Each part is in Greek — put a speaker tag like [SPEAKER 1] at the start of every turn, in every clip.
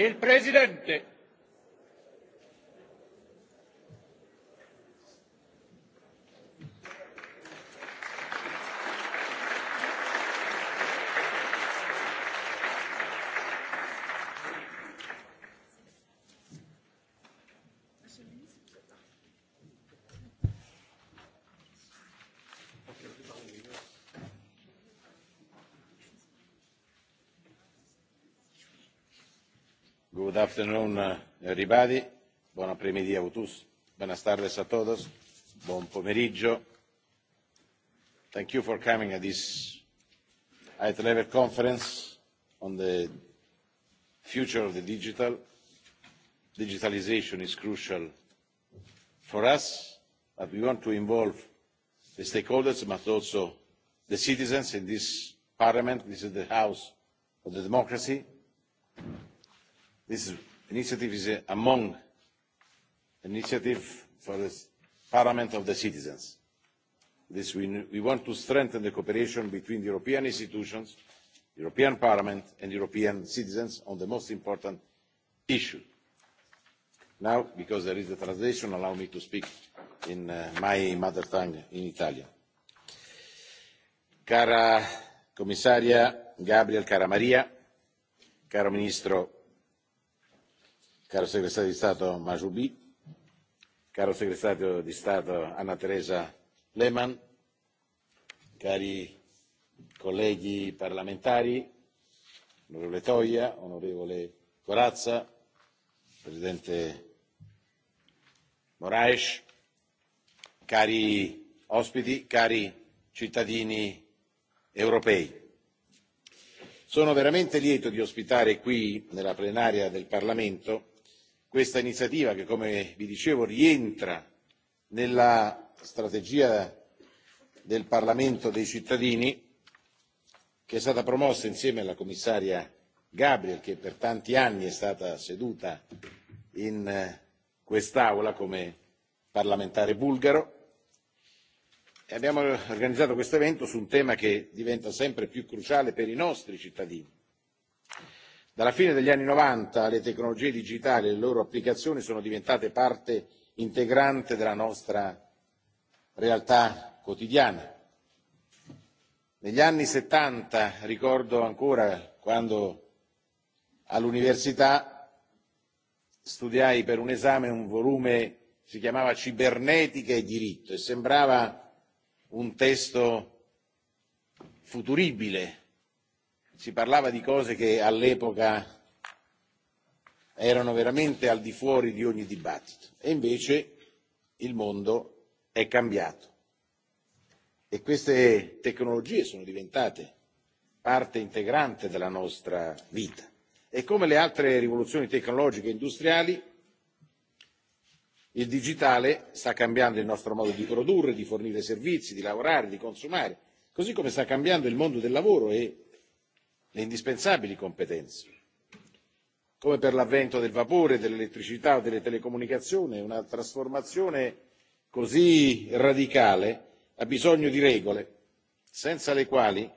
[SPEAKER 1] il presidente
[SPEAKER 2] afternoon, everybody. Buon apres a tous. Buenas tardes a todos. Buon pomeriggio. Thank you for coming at this high-level conference on the future of the digital. Digitalization is crucial for us, but we want to involve the stakeholders, but also the citizens in this parliament. This is the house of the democracy This initiative is among initiative for the Parliament of the citizens. This we want to strengthen the cooperation between the European institutions, European Parliament and European citizens on the most important issue. Now, because there is a translation, allow me to speak in my mother tongue in Italian. Cara commissaria Gabriel Caramaria, caro ministro caro segretario di Stato Majubi, caro segretario di Stato Anna Teresa Lehmann, cari colleghi parlamentari, onorevole Toia, onorevole Corazza, presidente Moraes, cari ospiti, cari cittadini europei. Sono veramente lieto di ospitare qui, nella plenaria del Parlamento, questa iniziativa che come vi dicevo rientra nella strategia del Parlamento dei cittadini che è stata promossa insieme alla commissaria Gabriel che per tanti anni è stata seduta in quest'aula come parlamentare bulgaro e abbiamo organizzato questo evento su un tema che diventa sempre più cruciale per i nostri cittadini Dalla fine degli anni 90 le tecnologie digitali e le loro applicazioni sono diventate parte integrante della nostra realtà quotidiana. Negli anni 70 ricordo ancora quando all'università studiai per un esame un volume si chiamava Cibernetica e diritto e sembrava un testo futuribile si parlava di cose che all'epoca erano veramente al di fuori di ogni dibattito e invece il mondo è cambiato e queste tecnologie sono diventate parte integrante della nostra vita e come le altre rivoluzioni tecnologiche e industriali il digitale sta cambiando il nostro modo di produrre di fornire servizi di lavorare di consumare così come sta cambiando il mondo del lavoro e le indispensabili competenze come per l'avvento del vapore dell'elettricità o delle telecomunicazioni una trasformazione così radicale ha bisogno di regole senza le quali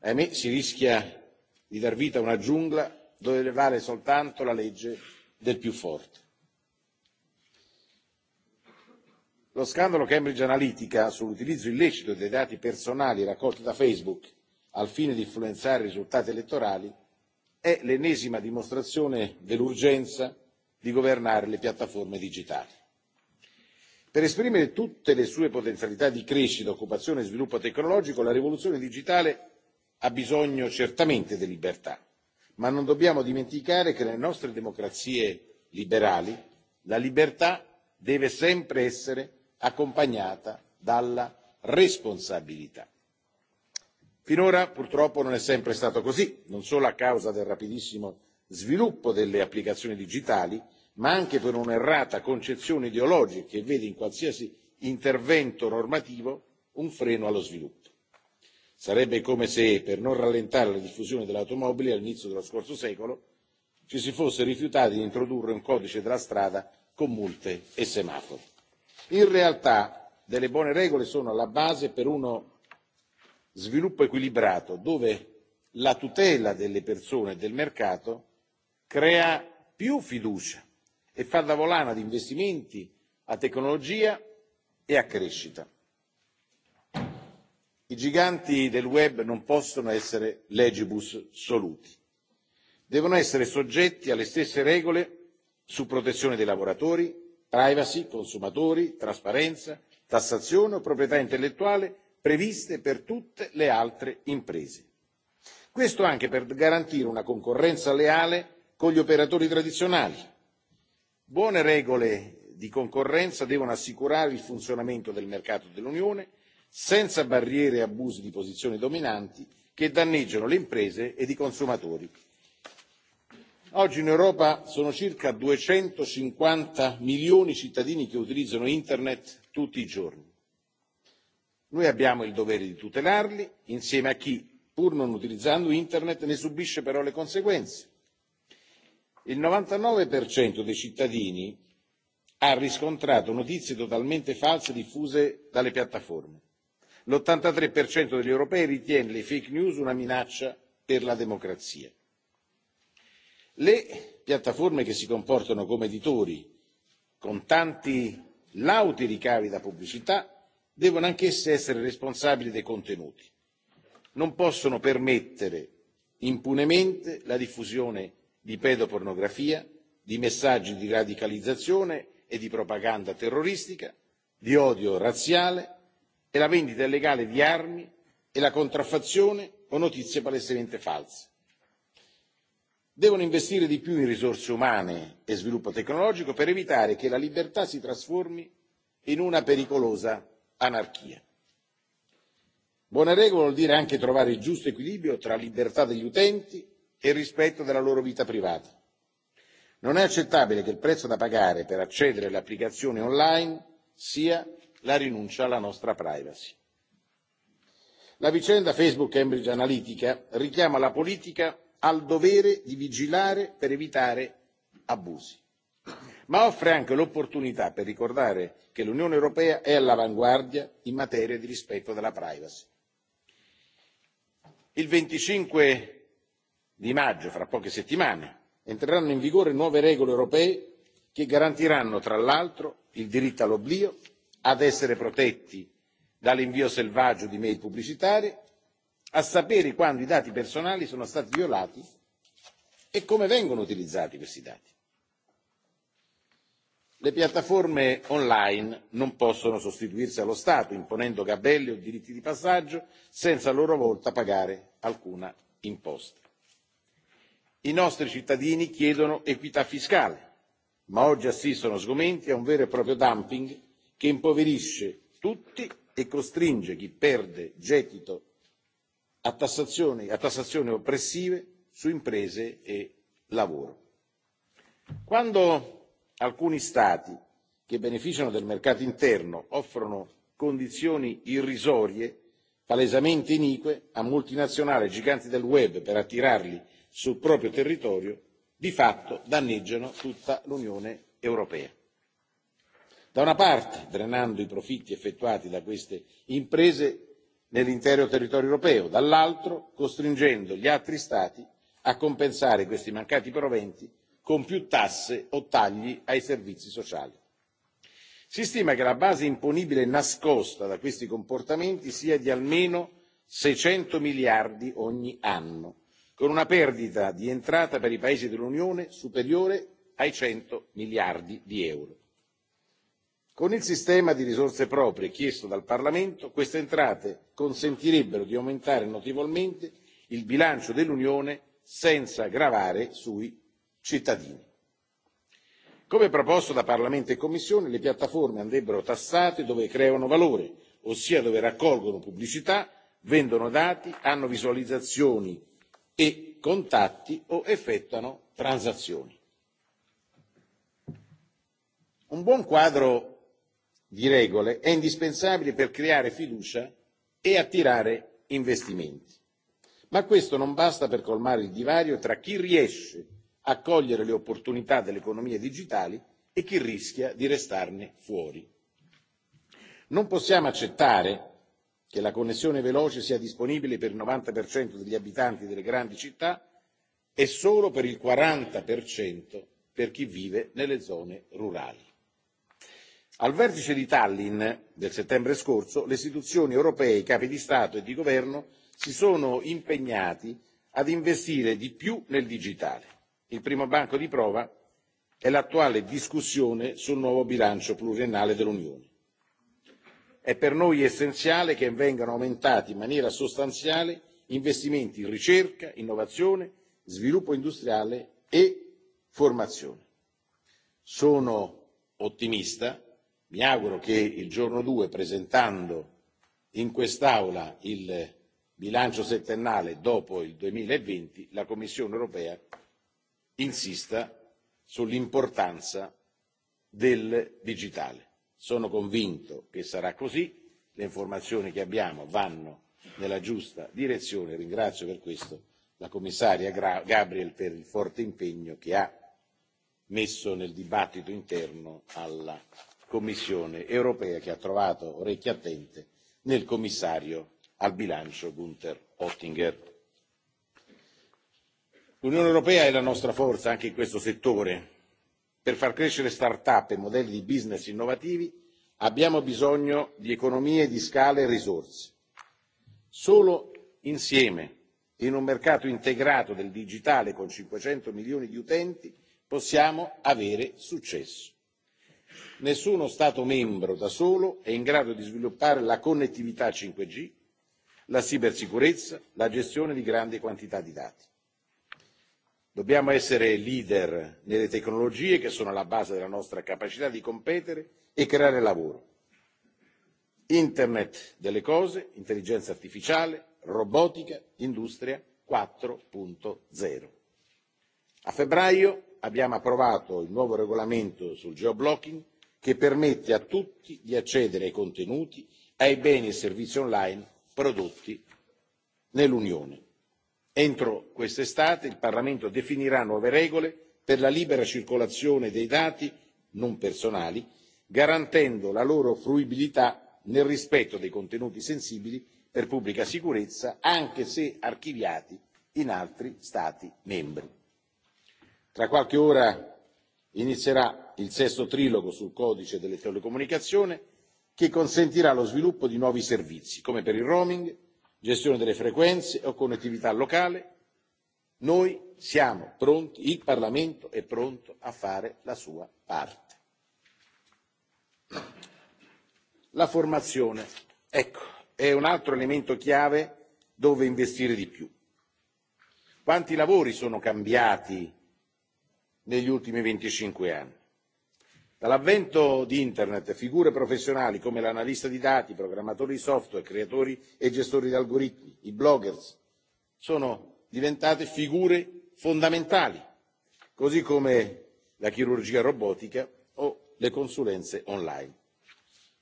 [SPEAKER 2] ahimè si rischia di dar vita a una giungla dove vale soltanto la legge del più forte. lo scandalo cambridge analytica sull'utilizzo illecito dei dati personali raccolti da facebook al fine di influenzare i risultati elettorali è l'ennesima dimostrazione dell'urgenza di governare le piattaforme digitali. Per esprimere tutte le sue potenzialità di crescita, occupazione e sviluppo tecnologico, la rivoluzione digitale ha bisogno certamente di libertà, ma non dobbiamo dimenticare che nelle nostre democrazie liberali la libertà deve sempre essere accompagnata dalla responsabilità. Finora purtroppo non è sempre stato così, non solo a causa del rapidissimo sviluppo delle applicazioni digitali, ma anche per un'errata concezione ideologica che vede in qualsiasi intervento normativo un freno allo sviluppo. Sarebbe come se, per non rallentare la diffusione dell'automobile all'inizio dello scorso secolo, ci si fosse rifiutati di introdurre un codice della strada con multe e semafori. In realtà delle buone regole sono alla base per uno sviluppo equilibrato dove la tutela delle persone e del mercato crea più fiducia e fa da volana ad investimenti, a tecnologia e a crescita. I giganti del web non possono essere legibus soluti. Devono essere soggetti alle stesse regole su protezione dei lavoratori, privacy, consumatori, trasparenza, tassazione o proprietà intellettuale previste per tutte le altre imprese. Questo anche per garantire una concorrenza leale con gli operatori tradizionali. Buone regole di concorrenza devono assicurare il funzionamento del mercato dell'Unione senza barriere e abusi di posizioni dominanti che danneggiano le imprese ed i consumatori. Oggi in Europa sono circa 250 milioni di cittadini che utilizzano Internet tutti i giorni Noi abbiamo il dovere di tutelarli insieme a chi, pur non utilizzando Internet, ne subisce però le conseguenze. Il 99% dei cittadini ha riscontrato notizie totalmente false diffuse dalle piattaforme. L' ottantatré degli europei ritiene le fake news una minaccia per la democrazia. Le piattaforme che si comportano come editori, con tanti lauti ricavi da pubblicità, devono anch'esse essere responsabili dei contenuti. Non possono permettere impunemente la diffusione di pedopornografia, di messaggi di radicalizzazione e di propaganda terroristica, di odio razziale e la vendita illegale di armi e la contraffazione o notizie palesemente false. Devono investire di più in risorse umane e sviluppo tecnologico per evitare che la libertà si trasformi in una pericolosa anarchia. Buone regole vuol dire anche trovare il giusto equilibrio tra libertà degli utenti e rispetto della loro vita privata. Non è accettabile che il prezzo da pagare per accedere alle applicazioni online sia la rinuncia alla nostra privacy. La vicenda Facebook Cambridge Analytica richiama la politica al dovere di vigilare per evitare abusi ma offre anche l'opportunità per ricordare che l'unione europea è all'avanguardia in materia di rispetto della privacy. il 25 di maggio fra poche settimane entreranno in vigore nuove regole europee che garantiranno tra l'altro il diritto all'oblio ad essere protetti dall'invio selvaggio di mail pubblicitarie a sapere quando i dati personali sono stati violati e come vengono utilizzati questi dati le piattaforme online non possono sostituirsi allo stato imponendo gabelli o diritti di passaggio senza a loro volta pagare alcuna imposta. i nostri cittadini chiedono equità fiscale ma oggi assistono sgomenti a un vero e proprio dumping che impoverisce tutti e costringe chi perde gettito a tassazioni oppressive su imprese e lavoro. quando alcuni Stati che beneficiano del mercato interno offrono condizioni irrisorie palesemente inique a multinazionali e giganti del web per attirarli sul proprio territorio di fatto danneggiano tutta l'unione europea da una parte drenando i profitti effettuati da queste imprese nell'intero territorio europeo dall'altro costringendo gli altri stati a compensare questi mancati proventi con più tasse o tagli ai servizi sociali. Si stima che la base imponibile nascosta da questi comportamenti sia di almeno 600 miliardi ogni anno, con una perdita di entrata per i paesi dell'Unione superiore ai 100 miliardi di euro. Con il sistema di risorse proprie chiesto dal Parlamento, queste entrate consentirebbero di aumentare notevolmente il bilancio dell'Unione senza gravare sui cittadini. Come proposto da Parlamento e Commissione, le piattaforme andrebbero tassate dove creano valore, ossia dove raccolgono pubblicità, vendono dati, hanno visualizzazioni e contatti o effettuano transazioni. Un buon quadro di regole è indispensabile per creare fiducia e attirare investimenti. Ma questo non basta per colmare il divario tra chi riesce a cogliere le opportunità delle economie digitali e chi rischia di restarne fuori. Non possiamo accettare che la connessione veloce sia disponibile per il 90% degli abitanti delle grandi città e solo per il 40% per chi vive nelle zone rurali. Al vertice di Tallinn del settembre scorso le istituzioni europee, i capi di Stato e di governo si sono impegnati ad investire di più nel digitale il primo banco di prova è l'attuale discussione sul nuovo bilancio pluriennale dell'unione. è per noi essenziale che vengano aumentati in maniera sostanziale investimenti in ricerca innovazione sviluppo industriale e formazione. sono ottimista mi auguro che il giorno 2 presentando in quest'aula il bilancio settennale dopo il 2020 la commissione europea insista sull'importanza del digitale. Sono convinto che sarà così, le informazioni che abbiamo vanno nella giusta direzione. Ringrazio per questo la commissaria Gabriel per il forte impegno che ha messo nel dibattito interno alla Commissione europea che ha trovato orecchie attente nel commissario al bilancio Gunther Oettinger l'unione europea è la nostra forza anche in questo settore per far crescere start up e modelli di business innovativi abbiamo bisogno di economie di scala e risorse. solo insieme in un mercato integrato del digitale con 500 milioni di utenti possiamo avere successo. nessuno stato membro da solo è in grado di sviluppare la connettività 5g la cibersicurezza la gestione di grandi quantità di dati. Dobbiamo essere leader nelle tecnologie che sono alla base della nostra capacità di competere e creare lavoro. Internet delle cose, intelligenza artificiale, robotica, industria 4.0. A febbraio abbiamo approvato il nuovo regolamento sul geoblocking che permette a tutti di accedere ai contenuti, ai beni e servizi online prodotti nell'Unione entro quest'estate il parlamento definirà nuove regole per la libera circolazione dei dati non personali garantendo la loro fruibilità nel rispetto dei contenuti sensibili per pubblica sicurezza anche se archiviati in altri stati membri. tra qualche ora inizierà il sesto trilogo sul codice delle telecomunicazioni che consentirà lo sviluppo di nuovi servizi come per il roaming gestione delle frequenze o connettività locale, noi siamo pronti, il Parlamento è pronto a fare la sua parte. La formazione, ecco, è un altro elemento chiave dove investire di più. Quanti lavori sono cambiati negli ultimi 25 anni? Dall'avvento di Internet, figure professionali come l'analista di dati, programmatori di software, creatori e gestori di algoritmi, i bloggers, sono diventate figure fondamentali, così come la chirurgia robotica o le consulenze online.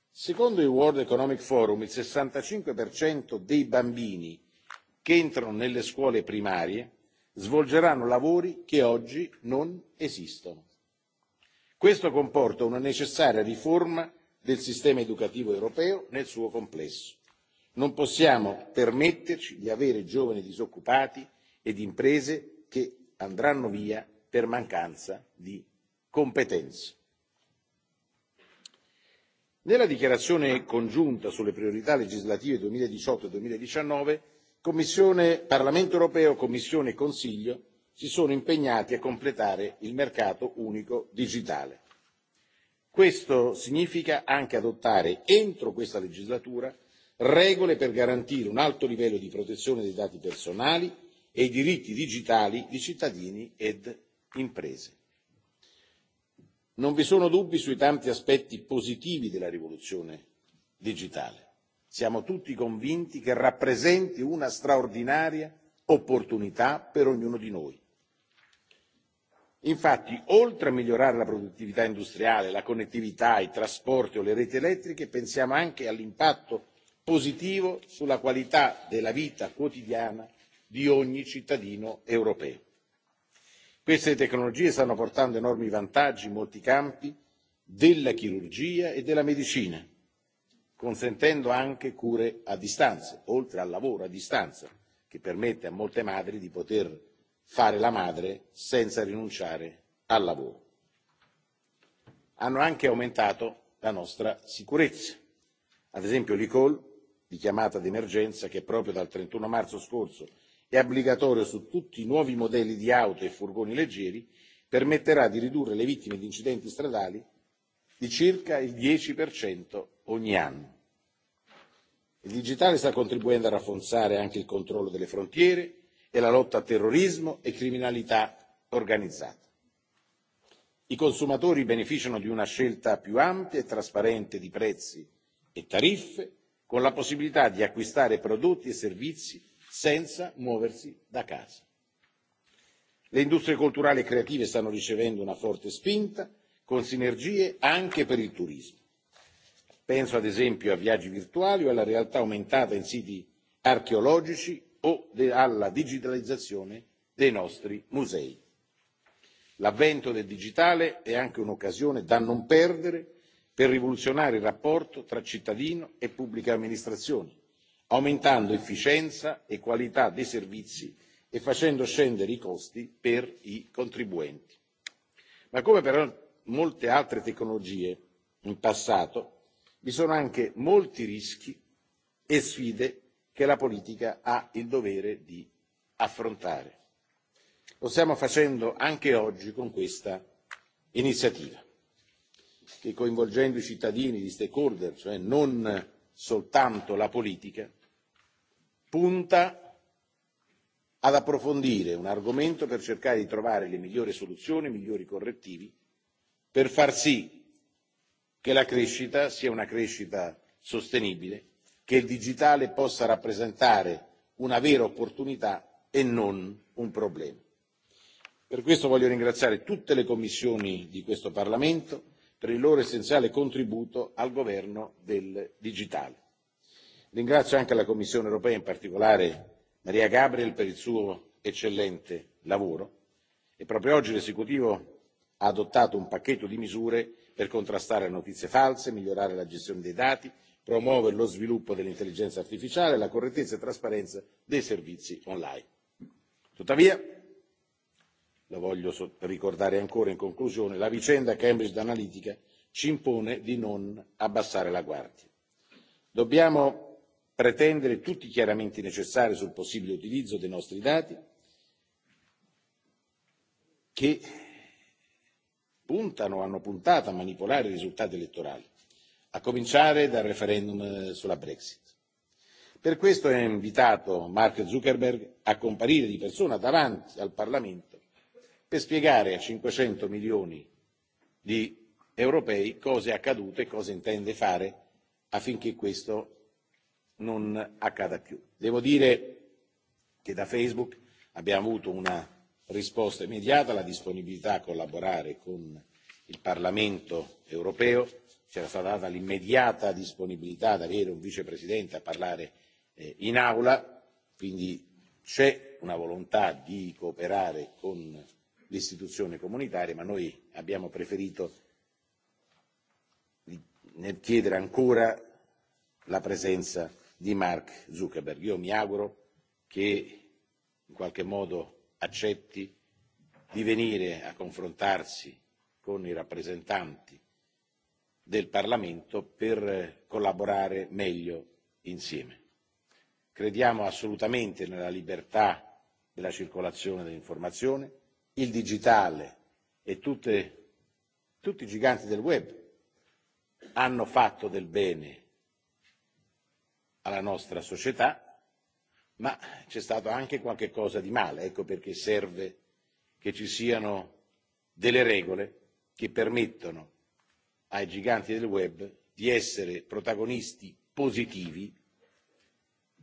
[SPEAKER 2] Secondo il World Economic Forum, il 65% dei bambini che entrano nelle scuole primarie svolgeranno lavori che oggi non esistono Questo comporta una necessaria riforma del sistema educativo europeo nel suo complesso. Non possiamo permetterci di avere giovani disoccupati ed imprese che andranno via per mancanza di competenze. Nella dichiarazione congiunta sulle priorità legislative 2018-2019, Commissione Parlamento europeo, Commissione e Consiglio si sono impegnati a completare il mercato unico digitale. Questo significa anche adottare entro questa legislatura regole per garantire un alto livello di protezione dei dati personali e i diritti digitali di cittadini ed imprese. Non vi sono dubbi sui tanti aspetti positivi della rivoluzione digitale. Siamo tutti convinti che rappresenti una straordinaria opportunità per ognuno di noi Infatti, oltre a migliorare la produttività industriale, la connettività, i trasporti o le reti elettriche, pensiamo anche all'impatto positivo sulla qualità della vita quotidiana di ogni cittadino europeo. Queste tecnologie stanno portando enormi vantaggi in molti campi della chirurgia e della medicina, consentendo anche cure a distanza, oltre al lavoro a distanza, che permette a molte madri di poter fare la madre senza rinunciare al lavoro. Hanno anche aumentato la nostra sicurezza. Ad esempio l'e-call di chiamata d'emergenza che proprio dal 31 marzo scorso è obbligatorio su tutti i nuovi modelli di auto e furgoni leggeri permetterà di ridurre le vittime di incidenti stradali di circa il 10% ogni anno. Il digitale sta contribuendo a rafforzare anche il controllo delle frontiere e la lotta a terrorismo e criminalità organizzata. I consumatori beneficiano di una scelta più ampia e trasparente di prezzi e tariffe, con la possibilità di acquistare prodotti e servizi senza muoversi da casa. Le industrie culturali e creative stanno ricevendo una forte spinta, con sinergie anche per il turismo. Penso ad esempio a viaggi virtuali o alla realtà aumentata in siti archeologici o alla digitalizzazione dei nostri musei. L'avvento del digitale è anche un'occasione da non perdere per rivoluzionare il rapporto tra cittadino e pubblica amministrazione, aumentando efficienza e qualità dei servizi e facendo scendere i costi per i contribuenti. Ma come per molte altre tecnologie in passato, vi sono anche molti rischi e sfide che la politica ha il dovere di affrontare. Lo stiamo facendo anche oggi con questa iniziativa che coinvolgendo i cittadini, gli stakeholder, cioè non soltanto la politica, punta ad approfondire un argomento per cercare di trovare le migliori soluzioni, i migliori correttivi, per far sì che la crescita sia una crescita sostenibile che il digitale possa rappresentare una vera opportunità e non un problema. Per questo voglio ringraziare tutte le commissioni di questo Parlamento per il loro essenziale contributo al governo del digitale. Ringrazio anche la Commissione europea, in particolare Maria Gabriel, per il suo eccellente lavoro e proprio oggi l'esecutivo ha adottato un pacchetto di misure per contrastare le notizie false, migliorare la gestione dei dati promuovere lo sviluppo dell'intelligenza artificiale la correttezza e trasparenza dei servizi online. Tuttavia, lo voglio ricordare ancora in conclusione, la vicenda Cambridge Analytica ci impone di non abbassare la guardia. Dobbiamo pretendere tutti i chiaramenti necessari sul possibile utilizzo dei nostri dati che puntano o hanno puntato a manipolare i risultati elettorali a cominciare dal referendum sulla Brexit. Per questo ho invitato Mark Zuckerberg a comparire di persona davanti al Parlamento per spiegare a 500 milioni di europei cosa è accaduto e cosa intende fare affinché questo non accada più. Devo dire che da Facebook abbiamo avuto una risposta immediata, la disponibilità a collaborare con il Parlamento europeo c'era stata data l'immediata disponibilità ad avere un vicepresidente a parlare in aula, quindi c'è una volontà di cooperare con l'istituzione comunitaria, ma noi abbiamo preferito nel chiedere ancora la presenza di Mark Zuckerberg. Io mi auguro che in qualche modo accetti di venire a confrontarsi con i rappresentanti del Parlamento per collaborare meglio insieme. Crediamo assolutamente nella libertà della circolazione dell'informazione, il digitale e tutti i giganti del web hanno fatto del bene alla nostra società, ma c'è stato anche qualche cosa di male, ecco perché serve che ci siano delle regole che permettono ai giganti del web di essere protagonisti positivi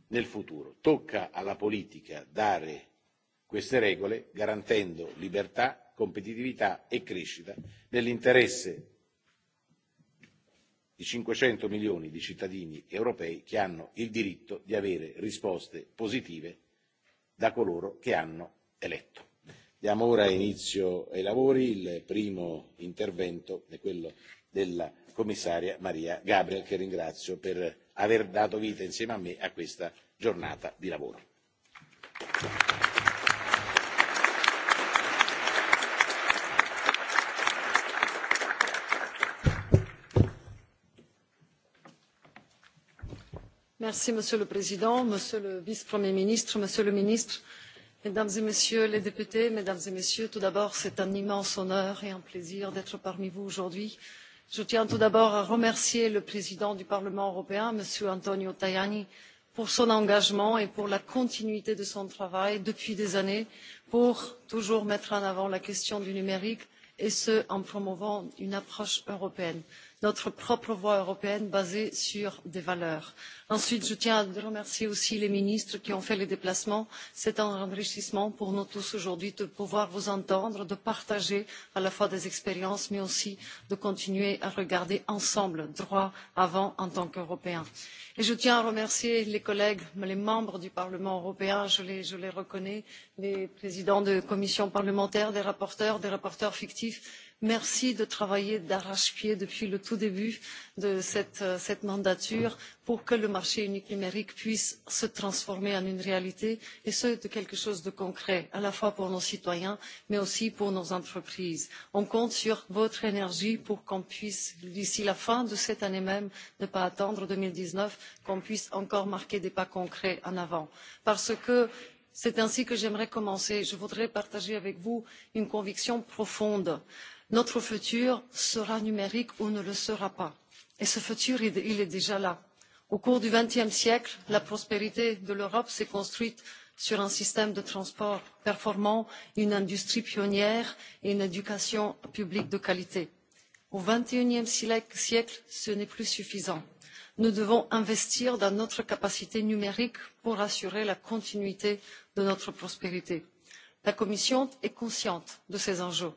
[SPEAKER 2] nel futuro. Tocca alla politica dare queste regole garantendo libertà, competitività e crescita nell'interesse di 500 milioni di cittadini europei che hanno il diritto di avere risposte positive da coloro che hanno eletto. Diamo ora inizio ai lavori. Il primo intervento è quello della commissaria Maria Gabriel, che ringrazio per aver dato vita insieme a me a questa giornata di lavoro.
[SPEAKER 3] monsieur le président monsieur le vice premier ministre monsieur le ministre mesdames et messieurs les députés mesdames et messieurs tout d'abord c'est un immense honneur et un plaisir d'être parmi vous aujourd'hui je tiens tout d'abord à remercier le président du parlement européen m. antonio tajani pour son engagement et pour la continuité de son travail depuis des années pour toujours mettre en avant la question du numérique et ce en promouvant une approche européenne notre propre voie européenne basée sur des valeurs. ensuite je tiens à remercier aussi les ministres qui ont fait les déplacements. c'est un enrichissement pour nous tous aujourd'hui de pouvoir vous entendre de partager à la fois des expériences mais aussi de continuer à regarder ensemble droit avant en tant qu'européens. et je tiens à remercier les collègues les membres du parlement européen je les reconnais les présidents de commissions parlementaires des rapporteurs des rapporteurs fictifs merci de travailler d'arrache pied depuis le tout début de cette mandature pour que le marché unique numérique puisse se transformer en une réalité et ce de quelque chose de concret à la fois pour nos citoyens mais aussi pour nos entreprises. on compte sur votre énergie pour qu'on puisse d'ici la fin de cette année même ne pas attendre deux mille dix neuf qu'on puisse encore marquer des pas concrets en avant parce que c'est ainsi que j'aimerais commencer je voudrais partager avec vous une conviction profonde Notre futur sera numérique ou ne le sera pas. Et ce futur, il est déjà là. Au cours du e siècle, la prospérité de l'Europe s'est construite sur un système de transport performant, une industrie pionnière et une éducation publique de qualité. Au XXIe siècle, ce n'est plus suffisant. Nous devons investir dans notre capacité numérique pour assurer la continuité de notre prospérité. La Commission est consciente de ces enjeux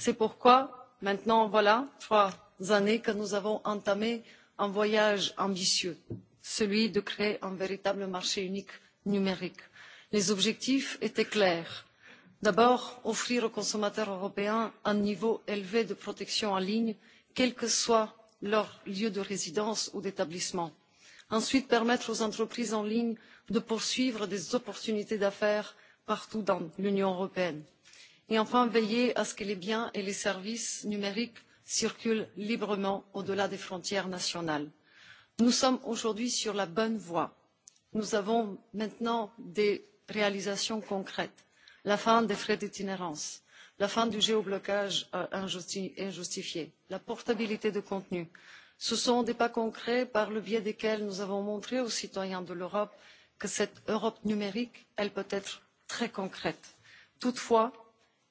[SPEAKER 3] C'est pourquoi, maintenant, voilà trois années que nous avons entamé un voyage ambitieux, celui de créer un véritable marché unique numérique. Les objectifs étaient clairs. D'abord, offrir aux consommateurs européens un niveau élevé de protection en ligne, quel que soit leur lieu de résidence ou d'établissement. Ensuite, permettre aux entreprises en ligne de poursuivre des opportunités d'affaires partout dans l'Union européenne et enfin veiller à ce que les biens et les services numériques circulent librement au delà des frontières nationales. nous sommes aujourd'hui sur la bonne voie. nous avons maintenant des réalisations concrètes la fin des frais d'itinérance la fin du géoblocage injustifié la portabilité de contenu. ce sont des pas concrets par le biais desquels nous avons montré aux citoyens de l'europe que cette europe numérique peut être très concrète. toutefois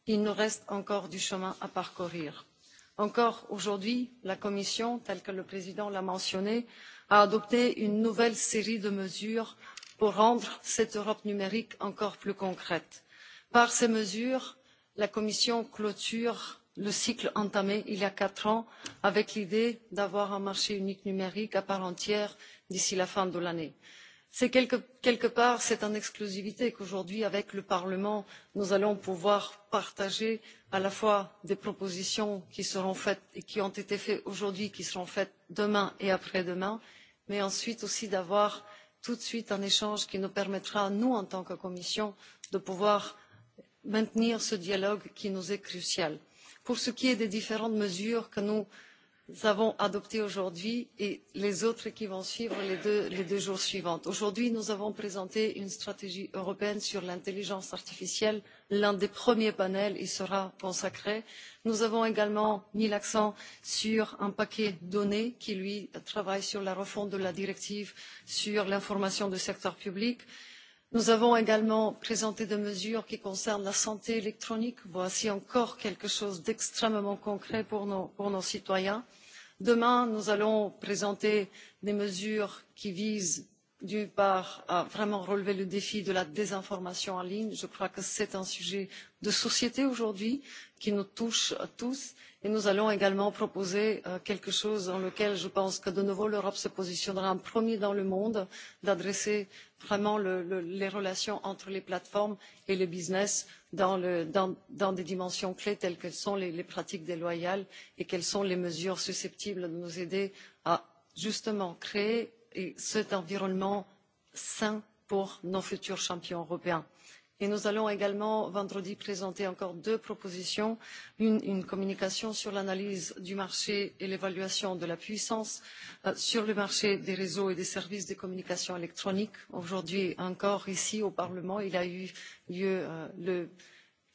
[SPEAKER 3] il nous reste encore du chemin à parcourir. encore aujourd'hui la commission telle que le président l'a mentionné a adopté une nouvelle série de mesures pour rendre cette europe numérique encore plus concrète. par ces mesures la commission clôture le cycle entamé il y a quatre ans avec l'idée d'avoir un marché unique numérique à part entière d'ici la fin de l'année c'est quelque part c'est en exclusivité qu'aujourd'hui avec le parlement nous allons pouvoir partager à la fois des propositions qui seront faites et qui ont été faites aujourd'hui qui seront faites demain et après demain mais ensuite aussi d'avoir tout de suite un échange qui nous permettra nous en tant que commission de pouvoir maintenir ce dialogue qui nous est crucial. pour ce qui est des différentes mesures que nous Nous avons adopté aujourd'hui et les autres qui vont suivre les deux jours suivants. Aujourd'hui, nous avons présenté une stratégie européenne sur l'intelligence artificielle. L'un des premiers panels y sera consacré. Nous avons également mis l'accent sur un paquet données qui, lui, travaille sur la refonte de la directive sur l'information du secteur public Nous avons également présenté des mesures qui concernent la santé électronique. Voici encore quelque chose d'extrêmement concret pour nos citoyens. Demain, nous allons présenter des mesures qui visent, d'une part, à vraiment relever le défi de la désinformation en ligne. Je crois que c'est un sujet de société aujourd'hui qui nous touche tous nous allons également proposer quelque chose dans lequel je pense que de nouveau l'europe se positionnera en premier dans le monde d'adresser vraiment les relations entre les plateformes et le business dans des dimensions clés telles que sont les pratiques déloyales et quelles sont les mesures susceptibles de nous aider à justement créer cet environnement sain pour nos futurs champions européens et nous allons également vendredi présenter encore deux propositions une communication sur l'analyse du marché et l'évaluation de la puissance sur le marché des réseaux et des services de communication électronique. aujourd'hui encore ici au parlement il a eu lieu le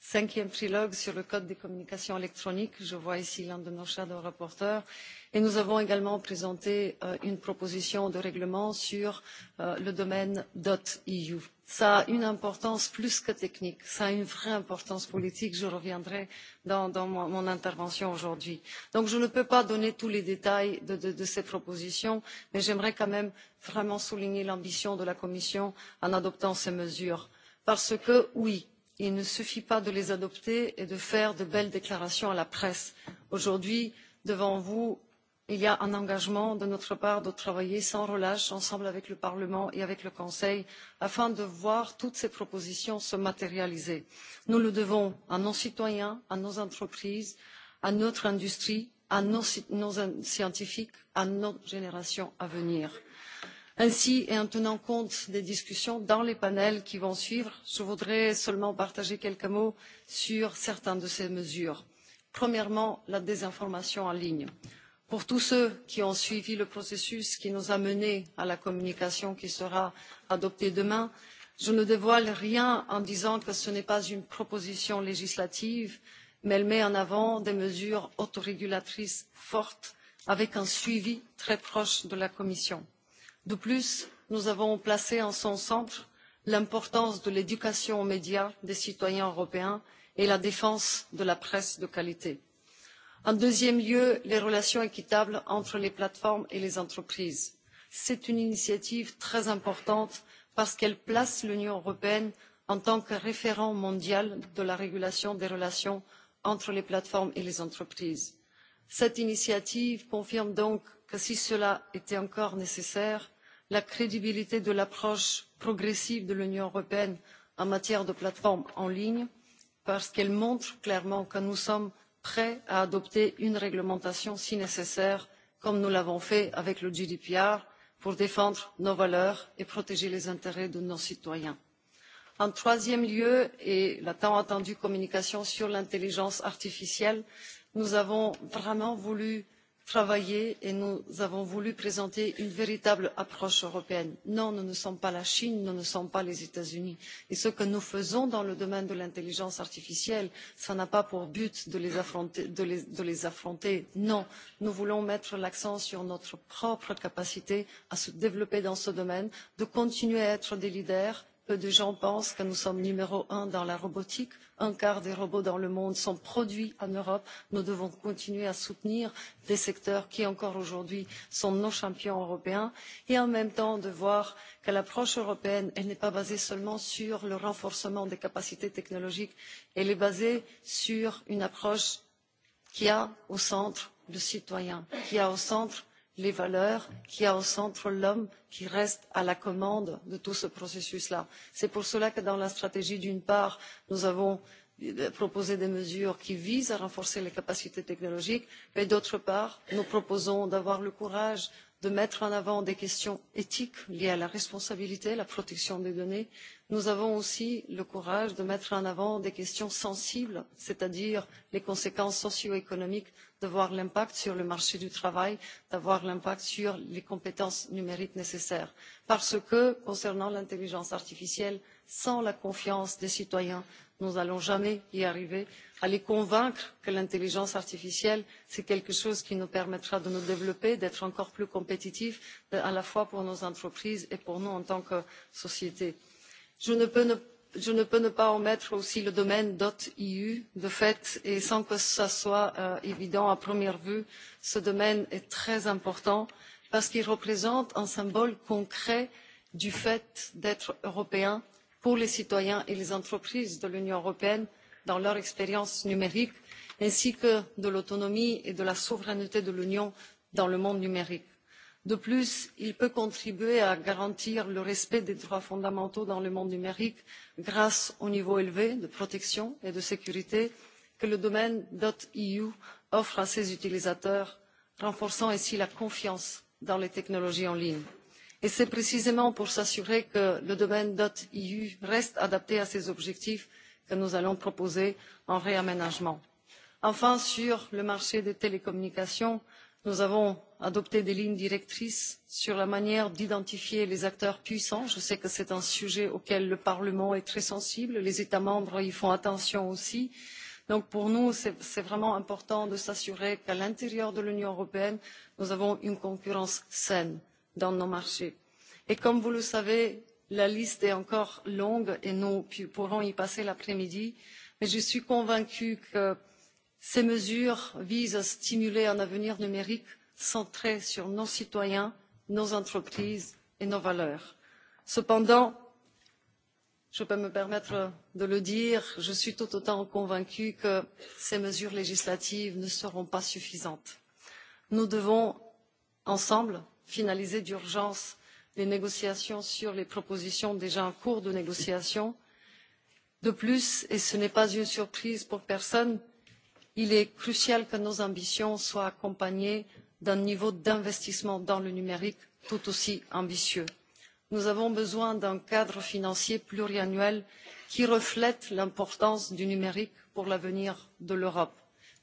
[SPEAKER 3] cinquième trilogue sur le code des communications électroniques je vois ici l'un de nos shadow rapporteurs et nous avons également présenté une proposition de règlement sur le domaine dot eu ça a une importance plus que technique, ça a une vraie importance politique, je reviendrai dans mon intervention aujourd'hui. Donc je ne peux pas donner tous les détails de ces propositions, mais j'aimerais quand même vraiment souligner l'ambition de la Commission en adoptant ces mesures, parce que oui, il ne suffit pas de les adopter et de faire de belles déclarations à la presse. Aujourd'hui, devant vous il y a un engagement de notre part de travailler sans relâche ensemble avec le parlement et avec le conseil afin de voir toutes ces propositions se matérialiser. nous le devons à nos citoyens à nos entreprises à notre industrie à nos scientifiques à nos générations à venir. ainsi et en tenant compte des discussions dans les panels qui vont suivre je voudrais seulement partager quelques mots sur certaines de ces mesures. premièrement la désinformation en ligne pour tous ceux qui ont suivi le processus qui nous a menés à la communication qui sera adoptée demain je ne dévoile rien en disant que ce n'est pas une proposition législative mais elle met en avant des mesures autorégulatrices fortes avec un suivi très proche de la commission. de plus nous avons placé en son centre l'importance de l'éducation aux médias des citoyens européens et la défense de la presse de qualité en deuxième lieu les relations équitables entre les plateformes et les entreprises. c'est une initiative très importante parce qu'elle place l'union européenne en tant que référent mondial de la régulation des relations entre les plateformes et les entreprises. cette initiative confirme donc que si cela était encore nécessaire la crédibilité de l'approche progressive de l'union européenne en matière de plateformes en ligne parce qu'elle montre clairement que nous sommes prêts à adopter une réglementation si nécessaire comme nous l'avons fait avec le gdpr pour défendre nos valeurs et protéger les intérêts de nos citoyens. en troisième lieu et la tant attendue communication sur l'intelligence artificielle nous avons vraiment voulu travaillé et nous avons voulu présenter une véritable approche européenne. non nous ne sommes pas la chine nous ne sommes pas les états unis et ce que nous faisons dans le domaine de l'intelligence artificielle n'a pas pour but de les affronter non nous voulons mettre l'accent sur notre propre capacité à se développer dans ce domaine de continuer à être des leaders peu de gens pensent que nous sommes numéro un dans la robotique un quart des robots dans le monde sont produits en europe nous devons continuer à soutenir des secteurs qui encore aujourd'hui sont nos champions européens et en même temps de voir que l'approche européenne n'est pas basée seulement sur le renforcement des capacités technologiques elle est basée sur une approche qui a au centre le citoyen qui a au centre les valeurs qui a au centre l'homme qui reste à la commande de tout ce processus là. c'est pour cela que dans la stratégie d'une part nous avons proposé des mesures qui visent à renforcer les capacités technologiques et d'autre part nous proposons d'avoir le courage de mettre en avant des questions éthiques liées à la responsabilité et à la protection des données nous avons aussi le courage de mettre en avant des questions sensibles c'est à dire les conséquences socio économiques de voir l'impact sur le marché du travail d'avoir l'impact sur les compétences numériques nécessaires parce que concernant l'intelligence artificielle sans la confiance des citoyens nous n'allons jamais y arriver à les convaincre que l'intelligence artificielle c'est quelque chose qui nous permettra de nous développer d'être encore plus compétitifs à la fois pour nos entreprises et pour nous en tant que société. je ne peux ne pas omettre aussi le domaine EU, de fait et sans que ce soit évident à première vue ce domaine est très important parce qu'il représente un symbole concret du fait d'être européen pour les citoyens et les entreprises de l'union européenne dans leur expérience numérique ainsi que de l'autonomie et de la souveraineté de l'union dans le monde numérique. de plus il peut contribuer à garantir le respect des droits fondamentaux dans le monde numérique grâce au niveau élevé de protection et de sécurité que le domaine eu offre à ses utilisateurs renforçant ainsi la confiance dans les technologies en ligne et c'est précisément pour s'assurer que le domaine eu reste adapté à ces objectifs que nous allons proposer un réaménagement. enfin sur le marché des télécommunications nous avons adopté des lignes directrices sur la manière d'identifier les acteurs puissants je sais que c'est un sujet auquel le parlement est très sensible les états membres y font attention aussi donc pour nous c'est vraiment important de s'assurer qu'à l'intérieur de l'union européenne nous avons une concurrence saine dans nos marchés. Et comme vous le savez, la liste est encore longue et nous pourrons y passer l'après-midi, mais je suis convaincue que ces mesures visent à stimuler un avenir numérique centré sur nos citoyens, nos entreprises et nos valeurs. Cependant, je peux me permettre de le dire, je suis tout autant convaincue que ces mesures législatives ne seront pas suffisantes. Nous devons, ensemble, finaliser d'urgence les négociations sur les propositions déjà en cours de négociation. de plus et ce n'est pas une surprise pour personne il est crucial que nos ambitions soient accompagnées d'un niveau d'investissement dans le numérique tout aussi ambitieux. nous avons besoin d'un cadre financier pluriannuel qui reflète l'importance du numérique pour l'avenir de l'europe.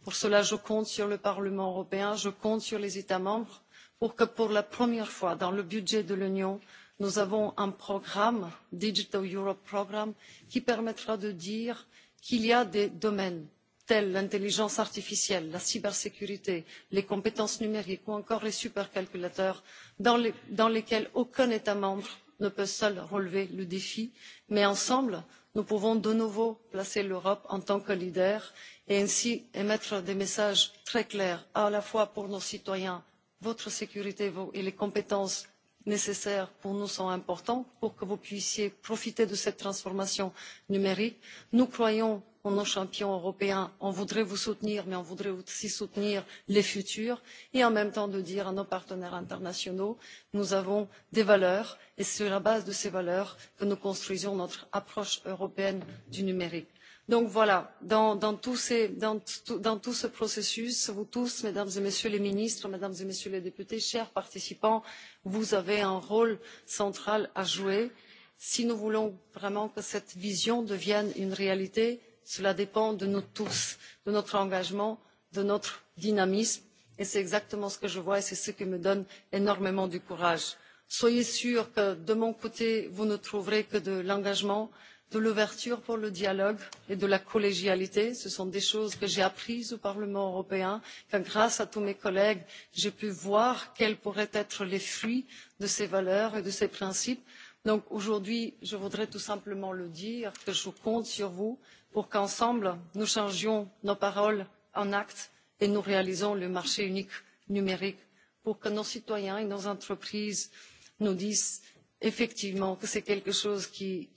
[SPEAKER 3] pour cela je compte sur le parlement européen je compte sur les états membres pour que pour la première fois dans le budget de l'union nous avons un programme digital europe programme qui permettra de dire qu'il y a des domaines tels l'intelligence artificielle la cybersécurité les compétences numériques ou encore les supercalculateurs dans lesquels aucun état membre ne peut seul relever le défi mais ensemble nous pouvons de nouveau placer l'europe en tant que leader et ainsi émettre des messages très clairs à la fois pour nos citoyens votre sécurité et les compétences nécessaires pour nous sont importants pour que vous puissiez profiter de cette transformation numérique. Nous croyons en nos champions européens, on voudrait vous soutenir, mais on voudrait aussi soutenir les futurs et en même temps de dire à nos partenaires internationaux nous avons des valeurs et c'est sur la base de ces valeurs que nous construisons notre approche européenne du numérique donc voilà dans tout ce processus vous tous mesdames et messieurs les ministres mesdames et messieurs les députés chers participants vous avez un rôle central à jouer. si nous voulons vraiment que cette vision devienne une réalité cela dépend de nous tous de notre engagement de notre dynamisme et c'est exactement ce que je vois et c'est ce qui me donne énormément du courage. soyez sûrs que de mon côté vous ne trouverez que de l'engagement de l'ouverture pour le dialogue et de la collégialité. Ce sont des choses que j'ai apprises au Parlement européen, que grâce à tous mes collègues, j'ai pu voir quels pourraient être les fruits de ces valeurs et de ces principes. Donc aujourd'hui, je voudrais tout simplement le dire, que je compte sur vous pour qu'ensemble, nous changions nos paroles en actes et nous réalisions le marché unique numérique pour que nos citoyens et nos entreprises nous disent effectivement que c'est quelque chose qui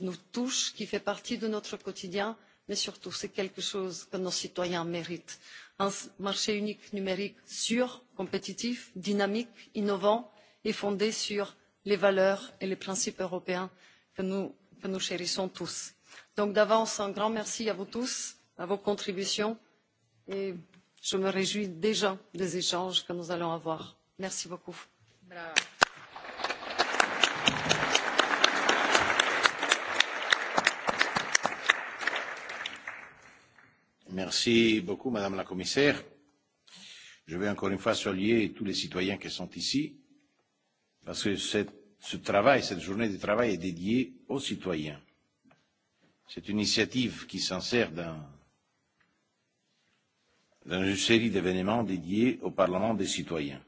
[SPEAKER 3] nous touche qui fait partie de notre quotidien mais surtout c'est quelque chose que nos citoyens méritent un marché unique numérique sûr compétitif dynamique innovant et fondé sur les valeurs et les principes européens que nous chérissons tous. donc d'avance un grand merci à vous tous à vos contributions et je me réjouis déjà des échanges que nous allons avoir. merci beaucoup.
[SPEAKER 2] Merci beaucoup, Madame la Commissaire. Je vais encore une fois saluer tous les citoyens qui sont ici, parce que ce travail, cette journée de travail est dédiée aux citoyens. C'est une initiative qui s'insère dans, dans une série d'événements dédiés au Parlement des citoyens,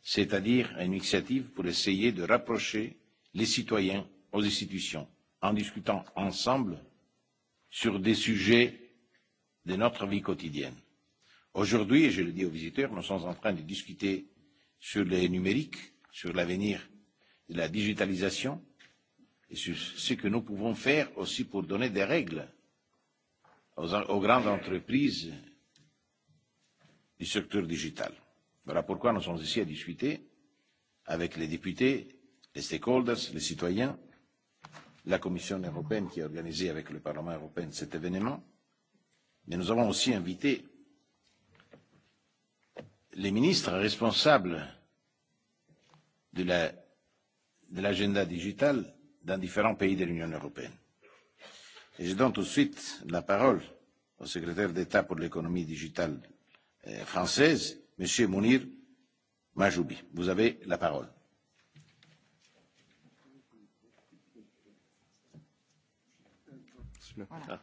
[SPEAKER 2] c'est-à-dire une initiative pour essayer de rapprocher les citoyens aux institutions, en discutant ensemble sur des sujets de notre vie quotidienne. Aujourd'hui, et je le dis aux visiteurs, nous sommes en train de discuter sur le numérique, sur l'avenir de la digitalisation et sur ce que nous pouvons faire aussi pour donner des règles aux grandes entreprises du secteur digital. Voilà pourquoi nous sommes ici à discuter avec les députés, les stakeholders, les citoyens, la Commission européenne qui a organisé avec le Parlement européen cet événement Mais nous avons aussi invité les ministres responsables de l'agenda digital dans différents pays de l'Union européenne. Et je donne tout de suite la parole au secrétaire d'État pour l'économie digitale française, M. Mounir Majoubi. Vous avez la parole.
[SPEAKER 4] Voilà.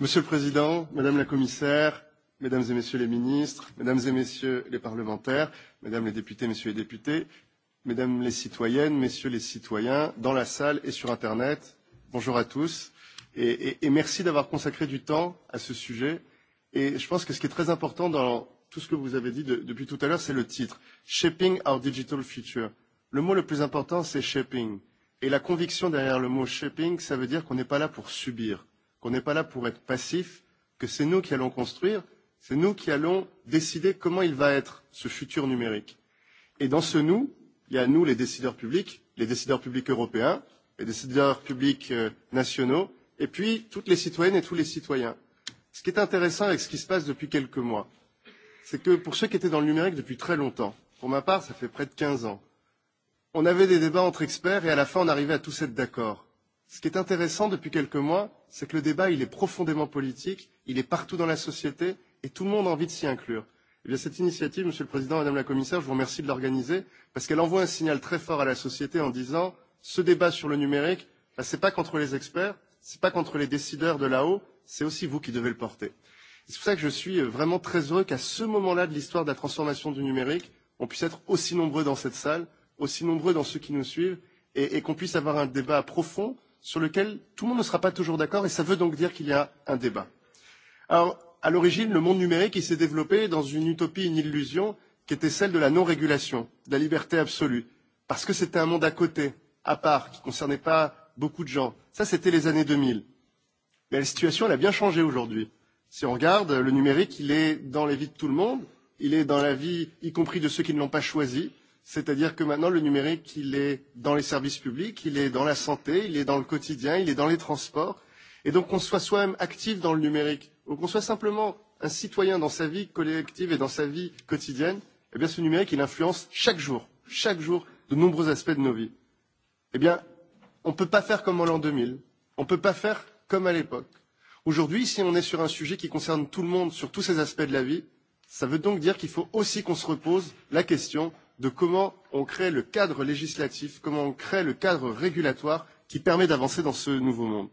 [SPEAKER 4] Monsieur le Président, Madame la Commissaire, Mesdames et Messieurs les ministres, Mesdames et Messieurs les parlementaires, Mesdames les députés, Messieurs les députés, Mesdames les citoyennes, Messieurs les citoyens, dans la salle et sur Internet, bonjour à tous et merci d'avoir consacré du temps à ce sujet. Et je pense que ce qui est très important dans tout ce que vous avez dit depuis tout à l'heure, c'est le titre Shaping Our Digital Future. Le mot le plus important, c'est shaping. Et la conviction derrière le mot shaping, ça veut dire qu'on n'est pas là pour subir qu'on n'est pas là pour être passif, que c'est nous qui allons construire, c'est nous qui allons décider comment il va être, ce futur numérique. Et dans ce nous, il y a nous, les décideurs publics, les décideurs publics européens, les décideurs publics nationaux, et puis toutes les citoyennes et tous les citoyens. Ce qui est intéressant avec ce qui se passe depuis quelques mois, c'est que pour ceux qui étaient dans le numérique depuis très longtemps, pour ma part, ça fait près de 15 ans, on avait des débats entre experts et à la fin, on arrivait à tous être d'accord. Ce qui est intéressant depuis quelques mois, c'est que le débat il est profondément politique, il est partout dans la société et tout le monde a envie de s'y inclure. Et bien, cette initiative, Monsieur le Président, Madame la Commissaire, je vous remercie de l'organiser parce qu'elle envoie un signal très fort à la société en disant ce débat sur le numérique, ce n'est pas contre les experts, ce n'est pas contre les décideurs de là-haut, c'est aussi vous qui devez le porter. C'est pour ça que je suis vraiment très heureux qu'à ce moment-là de l'histoire de la transformation du numérique, on puisse être aussi nombreux dans cette salle, aussi nombreux dans ceux qui nous suivent, et qu'on puisse avoir un débat profond sur lequel tout le monde ne sera pas toujours d'accord, et ça veut donc dire qu'il y a un débat. Alors, à l'origine, le monde numérique s'est développé dans une utopie, une illusion, qui était celle de la non-régulation, de la liberté absolue, parce que c'était un monde à côté, à part, qui ne concernait pas beaucoup de gens. Ça, c'était les années 2000. Mais la situation, elle a bien changé aujourd'hui. Si on regarde, le numérique, il est dans les vies de tout le monde, il est dans la vie, y compris de ceux qui ne l'ont pas choisi, C'est-à-dire que maintenant, le numérique, il est dans les services publics, il est dans la santé, il est dans le quotidien, il est dans les transports. Et donc, qu'on soit soi-même actif dans le numérique, ou qu'on soit simplement un citoyen dans sa vie collective et dans sa vie quotidienne, eh bien, ce numérique, il influence chaque jour, chaque jour, de nombreux aspects de nos vies. Eh bien, on ne peut pas faire comme en l'an 2000. On ne peut pas faire comme à l'époque. Aujourd'hui, si on est sur un sujet qui concerne tout le monde, sur tous ces aspects de la vie, ça veut donc dire qu'il faut aussi qu'on se repose la question de comment on crée le cadre législatif, comment on crée le cadre régulatoire qui permet d'avancer dans ce nouveau monde.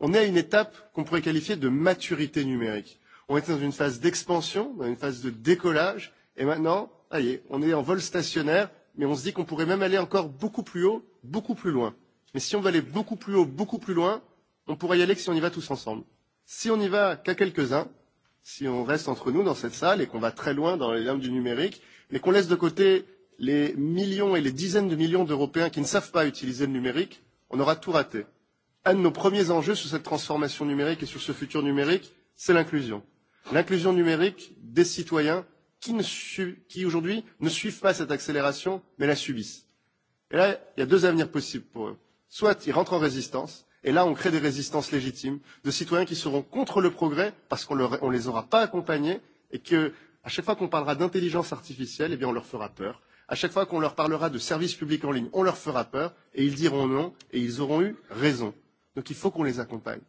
[SPEAKER 4] On est à une étape qu'on pourrait qualifier de maturité numérique. On était dans une phase d'expansion, dans une phase de décollage, et maintenant, allez, on est en vol stationnaire, mais on se dit qu'on pourrait même aller encore beaucoup plus haut, beaucoup plus loin. Mais si on veut aller beaucoup plus haut, beaucoup plus loin, on pourrait y aller que si on y va tous ensemble. Si on n'y va qu'à quelques-uns, si on reste entre nous dans cette salle et qu'on va très loin dans les limbes du numérique, mais qu'on laisse de côté les millions et les dizaines de millions d'Européens qui ne savent pas utiliser le numérique, on aura tout raté. Un de nos premiers enjeux sur cette transformation numérique et sur ce futur numérique, c'est l'inclusion. L'inclusion numérique des citoyens qui, aujourd'hui, ne suivent pas cette accélération, mais la subissent. Et là, il y a deux avenirs possibles pour eux. Soit ils rentrent en résistance, et là, on crée des résistances légitimes, de citoyens qui seront contre le progrès, parce qu'on ne les aura pas accompagnés, et que À chaque fois qu'on parlera d'intelligence artificielle, eh bien, on leur fera peur. À chaque fois qu'on leur parlera de services publics en ligne, on leur fera peur et ils diront non et ils auront eu raison. Donc il faut qu'on les accompagne.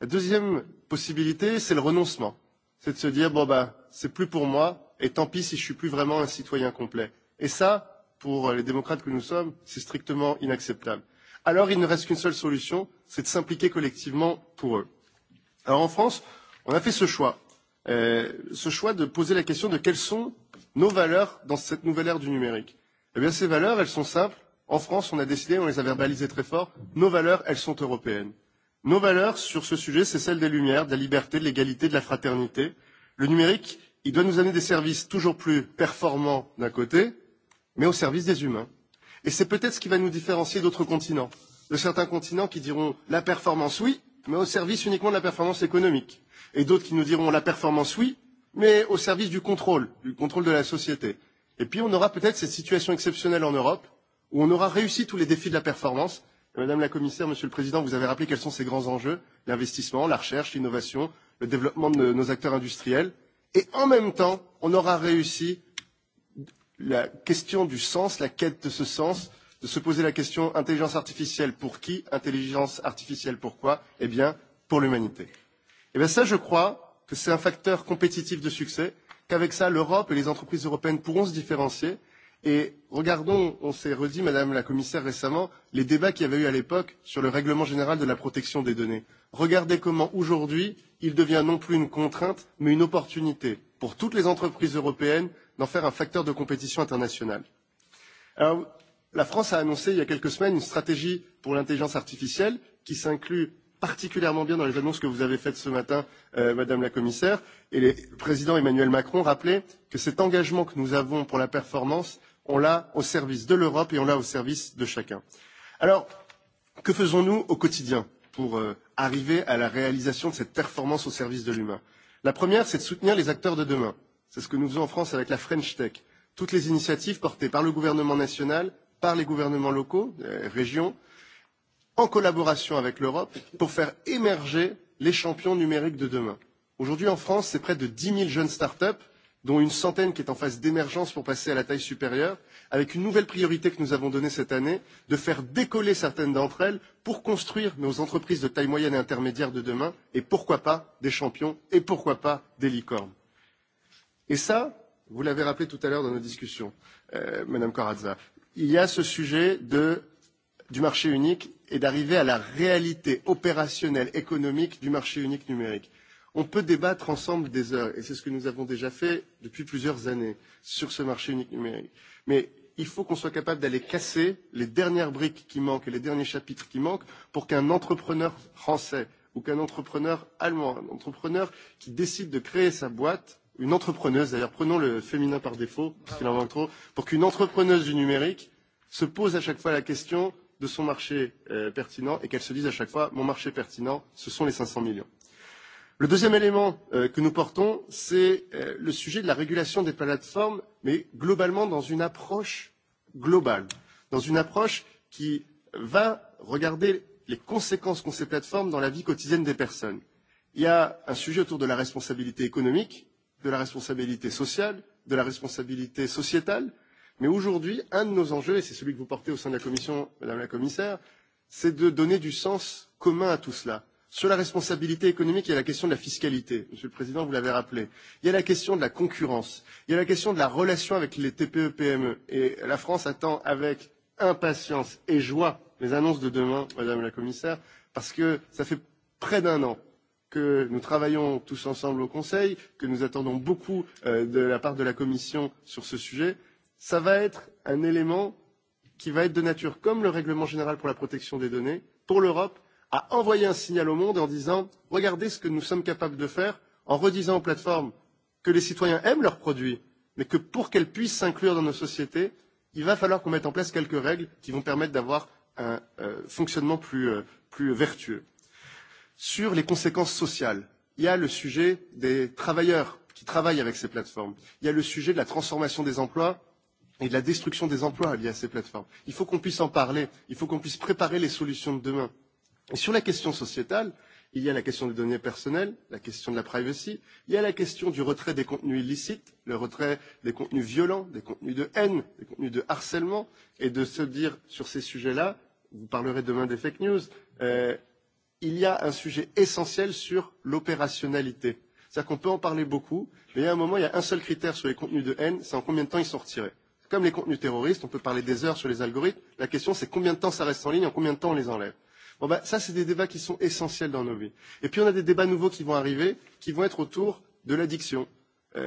[SPEAKER 4] La deuxième possibilité, c'est le renoncement. C'est de se dire, bon, ben, c'est plus pour moi et tant pis si je suis plus vraiment un citoyen complet. Et ça, pour les démocrates que nous sommes, c'est strictement inacceptable. Alors il ne reste qu'une seule solution, c'est de s'impliquer collectivement pour eux. Alors en France, on a fait ce choix ce choix de poser la question de quelles sont nos valeurs dans cette nouvelle ère du numérique. Eh bien, ces valeurs, elles sont simples. En France, on a décidé, on les a verbalisées très fort, nos valeurs, elles sont européennes. Nos valeurs sur ce sujet, c'est celle des lumières, de la liberté, de l'égalité, de la fraternité. Le numérique, il doit nous amener des services toujours plus performants d'un côté, mais au service des humains. Et c'est peut-être ce qui va nous différencier d'autres continents, de certains continents qui diront la performance oui, mais au service uniquement de la performance économique. Et d'autres qui nous diront la performance, oui, mais au service du contrôle, du contrôle de la société. Et puis on aura peut-être cette situation exceptionnelle en Europe, où on aura réussi tous les défis de la performance. Madame la Commissaire, Monsieur le Président, vous avez rappelé quels sont ces grands enjeux, l'investissement, la recherche, l'innovation, le développement de nos acteurs industriels. Et en même temps, on aura réussi la question du sens, la quête de ce sens, de se poser la question intelligence artificielle pour qui, intelligence artificielle pourquoi Eh bien, pour l'humanité. Et bien ça, je crois que c'est un facteur compétitif de succès, qu'avec ça, l'Europe et les entreprises européennes pourront se différencier. Et regardons, on s'est redit, Madame la Commissaire, récemment, les débats qu'il y avait eu à l'époque sur le règlement général de la protection des données. Regardez comment, aujourd'hui, il devient non plus une contrainte, mais une opportunité pour toutes les entreprises européennes d'en faire un facteur de compétition internationale. Alors, la France a annoncé il y a quelques semaines une stratégie pour l'intelligence artificielle qui s'inclut particulièrement bien dans les annonces que vous avez faites ce matin, Madame la Commissaire. Et le président Emmanuel Macron rappelait que cet engagement que nous avons pour la performance, on l'a au service de l'Europe et on l'a au service de chacun. Alors, que faisons-nous au quotidien pour arriver à la réalisation de cette performance au service de l'humain La première, c'est de soutenir les acteurs de demain. C'est ce que nous faisons en France avec la French Tech. Toutes les initiatives portées par le gouvernement national, par les gouvernements locaux, les régions, en collaboration avec l'Europe, pour faire émerger les champions numériques de demain. Aujourd'hui, en France, c'est près de 10 000 jeunes start-up, dont une centaine qui est en phase d'émergence pour passer à la taille supérieure, avec une nouvelle priorité que nous avons donnée cette année, de faire décoller certaines d'entre elles pour construire nos entreprises de taille moyenne et intermédiaire de demain, et pourquoi pas des champions, et pourquoi pas des licornes. Et ça, vous l'avez rappelé tout à l'heure dans nos discussions, Madame Corazza, il y a ce sujet de, du marché unique et d'arriver à la réalité opérationnelle économique du marché unique numérique. On peut débattre ensemble des heures, et c'est ce que nous avons déjà fait depuis plusieurs années sur ce marché unique numérique. Mais il faut qu'on soit capable d'aller casser les dernières briques qui manquent et les derniers chapitres qui manquent pour qu'un entrepreneur français ou qu'un entrepreneur allemand, un entrepreneur qui décide de créer sa boîte, une entrepreneuse, d'ailleurs prenons le féminin par défaut, parce qu'il en manque trop, pour qu'une entrepreneuse du numérique se pose à chaque fois la question de son marché pertinent et qu'elle se dise à chaque fois mon marché pertinent, ce sont les 500 millions. Le deuxième élément que nous portons, c'est le sujet de la régulation des plateformes, mais globalement dans une approche globale, dans une approche qui va regarder les conséquences qu'ont ces plateformes dans la vie quotidienne des personnes. Il y a un sujet autour de la responsabilité économique de la responsabilité sociale, de la responsabilité sociétale. Mais aujourd'hui, un de nos enjeux, et c'est celui que vous portez au sein de la Commission, Madame la Commissaire, c'est de donner du sens commun à tout cela. Sur la responsabilité économique, il y a la question de la fiscalité. Monsieur le Président, vous l'avez rappelé. Il y a la question de la concurrence. Il y a la question de la relation avec les TPE-PME. Et la France attend avec impatience et joie les annonces de demain, Madame la Commissaire, parce que ça fait près d'un an que nous travaillons tous ensemble au Conseil, que nous attendons beaucoup de la part de la Commission sur ce sujet, ça va être un élément qui va être de nature, comme le règlement général pour la protection des données, pour l'Europe, à envoyer un signal au monde en disant regardez ce que nous sommes capables de faire, en redisant aux plateformes que les citoyens aiment leurs produits, mais que pour qu'elles puissent s'inclure dans nos sociétés, il va falloir qu'on mette en place quelques règles qui vont permettre d'avoir un fonctionnement plus vertueux sur les conséquences sociales. Il y a le sujet des travailleurs qui travaillent avec ces plateformes. Il y a le sujet de la transformation des emplois et de la destruction des emplois liés à ces plateformes. Il faut qu'on puisse en parler. Il faut qu'on puisse préparer les solutions de demain. Et sur la question sociétale, il y a la question des données personnelles, la question de la privacy, il y a la question du retrait des contenus illicites, le retrait des contenus violents, des contenus de haine, des contenus de harcèlement, et de se dire sur ces sujets-là, vous parlerez demain des fake news, il y a un sujet essentiel sur l'opérationnalité. C'est-à-dire qu'on peut en parler beaucoup, mais a un moment, il y a un seul critère sur les contenus de haine, c'est en combien de temps ils sont retirés. Comme les contenus terroristes, on peut parler des heures sur les algorithmes, la question c'est combien de temps ça reste en ligne, en combien de temps on les enlève. Bon ben, ça, c'est des débats qui sont essentiels dans nos vies. Et puis, on a des débats nouveaux qui vont arriver, qui vont être autour de l'addiction.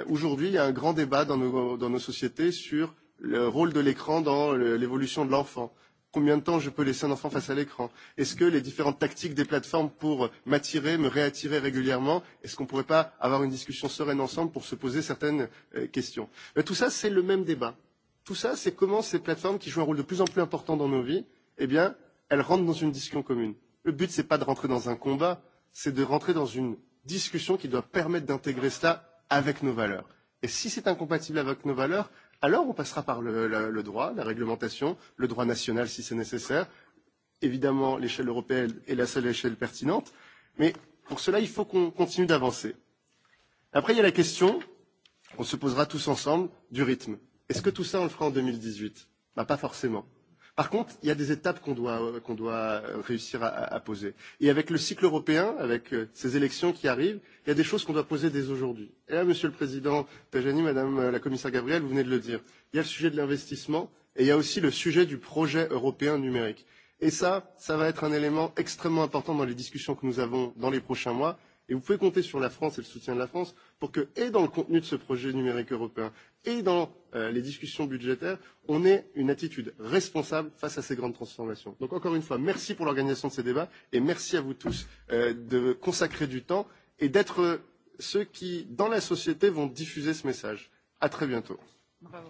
[SPEAKER 4] Aujourd'hui, il y a un grand débat dans nos, dans nos sociétés sur le rôle de l'écran dans l'évolution de l'enfant combien de temps je peux laisser un enfant face à l'écran Est-ce que les différentes tactiques des plateformes pour m'attirer, me réattirer régulièrement, est-ce qu'on ne pourrait pas avoir une discussion sereine ensemble pour se poser certaines questions Tout ça, c'est le même débat. Tout ça, c'est comment ces plateformes qui jouent un rôle de plus en plus important dans nos vies, eh bien, elles rentrent dans une discussion commune. Le but, ce n'est pas de rentrer dans un combat, c'est de rentrer dans une discussion qui doit permettre d'intégrer cela avec nos valeurs. Et si c'est incompatible avec nos valeurs, alors on passera par le droit, la réglementation, le droit national si c'est nécessaire. Évidemment, l'échelle européenne est la seule échelle pertinente, mais pour cela, il faut qu'on continue d'avancer. Après, il y a la question, on se posera tous ensemble, du rythme. Est-ce que tout ça, on le fera en 2018 Pas forcément. Par contre, il y a des étapes qu'on doit, doit réussir à, à poser. Et avec le cycle européen, avec ces élections qui arrivent, il y a des choses qu'on doit poser dès aujourd'hui. Et là, Monsieur le Président Tajani, Madame la Commissaire Gabrielle, vous venez de le dire, il y a le sujet de l'investissement et il y a aussi le sujet du projet européen numérique. Et ça, ça va être un élément extrêmement important dans les discussions que nous avons dans les prochains mois. Et vous pouvez compter sur la France et le soutien de la France pour que, et dans le contenu de ce projet numérique européen, et dans les discussions budgétaires, on ait une attitude responsable face à ces grandes transformations. Donc, encore une fois, merci pour l'organisation de ces débats, et merci à vous tous de consacrer du temps et d'être ceux qui, dans la société, vont diffuser ce message. À très bientôt. Bravo.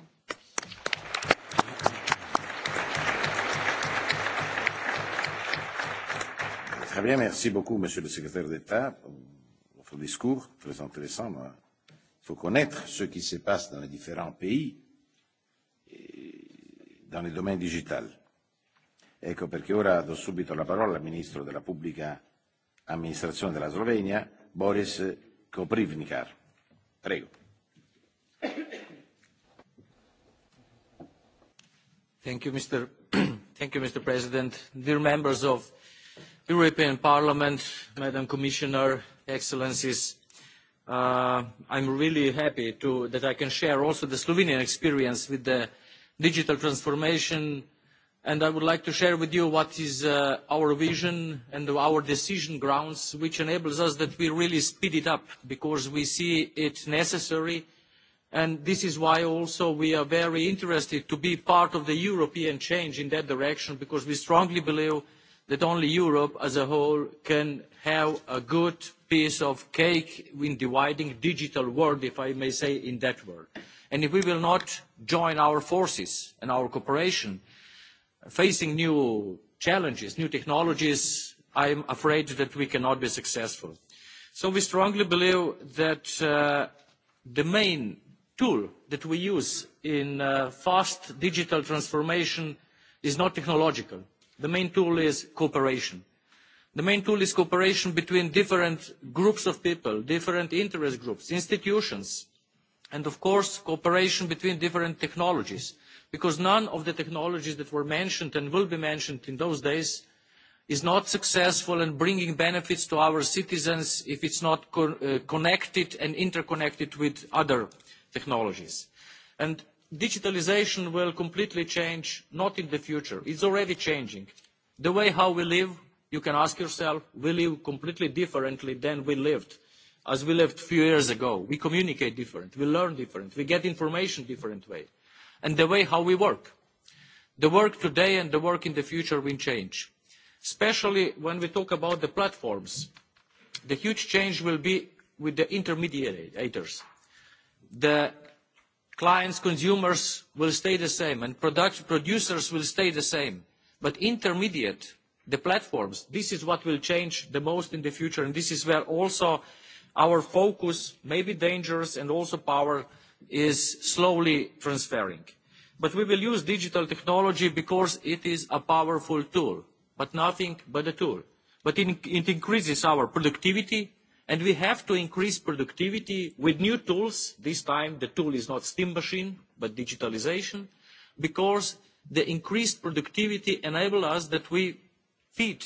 [SPEAKER 2] Très bien, merci beaucoup, Monsieur le Secrétaire d'État votre discours, très intéressant. Il faut connaître ce qui se passe dans les différents pays et dans les domaines digital. Ecco perché ora do subito la parola al Ministro della Pubblica Amministrazione della Slovenia, Boris Koprivnikar. Prego.
[SPEAKER 5] Thank you, Mr. Thank you, Mr. President. Dear members of European Parliament, Madam Commissioner, Excellencies. I'm really happy to that I can share also the Slovenian experience with the digital transformation, and I would like to share with you what is our vision and our decision grounds, which enables us that we really speed it up because we see it necessary, and this is why also we are very interested to be part of the European change in that direction, because we strongly believe that only Europe as a whole can have a good piece of cake in dividing digital world, if I may say in that world. And if we will not join our forces and our cooperation, facing new challenges, new technologies, I am afraid that we cannot be successful. So we strongly believe that the main tool that we use in fast digital transformation is not technological. The main tool is cooperation The main tool is cooperation between different groups of people, different interest groups, institutions, and of course cooperation between different technologies, because none of the technologies that were mentioned and will be mentioned in those days is not successful in bringing benefits to our citizens if it's not connected and interconnected with other technologies. And digitalization will completely change, not in the future, it's already changing, the way how we live, you can ask yourself, we live completely differently than we lived, as we lived a few years ago. We communicate different, we learn different, we get information different way, and the way how we work. The work today and the work in the future will change, especially when we talk about the platforms. The huge change will be with the intermediators. The clients, consumers will stay the same, and producers will stay the same, but intermediate the platforms. This is what will change the most in the future, and this is where also our focus, may be dangerous and also power, is slowly transferring. But we will use digital technology because it is a powerful tool, but nothing but a tool. But it increases our productivity, and we have to increase productivity with new tools. This time the tool is not steam machine, but digitalisation, because the increased productivity enables us that we feed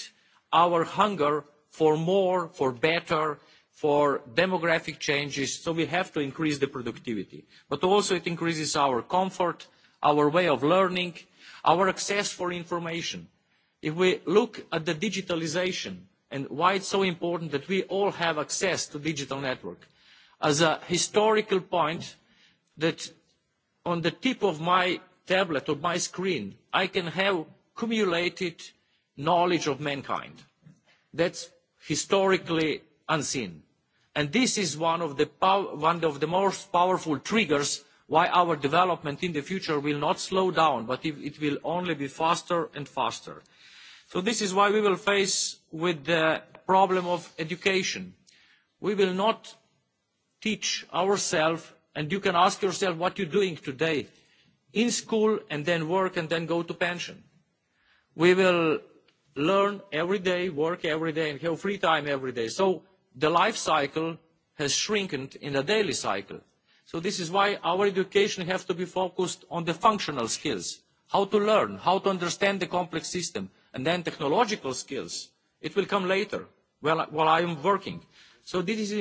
[SPEAKER 5] our hunger for more, for better, for demographic changes. So we have to increase the productivity. But also it increases our comfort, our way of learning, our access for information. If we look at the digitalization and why it's so important that we all have access to digital network, as a historical point that on the tip of my tablet or my screen, I can have cumulated knowledge of mankind. That's historically unseen. And this is one of the most powerful triggers why our development in the future will not slow down, but it will only be faster and faster. So this is why we will face with the problem of education. We will not teach ourselves, and you can ask yourself what you're doing today, in school and then work and then go to pension. We will learn every day, work every day, and have free time every day. So the life cycle has shrinked in the daily cycle. So this is why our education has to be focused on the functional skills, how to learn, how to understand the complex system, and then technological skills. It will come later while I am working. So this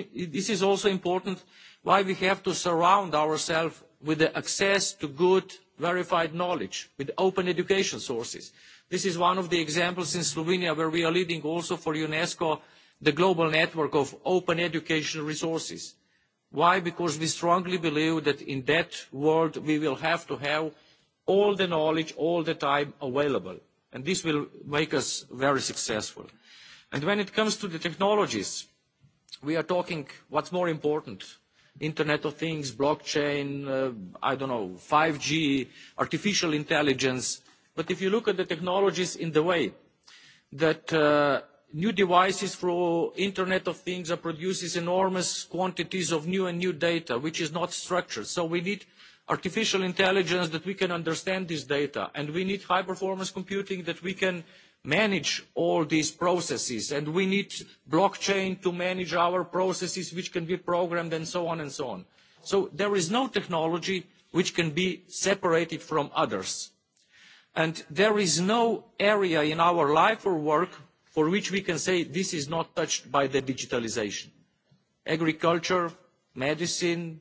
[SPEAKER 5] is also important why we have to surround ourselves with the access to good, verified knowledge, with open education sources. This is one of the examples in Slovenia where we are leading also for UNESCO the global network of open educational resources. Why? Because we strongly believe that in that world we will have to have all the knowledge all the time available. And this will make us very successful. And when it comes to the technologies, we are talking what's more important, Internet of Things, blockchain, I don't know, 5G, artificial intelligence But if you look at the technologies in the way that new devices for Internet of Things are produces enormous quantities of new and new data, which is not structured. So we need artificial intelligence that we can understand this data, and we need high-performance computing that we can manage all these processes, and we need blockchain to manage our processes, which can be programmed, and so on and so on. So there is no technology which can be separated from others And there is no area in our life or work for which we can say this is not touched by the digitalisation. Agriculture, medicine,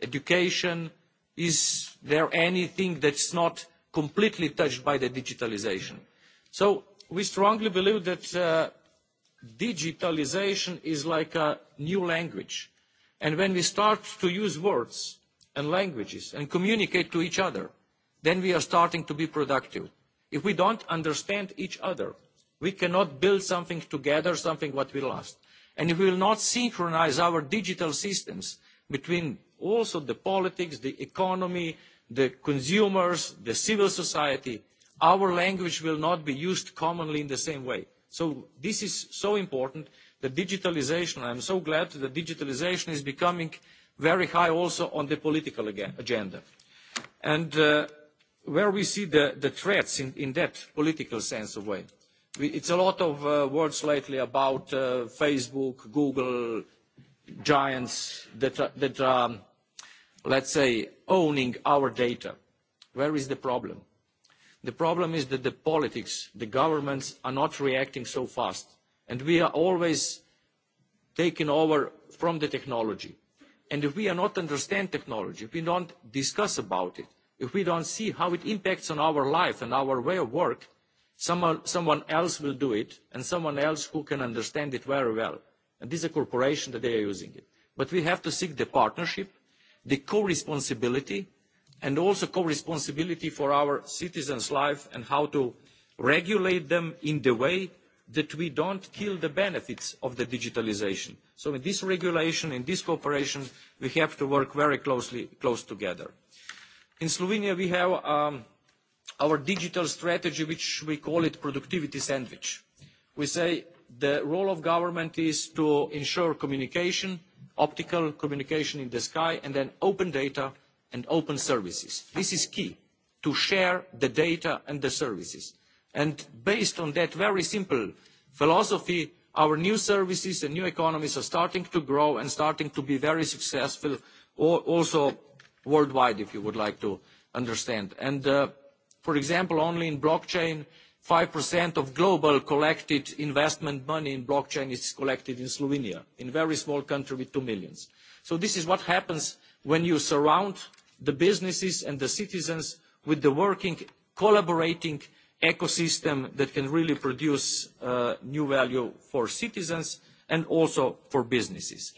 [SPEAKER 5] education, is there anything that's not completely touched by the digitalisation? So we strongly believe that digitalisation is like a new language. And when we start to use words and languages and communicate to each other, then we are starting to be productive. If we don't understand each other, we cannot build something together, something what we lost. And if we will not synchronize our digital systems between also the politics, the economy, the consumers, the civil society, our language will not be used commonly in the same way. So this is so important, the digitalization. I'm so glad that digitalization is becoming very high also on the political agenda. And where we see the threats in that political sense of way. It's a lot of words lately about Facebook, Google, giants that are, let's say, owning our data. Where is the problem? The problem is that the politics, the governments are not reacting so fast. And we are always taken over from the technology. And if we are not understand technology, if we don't discuss about it, If we don't see how it impacts on our life and our way of work, someone else will do it and someone else who can understand it very well. And this is a corporation that they are using it. But we have to seek the partnership, the co-responsibility, and also co-responsibility for our citizens' life and how to regulate them in the way that we don't kill the benefits of the digitalization. So in this regulation, in this cooperation, we have to work very closely, close together. In Slovenia, we have our digital strategy, which we call it productivity sandwich. We say the role of government is to ensure communication, optical communication in the sky, and then open data and open services. This is key, to share the data and the services. And based on that very simple philosophy, our new services and new economies are starting to grow and starting to be very successful, also worldwide, if you would like to understand. And, for example, only in blockchain, 5% of global collected investment money in blockchain is collected in Slovenia, in a very small country with 2 million. So this is what happens when you surround the businesses and the citizens with the working, collaborating ecosystem that can really produce new value for citizens and also for businesses.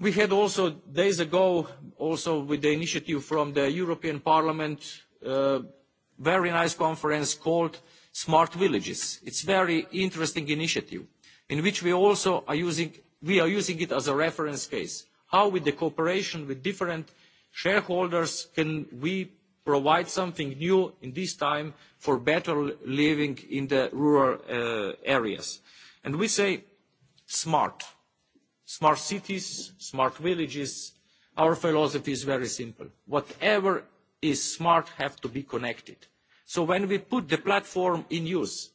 [SPEAKER 5] We had also days ago, also with the initiative from the European Parliament, a very nice conference called Smart Villages. It's a very interesting initiative in which we also are using, we are using it as a reference case. How with the cooperation with different shareholders can we provide something new in this time for better living in the rural areas. And we say smart smart cities, smart villages, our philosophy is very simple. Whatever is smart has to be connected. So when we put the platform in use,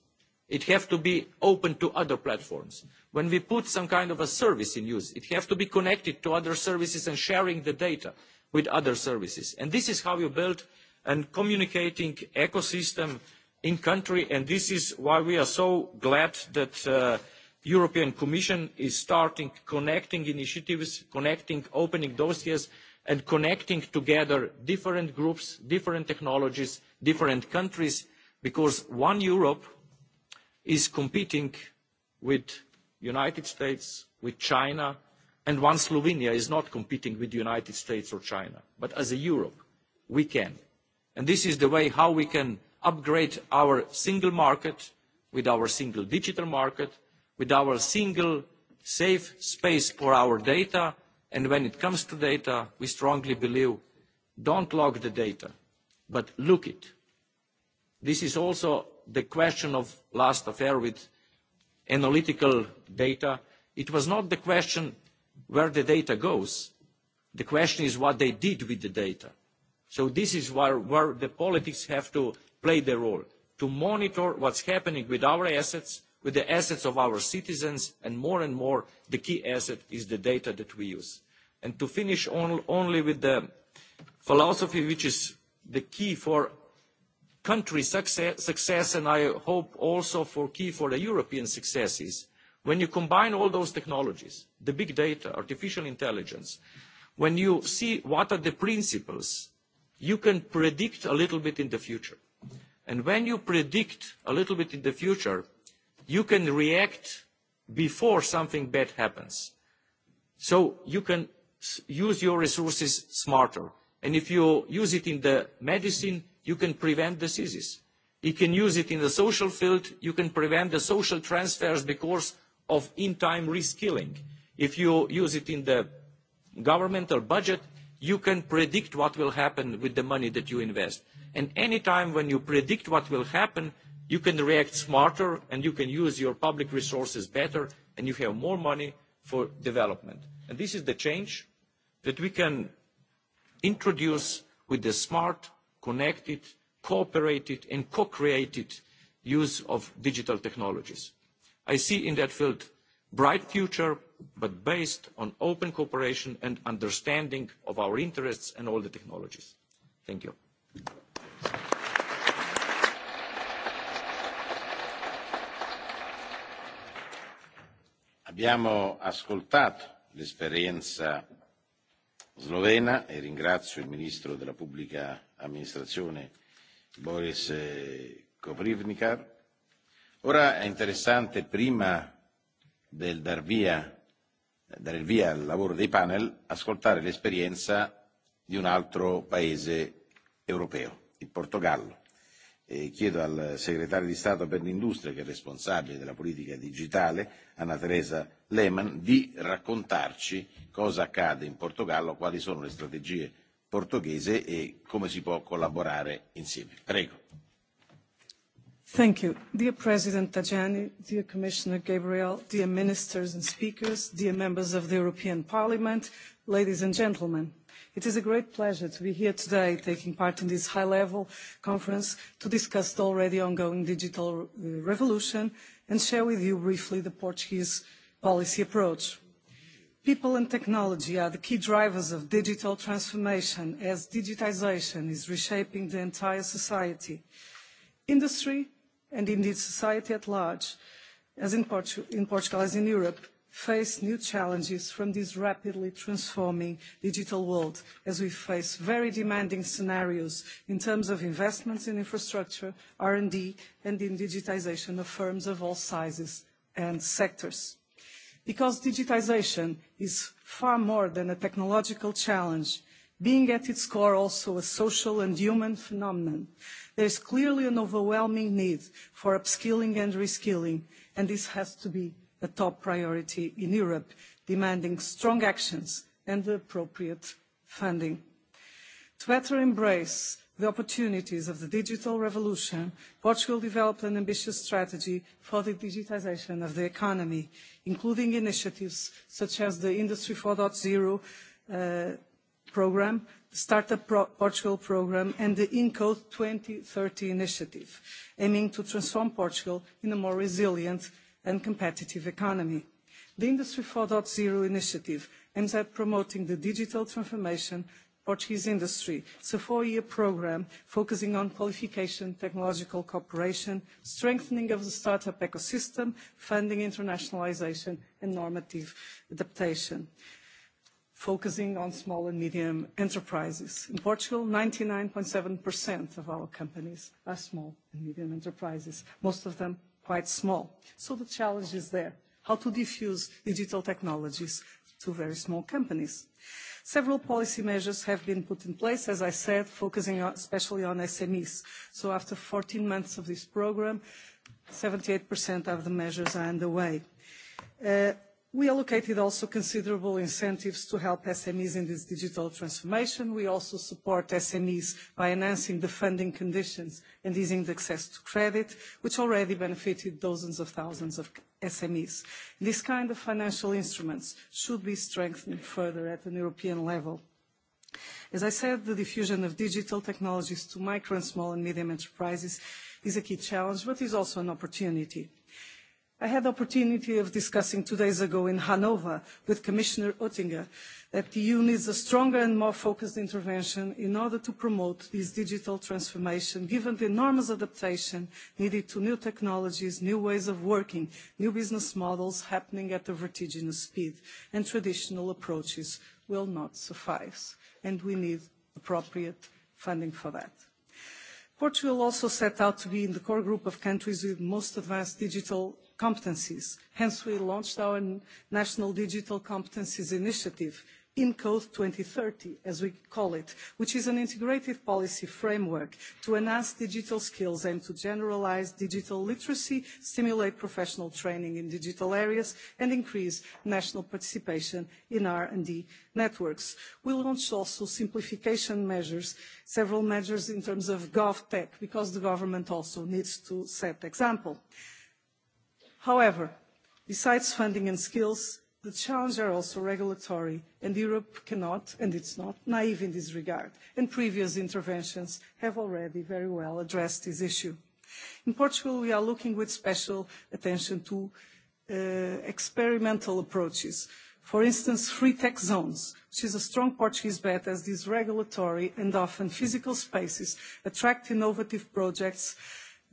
[SPEAKER 5] it has to be open to other platforms. When we put some kind of a service in use, it has to be connected to other services and sharing the data with other services. And this is how you build a communicating ecosystem in country, and this is why we are so glad that The European Commission is starting connecting initiatives, connecting opening dossiers and connecting together different groups, different technologies, different countries, because one Europe is competing with the United States, with China, and one Slovenia is not competing with the United States or China. But as a Europe, we can. And this is the way how we can upgrade our single market with our single digital market, with our single safe space for our data and when it comes to data we strongly believe don't log the data but look it this is also the question of last affair with analytical data it was not the question where the data goes the question is what they did with the data so this is where the politics have to play their role to monitor what's happening with our assets with the assets of our citizens and more and more the key asset is the data that we use. And to finish only with the philosophy which is the key for country success and I hope also for key for the European success is when you combine all those technologies, the big data, artificial intelligence, when you see what are the principles, you can predict a little bit in the future. And when you predict a little bit in the future, you can react before something bad happens. So you can use your resources smarter. And if you use it in the medicine, you can prevent diseases. You can use it in the social field, you can prevent the social transfers because of in-time reskilling. If you use it in the governmental budget, you can predict what will happen with the money that you invest. And any time when you predict what will happen, you can react smarter and you can use your public resources better and you have more money for development. And this is the change that we can introduce with the smart, connected, cooperated and co-created use of digital technologies. I see in that field bright future, but based on open cooperation and understanding of our interests and all the technologies. Thank you.
[SPEAKER 2] Abbiamo ascoltato l'esperienza slovena e ringrazio il ministro della pubblica amministrazione Boris Koprivnikar. Ora è interessante, prima del dar dare il via al lavoro dei panel, ascoltare l'esperienza di un altro paese europeo, il Portogallo chiedo al segretario di Stato per l'industria, che è responsabile della politica digitale, Anna Teresa Lehmann, di raccontarci cosa accade in Portogallo, quali sono le strategie portoghese e come si può collaborare insieme. Prego.
[SPEAKER 6] President ladies and gentlemen. It is a great pleasure to be here today taking part in this high-level conference to discuss the already ongoing digital revolution and share with you briefly the Portuguese policy approach. People and technology are the key drivers of digital transformation as digitization is reshaping the entire society, industry and indeed society at large, as in Portugal as in Europe face new challenges from this rapidly transforming digital world as we face very demanding scenarios in terms of investments in infrastructure, R&D, and in digitization of firms of all sizes and sectors. Because digitization is far more than a technological challenge, being at its core also a social and human phenomenon, there is clearly an overwhelming need for upskilling and reskilling, and this has to be a top priority in Europe, demanding strong actions and appropriate funding. To better embrace the opportunities of the digital revolution, Portugal developed an ambitious strategy for the digitisation of the economy, including initiatives such as the Industry 4.0 programme, the Startup Portugal programme and the Encode 2030 initiative, aiming to transform Portugal in a more resilient and competitive economy. The Industry 4.0 initiative aims at promoting the digital transformation Portuguese industry. It's a four-year program focusing on qualification, technological cooperation, strengthening of the startup ecosystem, funding internationalization, and normative adaptation, focusing on small and medium enterprises. In Portugal, 99.7% of our companies are small and medium enterprises, most of them quite small. So the challenge is there, how to diffuse digital technologies to very small companies. Several policy measures have been put in place, as I said, focusing especially on SMEs. So after 14 months of this program, 78% of the measures are underway. We allocated also considerable incentives to help SMEs in this digital transformation. We also support SMEs by enhancing the funding conditions and easing the access to credit, which already benefited dozens of thousands of SMEs. This kind of financial instruments should be strengthened further at an European level. As I said, the diffusion of digital technologies to micro and small and medium enterprises is a key challenge, but is also an opportunity. I had the opportunity of discussing two days ago in Hanover with Commissioner Oettinger that the EU needs a stronger and more focused intervention in order to promote this digital transformation, given the enormous adaptation needed to new technologies, new ways of working, new business models happening at a vertiginous speed, and traditional approaches will not suffice, and we need appropriate funding for that. Portugal also set out to be in the core group of countries with most advanced digital competencies. Hence, we launched our National Digital Competencies Initiative, InCode 2030, as we call it, which is an integrative policy framework to enhance digital skills and to generalize digital literacy, stimulate professional training in digital areas, and increase national participation in R&D networks. We launched also simplification measures, several measures in terms of GovTech, because the government also needs to set example. However, besides funding and skills, the challenges are also regulatory, and Europe cannot, and it's not, naive in this regard, and previous interventions have already very well addressed this issue. In Portugal, we are looking with special attention to experimental approaches. For instance, free tech zones, which is a strong Portuguese bet as these regulatory and often physical spaces attract innovative projects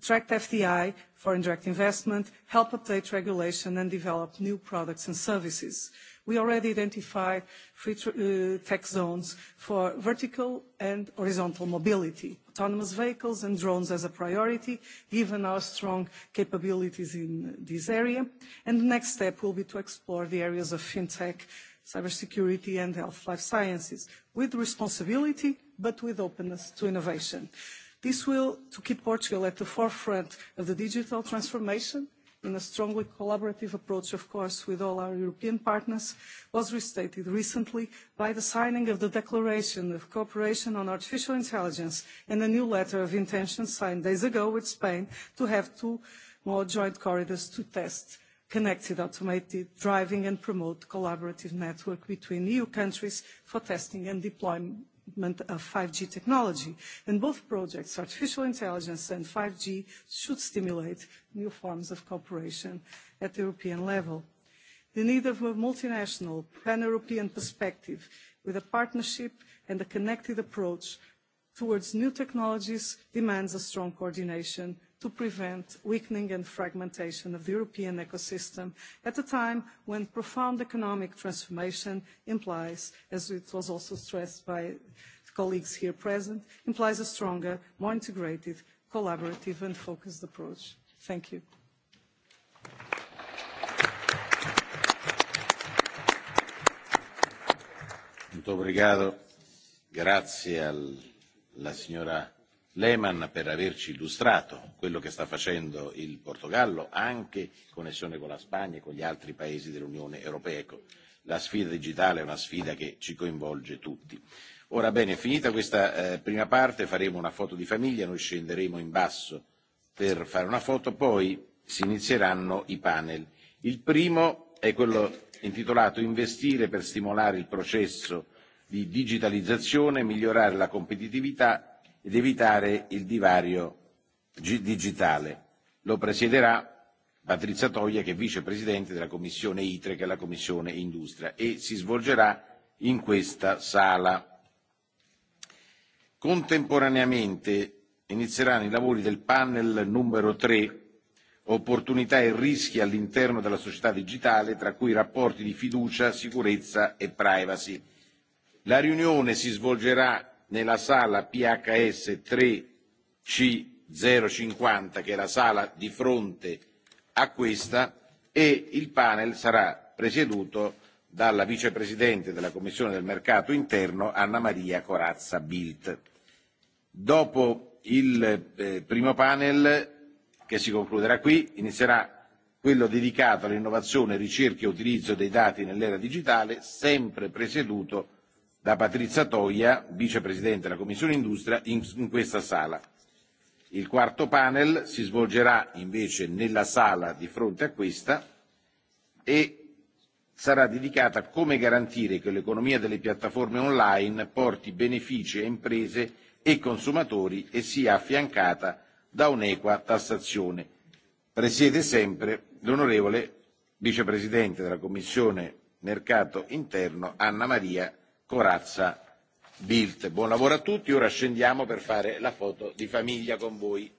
[SPEAKER 6] attract FDI for indirect investment, help update regulation and develop new products and services. We already identified free tech zones for vertical and horizontal mobility, autonomous vehicles and drones as a priority, given our strong capabilities in this area. And the next step will be to explore the areas of fintech, cybersecurity and health life sciences, with responsibility but with openness to innovation. This will to keep Portugal at the forefront of the digital transformation in a strongly collaborative approach, of course, with all our European partners, was restated recently by the signing of the Declaration of Cooperation on Artificial Intelligence and a new letter of intention signed days ago with Spain to have two more joint corridors to test connected automated driving and promote collaborative network between EU countries for testing and deployment development of 5G technology. And both projects, artificial intelligence and 5G, should stimulate new forms of cooperation at the European level. The need of a multinational, pan-European perspective with a partnership and a connected approach towards new technologies demands a strong coordination to prevent weakening and fragmentation of the European ecosystem at a time when profound economic transformation implies, as it was also stressed by colleagues here present, implies a stronger, more integrated, collaborative and focused approach. Thank you.
[SPEAKER 2] Lehmann per averci illustrato quello che sta facendo il Portogallo, anche in connessione con la Spagna e con gli altri paesi dell'Unione Europea. La sfida digitale è una sfida che ci coinvolge tutti. Ora bene, finita questa prima parte faremo una foto di famiglia, noi scenderemo in basso per fare una foto, poi si inizieranno i panel. Il primo è quello intitolato Investire per stimolare il processo di digitalizzazione, migliorare la competitività ed evitare il divario digitale. Lo presiederà Patrizia Toia, che è vicepresidente della Commissione ITRE, che è la Commissione Industria, e si svolgerà in questa sala. Contemporaneamente inizieranno i lavori del panel numero 3, opportunità e rischi all'interno della società digitale, tra cui rapporti di fiducia, sicurezza e privacy. La riunione si svolgerà nella sala PHS 3C050, che è la sala di fronte a questa, e il panel sarà presieduto dalla vicepresidente della Commissione del Mercato Interno, Anna Maria Corazza Bildt. Dopo il primo panel, che si concluderà qui, inizierà quello dedicato all'innovazione, ricerca e utilizzo dei dati nell'era digitale, sempre presieduto da Patrizia Toia, vicepresidente della Commissione Industria, in questa sala. Il quarto panel si svolgerà invece nella sala di fronte a questa e sarà dedicata a come garantire che l'economia delle piattaforme online porti benefici a imprese e consumatori e sia affiancata da un'equa tassazione. Presiede sempre l'onorevole vicepresidente della Commissione Mercato Interno Anna Maria Corazza Bilt. Buon lavoro a tutti, ora scendiamo per fare la foto di famiglia con voi.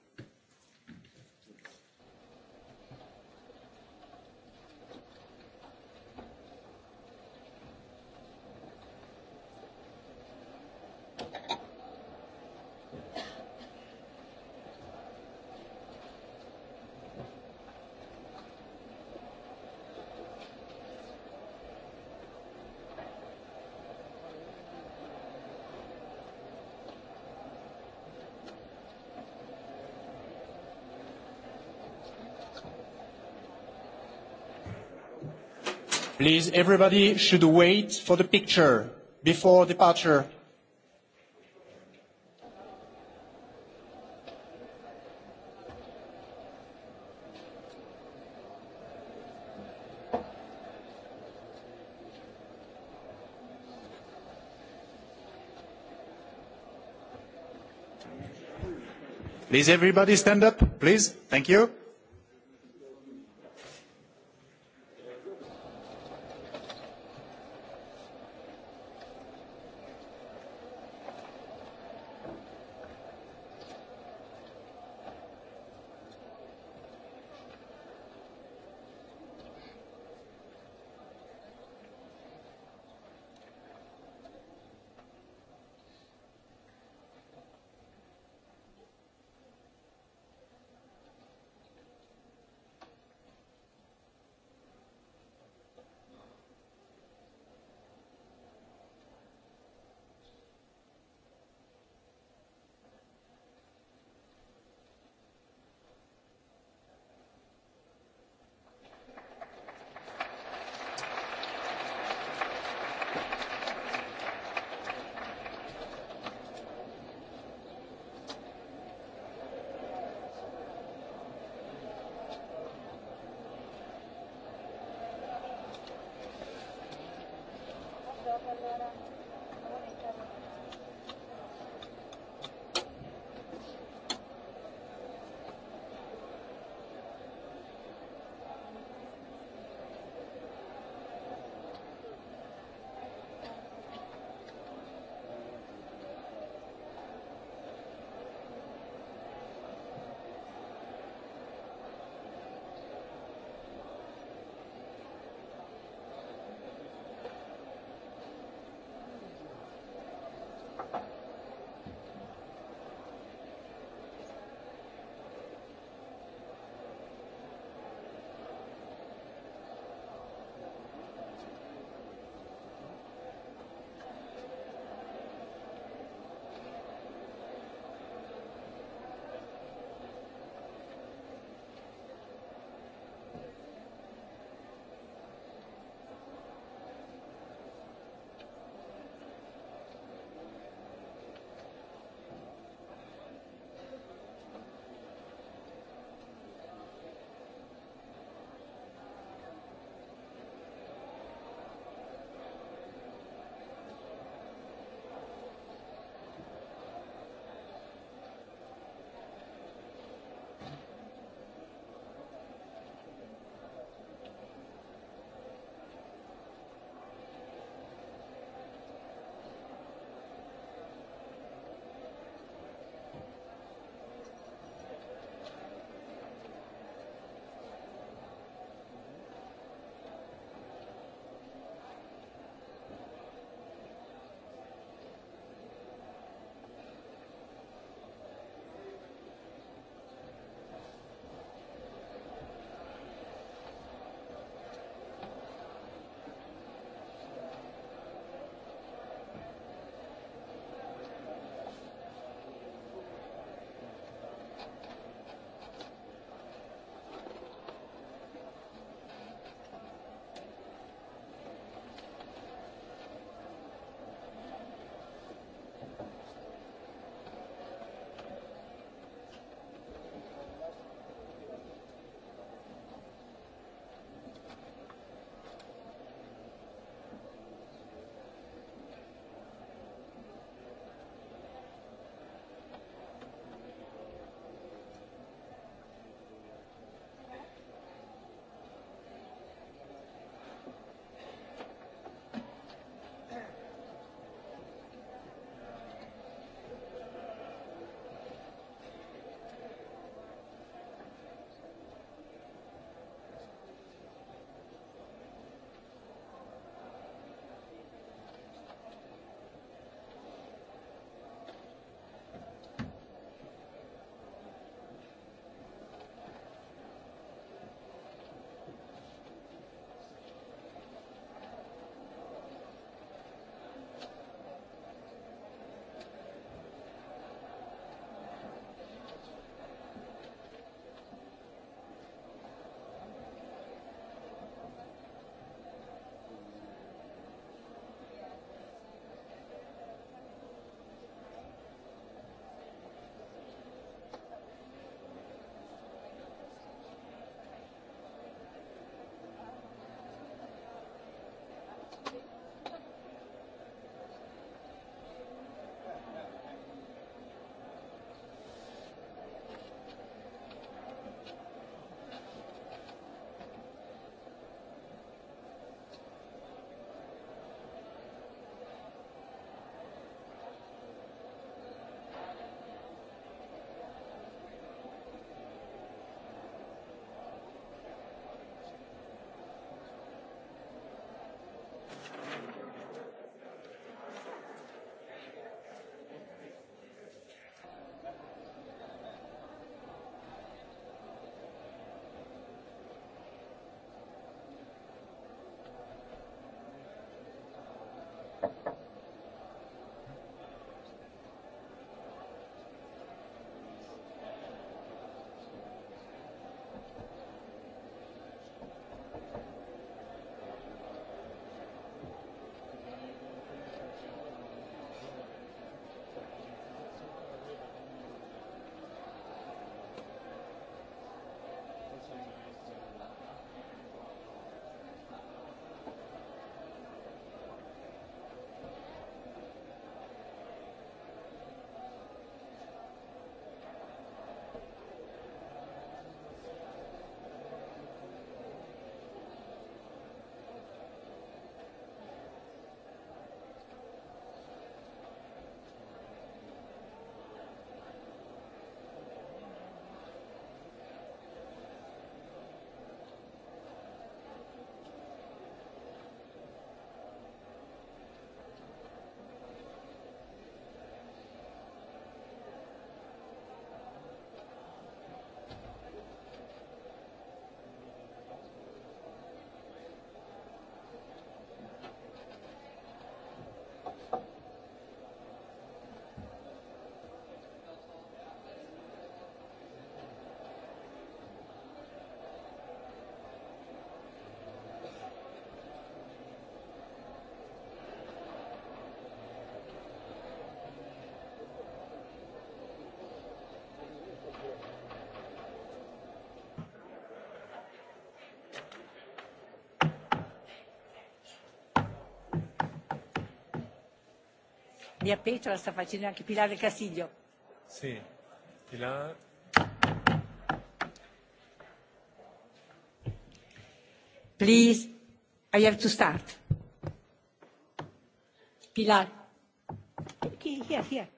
[SPEAKER 7] Please,
[SPEAKER 8] everybody should wait for the picture before departure.
[SPEAKER 9] Please, everybody stand up, please. Thank
[SPEAKER 4] you.
[SPEAKER 10] Mia Petra sta facendo anche Pilar del Castiglio.
[SPEAKER 4] Sì, Pilar.
[SPEAKER 10] Please, I have to start. Pilar. Okay, here, here.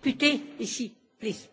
[SPEAKER 10] Putain, ici, please.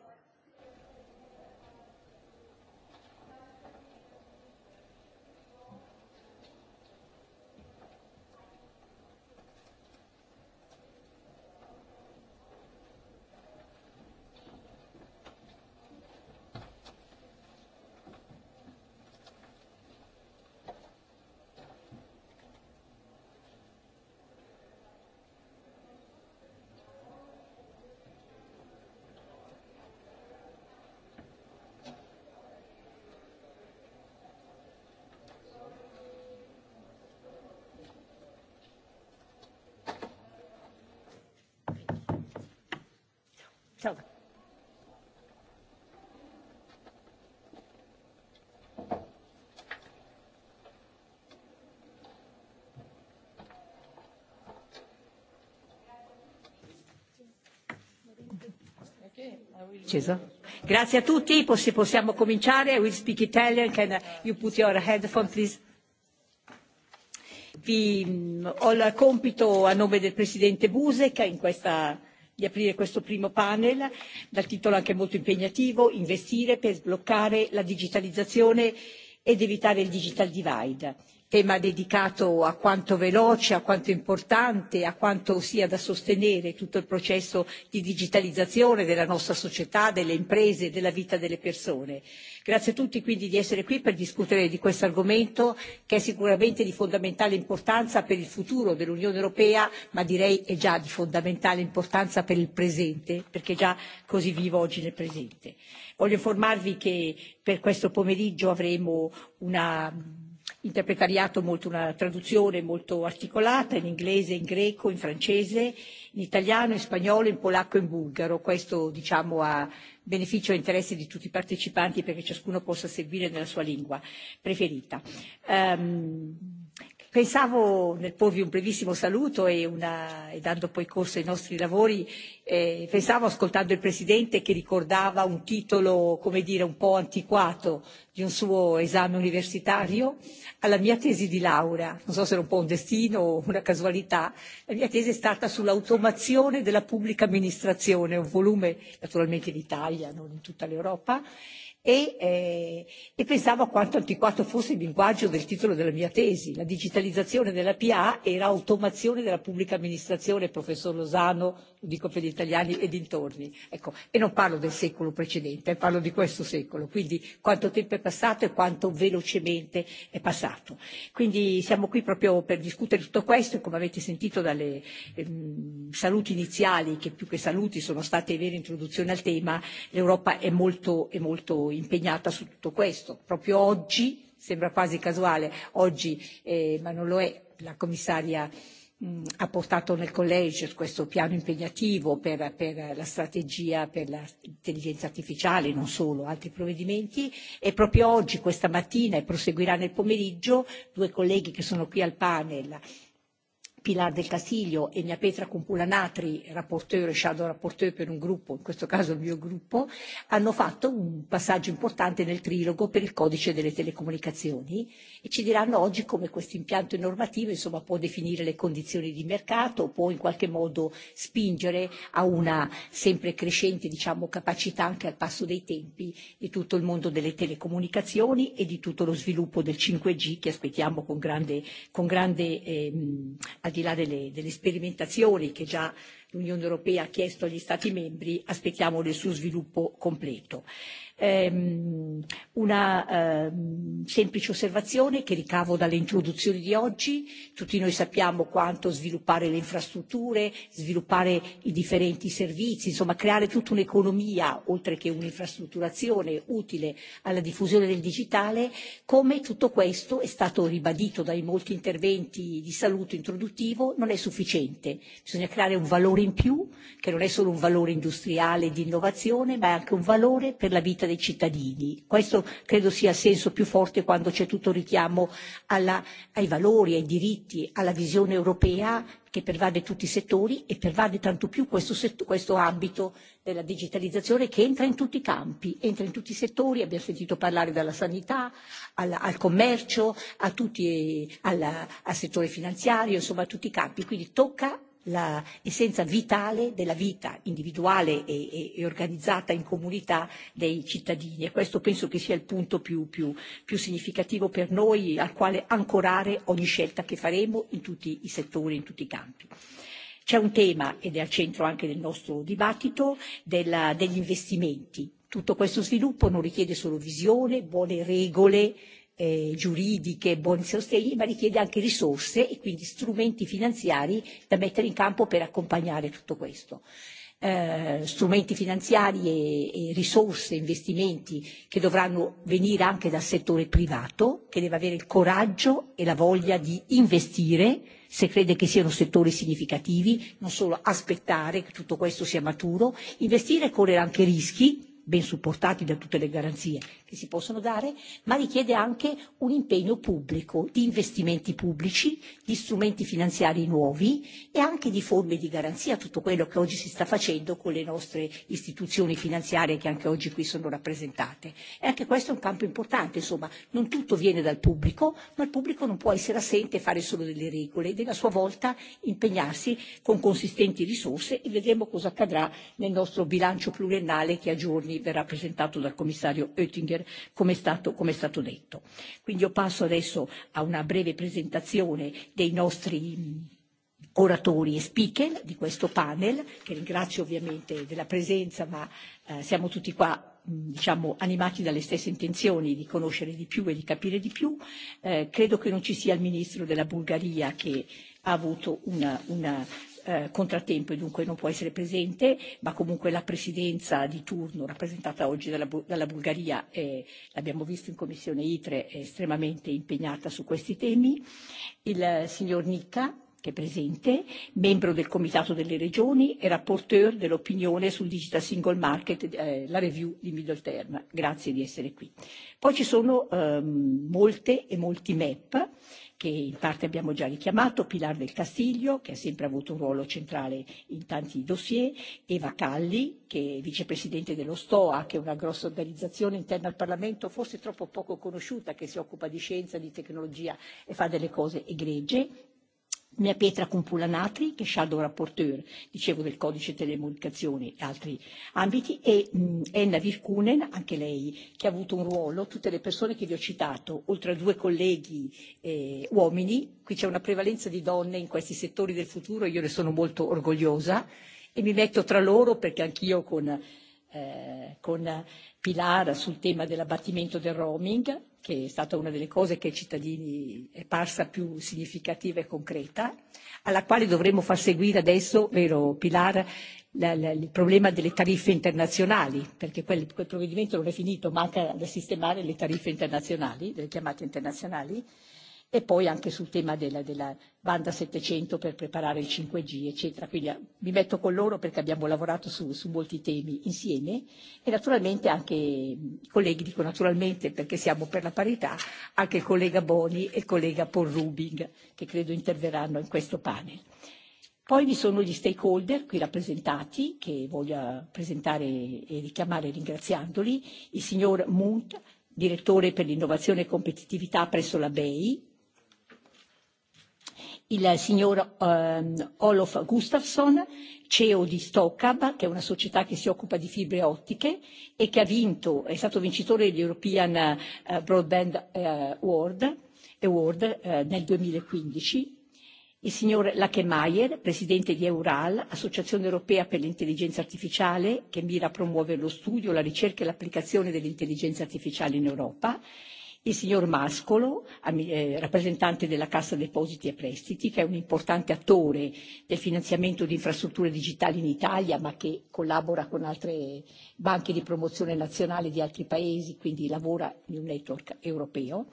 [SPEAKER 10] Grazie a tutti, possiamo cominciare. will speak Italian. Can you put your headphone, please? Vi, ho il compito a nome del Presidente Busek in questa di aprire questo primo panel dal titolo anche molto impegnativo investire per sbloccare la digitalizzazione ed evitare il digital divide tema dedicato a quanto veloce, a quanto importante, a quanto sia da sostenere tutto il processo di digitalizzazione della nostra società, delle imprese, della vita delle persone. Grazie a tutti quindi di essere qui per discutere di questo argomento che è sicuramente di fondamentale importanza per il futuro dell'Unione Europea, ma direi è già di fondamentale importanza per il presente, perché è già così vivo oggi nel presente. Voglio informarvi che per questo pomeriggio avremo una interpretariato molto una traduzione molto articolata in inglese, in greco, in francese, in italiano, in spagnolo, in polacco e in bulgaro. Questo diciamo a beneficio e interesse di tutti i partecipanti perché ciascuno possa seguire nella sua lingua preferita. Pensavo nel porvi un brevissimo saluto e dando poi corso ai nostri lavori, pensavo ascoltando il Presidente che ricordava un titolo, come dire, un po' antiquato di un suo esame universitario, alla mia tesi di laurea, non so se era un po' un destino o una casualità, la mia tesi è stata sull'automazione della pubblica amministrazione, un volume naturalmente in Italia, non in tutta l'Europa e pensavo a quanto antiquato fosse il linguaggio del titolo della mia tesi la digitalizzazione della PA e l'automazione della pubblica amministrazione professor Losano lo dico per gli italiani e dintorni ecco e non parlo del secolo precedente parlo di questo secolo quindi quanto tempo è passato e quanto velocemente è passato quindi siamo qui proprio per discutere tutto questo e come avete sentito dalle saluti iniziali che più che saluti sono state vere introduzioni al tema l'Europa è molto è molto impegnata su tutto questo. Proprio oggi, sembra quasi casuale, oggi, ma non lo è, la commissaria ha portato nel college questo piano impegnativo per, per la strategia per l'intelligenza artificiale, non solo, altri provvedimenti e proprio oggi, questa mattina e proseguirà nel pomeriggio, due colleghi che sono qui al panel Pilar del Castiglio e mia Petra Compulanatri, rapporteur e shadow rapporteur per un gruppo, in questo caso il mio gruppo, hanno fatto un passaggio importante nel trilogo per il codice delle telecomunicazioni e ci diranno oggi come questo impianto normativo insomma, può definire le condizioni di mercato, può in qualche modo spingere a una sempre crescente diciamo, capacità anche al passo dei tempi di tutto il mondo delle telecomunicazioni e di tutto lo sviluppo del 5G che aspettiamo con grande, con grande di là delle, delle sperimentazioni che già l'Unione Europea ha chiesto agli Stati membri, aspettiamo il suo sviluppo completo. Una semplice osservazione che ricavo dalle introduzioni di oggi. Tutti noi sappiamo quanto sviluppare le infrastrutture, sviluppare i differenti servizi, insomma creare tutta un'economia, oltre che un'infrastrutturazione utile alla diffusione del digitale, come tutto questo è stato ribadito dai molti interventi di saluto introduttivo, non è sufficiente. Bisogna creare un valore in più, che non è solo un valore industriale di innovazione, ma è anche un valore per la vita vita dei cittadini. Questo credo sia senso più forte quando c'è tutto il richiamo ai valori, ai diritti, alla visione europea che pervade tutti i settori e pervade tanto più questo ambito della digitalizzazione che entra in tutti i campi, entra in tutti i settori, abbiamo sentito parlare dalla sanità al commercio, al settore finanziario, insomma a tutti i campi, quindi tocca l'essenza vitale della vita individuale e, e, organizzata in comunità dei cittadini e questo penso che sia il punto più, più, più significativo per noi al quale ancorare ogni scelta che faremo in tutti i settori, in tutti i campi. C'è un tema, ed è al centro anche del nostro dibattito, della, degli investimenti. Tutto questo sviluppo non richiede solo visione, buone regole, giuridiche buoni sostegni, ma richiede anche risorse e quindi strumenti finanziari da mettere in campo per accompagnare tutto questo. Strumenti finanziari e risorse, investimenti che dovranno venire anche dal settore privato, che deve avere il coraggio e la voglia di investire se crede che siano settori significativi, non solo aspettare che tutto questo sia maturo, investire e correre anche rischi ben supportati da tutte le garanzie si possono dare, ma richiede anche un impegno pubblico di investimenti pubblici, di strumenti finanziari nuovi e anche di forme di garanzia, tutto quello che oggi si sta facendo con le nostre istituzioni finanziarie che anche oggi qui sono rappresentate. E anche questo è un campo importante, insomma, non tutto viene dal pubblico, ma il pubblico non può essere assente e fare solo delle regole, deve a sua volta impegnarsi con consistenti risorse e vedremo cosa accadrà nel nostro bilancio pluriennale che a giorni verrà presentato dal commissario Oettinger come è stato detto. Quindi io passo adesso a una breve presentazione dei nostri oratori e speaker di questo panel, che ringrazio ovviamente della presenza, ma siamo tutti qua diciamo animati dalle stesse intenzioni di conoscere di più e di capire di più. Credo che non ci sia il ministro della Bulgaria che ha avuto una contrattempo e dunque non può essere presente, ma comunque la presidenza di turno rappresentata oggi dalla Bulgaria, l'abbiamo visto in Commissione ITRE, è estremamente impegnata su questi temi. Il signor Nicca, che è presente, membro del Comitato delle Regioni e rapporteur dell'opinione sul Digital Single Market, la review di Middle Term. Grazie di essere qui. Poi ci sono molte e molti MEP che in parte abbiamo già richiamato, Pilar del Castiglio, che ha sempre avuto un ruolo centrale in tanti dossier, Eva Calli, che è vicepresidente dello STOA, che è una grossa organizzazione interna al Parlamento, forse troppo poco conosciuta, che si occupa di scienza, di tecnologia e fa delle cose egregie, Mia Pietra Pulanatri, che è shadow rapporteur, dicevo, del codice telecomunicazioni e altri ambiti, e Enna Virkunen, anche lei, che ha avuto un ruolo, tutte le persone che vi ho citato, oltre a due colleghi uomini, qui c'è una prevalenza di donne in questi settori del futuro, io ne sono molto orgogliosa e mi metto tra loro perché anch'io con Pilar sul tema dell'abbattimento del roaming che è stata una delle cose che ai cittadini è parsa più significativa e concreta, alla quale dovremmo far seguire adesso, vero Pilar, il problema delle tariffe internazionali, perché quel provvedimento non è finito, manca da sistemare le tariffe internazionali, le chiamate internazionali e poi anche sul tema della, della banda 700 per preparare il 5G, eccetera. Quindi mi metto con loro perché abbiamo lavorato su, su molti temi insieme e naturalmente anche i colleghi, dico naturalmente perché siamo per la parità, anche il collega Boni e il collega Paul Rubing che credo interverranno in questo panel. Poi vi sono gli stakeholder qui rappresentati che voglio presentare e richiamare ringraziandoli, il signor Munt, direttore per l'innovazione e competitività presso la BEI, il signor Olof Gustafsson, CEO di Stockab, che è una società che si occupa di fibre ottiche e che ha vinto, è stato vincitore dell'European Broadband Award nel 2015, il signor Lachemeyer, presidente di Eural, Associazione Europea per l'Intelligenza Artificiale, che mira a promuovere lo studio, la ricerca e l'applicazione dell'intelligenza artificiale in Europa, il signor Mascolo, rappresentante della Cassa Depositi e Prestiti, che è un importante attore del finanziamento di infrastrutture digitali in Italia, ma che collabora con altre banche di promozione nazionale di altri paesi, quindi lavora in un network europeo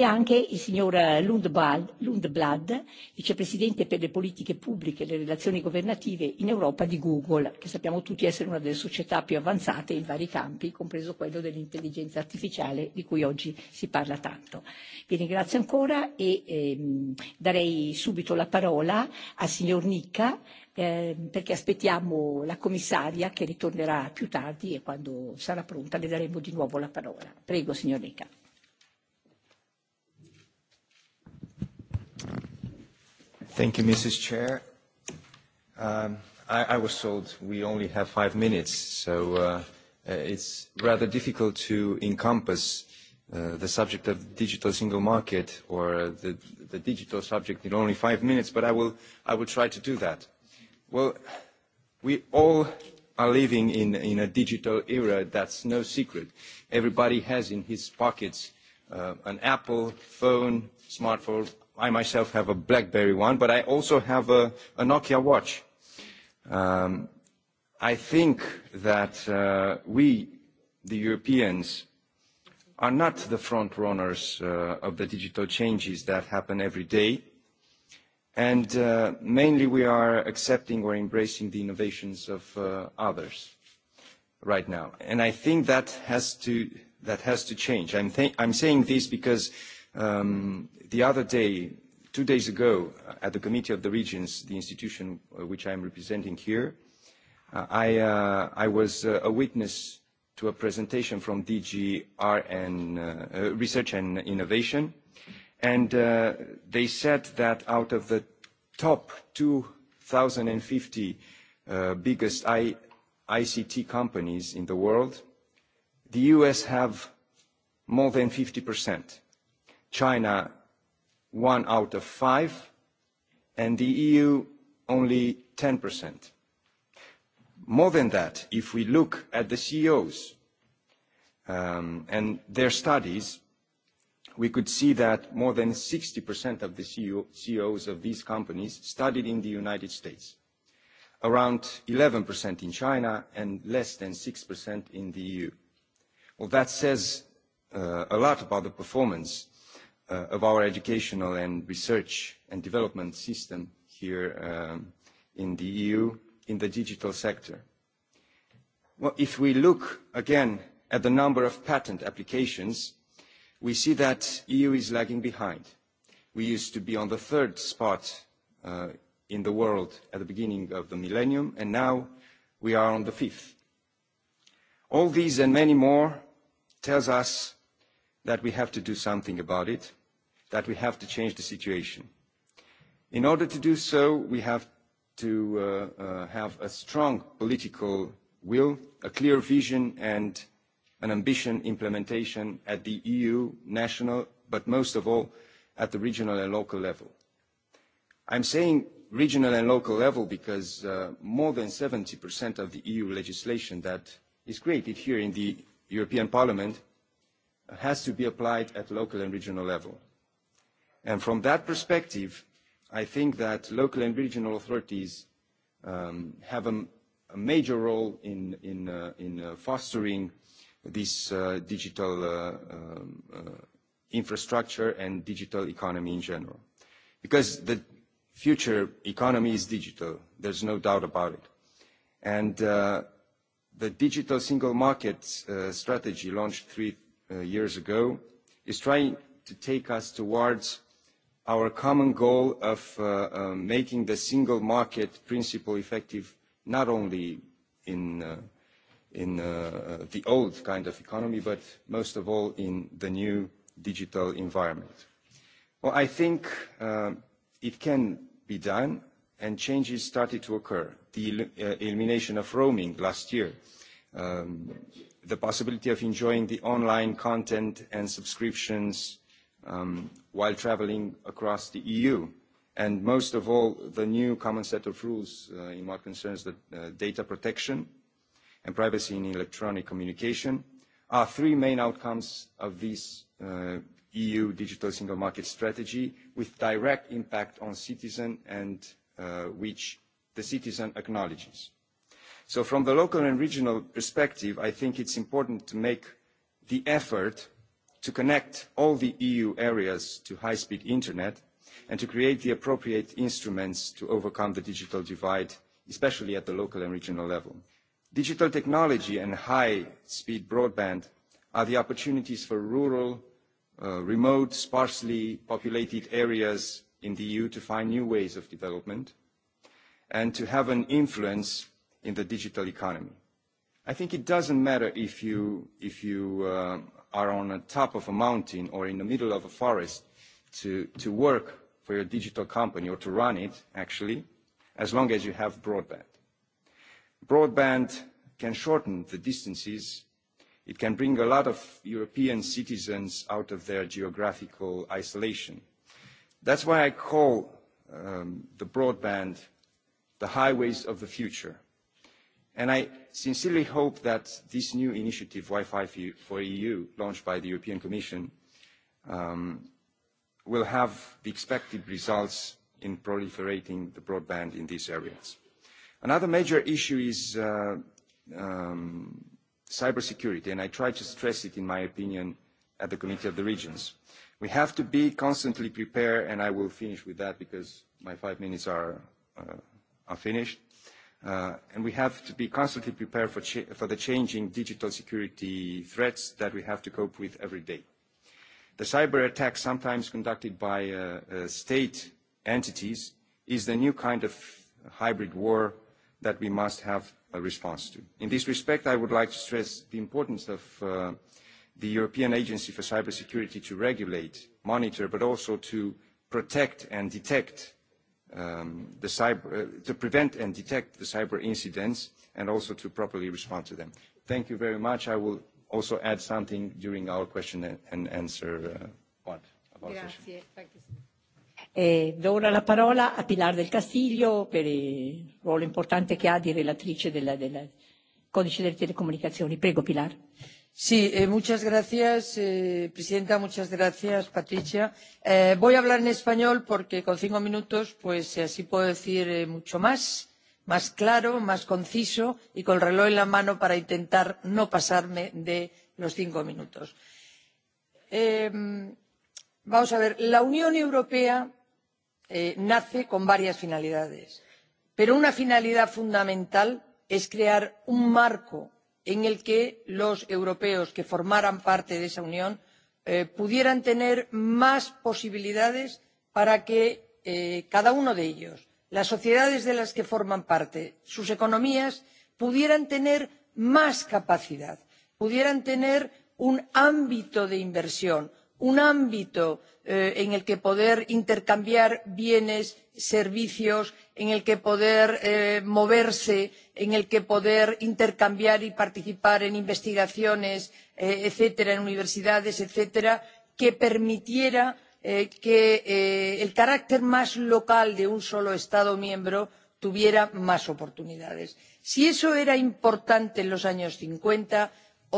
[SPEAKER 10] e anche il signor Lundblad, vicepresidente per le politiche pubbliche e le relazioni governative in Europa di Google, che sappiamo tutti essere una delle società più avanzate in vari campi, compreso quello dell'intelligenza artificiale di cui oggi si parla tanto. Vi ringrazio ancora e darei subito la parola al signor Nicca perché aspettiamo la commissaria che ritornerà più tardi e quando sarà pronta le daremo di nuovo la parola. Prego, signor Nicca.
[SPEAKER 11] Thank you, Mrs. Chair. Um, I, I was told we only have five minutes, so uh, it's rather difficult to encompass the subject of digital single market or the, the digital subject in only five minutes, but I will, I will try to do that. Well, we all are living in, in a digital era that's no secret. Everybody has in his pockets an Apple phone, smartphone, I myself have a BlackBerry one, but I also have a Nokia watch. I think that we, the Europeans, are not the front runners of the digital changes that happen every day, and mainly we are accepting or embracing the innovations of others right now. And I think that has to that has to change. I'm I'm saying this because The other day, two days ago, at the Committee of the Regions, the institution which I am representing here, I was a witness to a presentation from DG Research and Innovation, and they said that out of the top 2,050 biggest ICT companies in the world, the U.S. have more than 50%. China one out of five, and the EU only 10%. More than that, if we look at the CEOs and their studies, we could see that more than 60% of the CEOs of these companies studied in the United States, around 11% in China, and less than 6% in the EU. Well, that says a lot about the performance of our educational and research and development system here in the EU in the digital sector. If we look again at the number of patent applications, we see that EU is lagging behind. We used to be on the third spot in the world at the beginning of the millennium, and now we are on the fifth. All these and many more tells us that we have to do something about it that we have to change the situation. In order to do so, we have to have a strong political will, a clear vision and an ambition implementation at the EU, national, but most of all at the regional and local level. I'm saying regional and local level because more than 70% of the EU legislation that is created here in the European Parliament has to be applied at local and regional level from that perspective, I think that local and regional authorities have a major role in fostering this digital infrastructure and digital economy in general. Because the future economy is digital, there's no doubt about it. And the digital single market strategy launched three years ago is trying to take us towards our common goal of making the single market principle effective not only in the old kind of economy, but most of all in the new digital environment. Well, I think it can be done, and changes started to occur. The elimination of roaming last year, the possibility of enjoying the online content and subscriptions while travelling across the EU. And most of all, the new common set of rules in what concerns the data protection and privacy in electronic communication are three main outcomes of this EU digital single market strategy with direct impact on citizens and which the citizen acknowledges. So from the local and regional perspective, I think it's important to make the effort to connect all the EU areas to high-speed Internet and to create the appropriate instruments to overcome the digital divide, especially at the local and regional level. Digital technology and high-speed broadband are the opportunities for rural, remote, sparsely populated areas in the EU to find new ways of development and to have an influence in the digital economy. I think it doesn't matter if you are on the top of a mountain or in the middle of a forest to to work for your digital company or to run it actually as long as you have broadband broadband can shorten the distances it can bring a lot of european citizens out of their geographical isolation that's why i call the broadband the highways of the future And I sincerely hope that this new initiative, Wi-Fi for EU, launched by the European Commission, will have the expected results in proliferating the broadband in these areas. Another major issue is cybersecurity, and I try to stress it, in my opinion, at the Committee of the Regions. We have to be constantly prepared, and I will finish with that because my five minutes are finished And we have to be constantly prepared for the changing digital security threats that we have to cope with every day. The cyber attack, sometimes conducted by state entities, is the new kind of hybrid war that we must have a response to. In this respect, I would like to stress the importance of the European Agency for Cybersecurity to regulate, monitor, but also to protect and detect the cyber, to prevent and detect the cyber incidents and also to properly respond to them. Thank you very much. I will also add something during our question and answer part
[SPEAKER 10] of our session. E do ora la parola a Pilar del Castiglio per il ruolo importante che ha di relatrice del codice delle telecomunicazioni. Prego Pilar. Señora presidenta. Muchas gracias, Patricia.
[SPEAKER 12] Voy a hablar en español porque con cinco minutos, pues así puedo decir mucho más, más claro, más conciso y con el reloj en la mano para intentar no pasarme de los cinco minutos. Vamos a ver, la Unión Europea nace con varias finalidades, pero una finalidad fundamental es crear un marco en el que los europeos que formaran parte de esa unión pudieran tener más posibilidades para que cada uno de ellos las sociedades de las que forman parte sus economías pudieran tener más capacidad pudieran tener un ámbito de inversión un ámbito en el que poder intercambiar bienes servicios en el que poder moverse en el que poder intercambiar y participar en investigaciones etcétera en universidades etcétera que permitiera que el carácter más local de un solo estado miembro tuviera más oportunidades. si eso era importante en los años 50,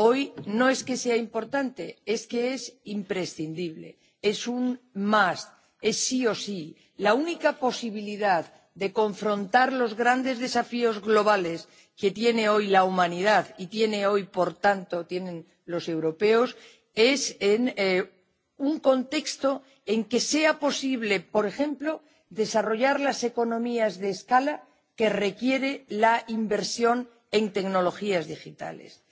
[SPEAKER 12] hoy no es que sea importante es que es imprescindible es un must es sí o sí la única posibilidad de confrontar los grandes desafíos globales que tiene hoy la humanidad y tiene hoy por tanto tienen los europeos es en un contexto en que sea posible por ejemplo desarrollar las economías de escala que requiere la inversión en tecnologías digitales.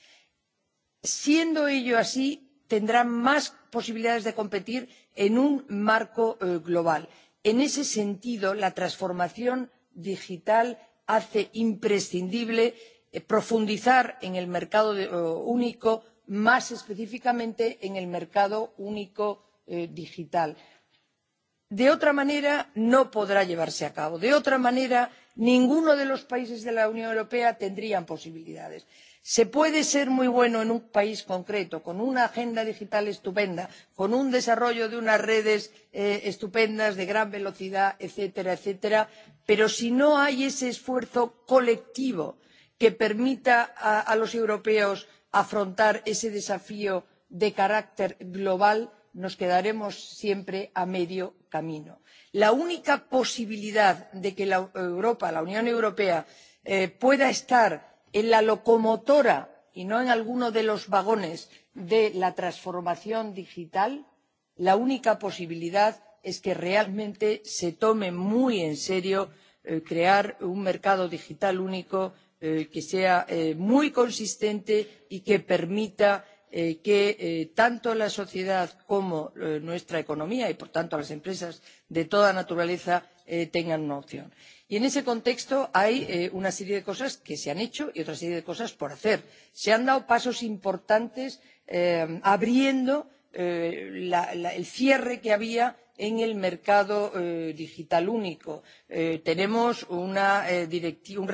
[SPEAKER 12] siendo ello así tendrán más posibilidades de competir en un marco global en ese sentido la transformación digital hace imprescindible profundizar en el mercado único más específicamente en el mercado único digital. de otra manera no podrá llevarse a cabo de otra manera ninguno de los países de la unión europea tendría posibilidades se puede ser muy bueno en un país concreto con una agenda digital estupenda con un desarrollo de unas redes estupendas de gran velocidad etcétera etcétera pero si no hay ese esfuerzo colectivo que permita a los europeos afrontar ese desafío de carácter global nos quedaremos siempre a medio camino. la única posibilidad de que europa la unión europea pueda estar en la locomotora y no en alguno de los vagones de la transformación digital la única posibilidad es que realmente se tome muy en serio crear un mercado digital único que sea muy consistente y que permita que tanto la sociedad como nuestra economía y por tanto las empresas de toda naturaleza tengan una opción y en ese contexto hay una serie de cosas que se han hecho y otra serie de cosas por hacer. se han dado pasos importantes abriendo el cierre que había en el mercado digital único. Tenemos un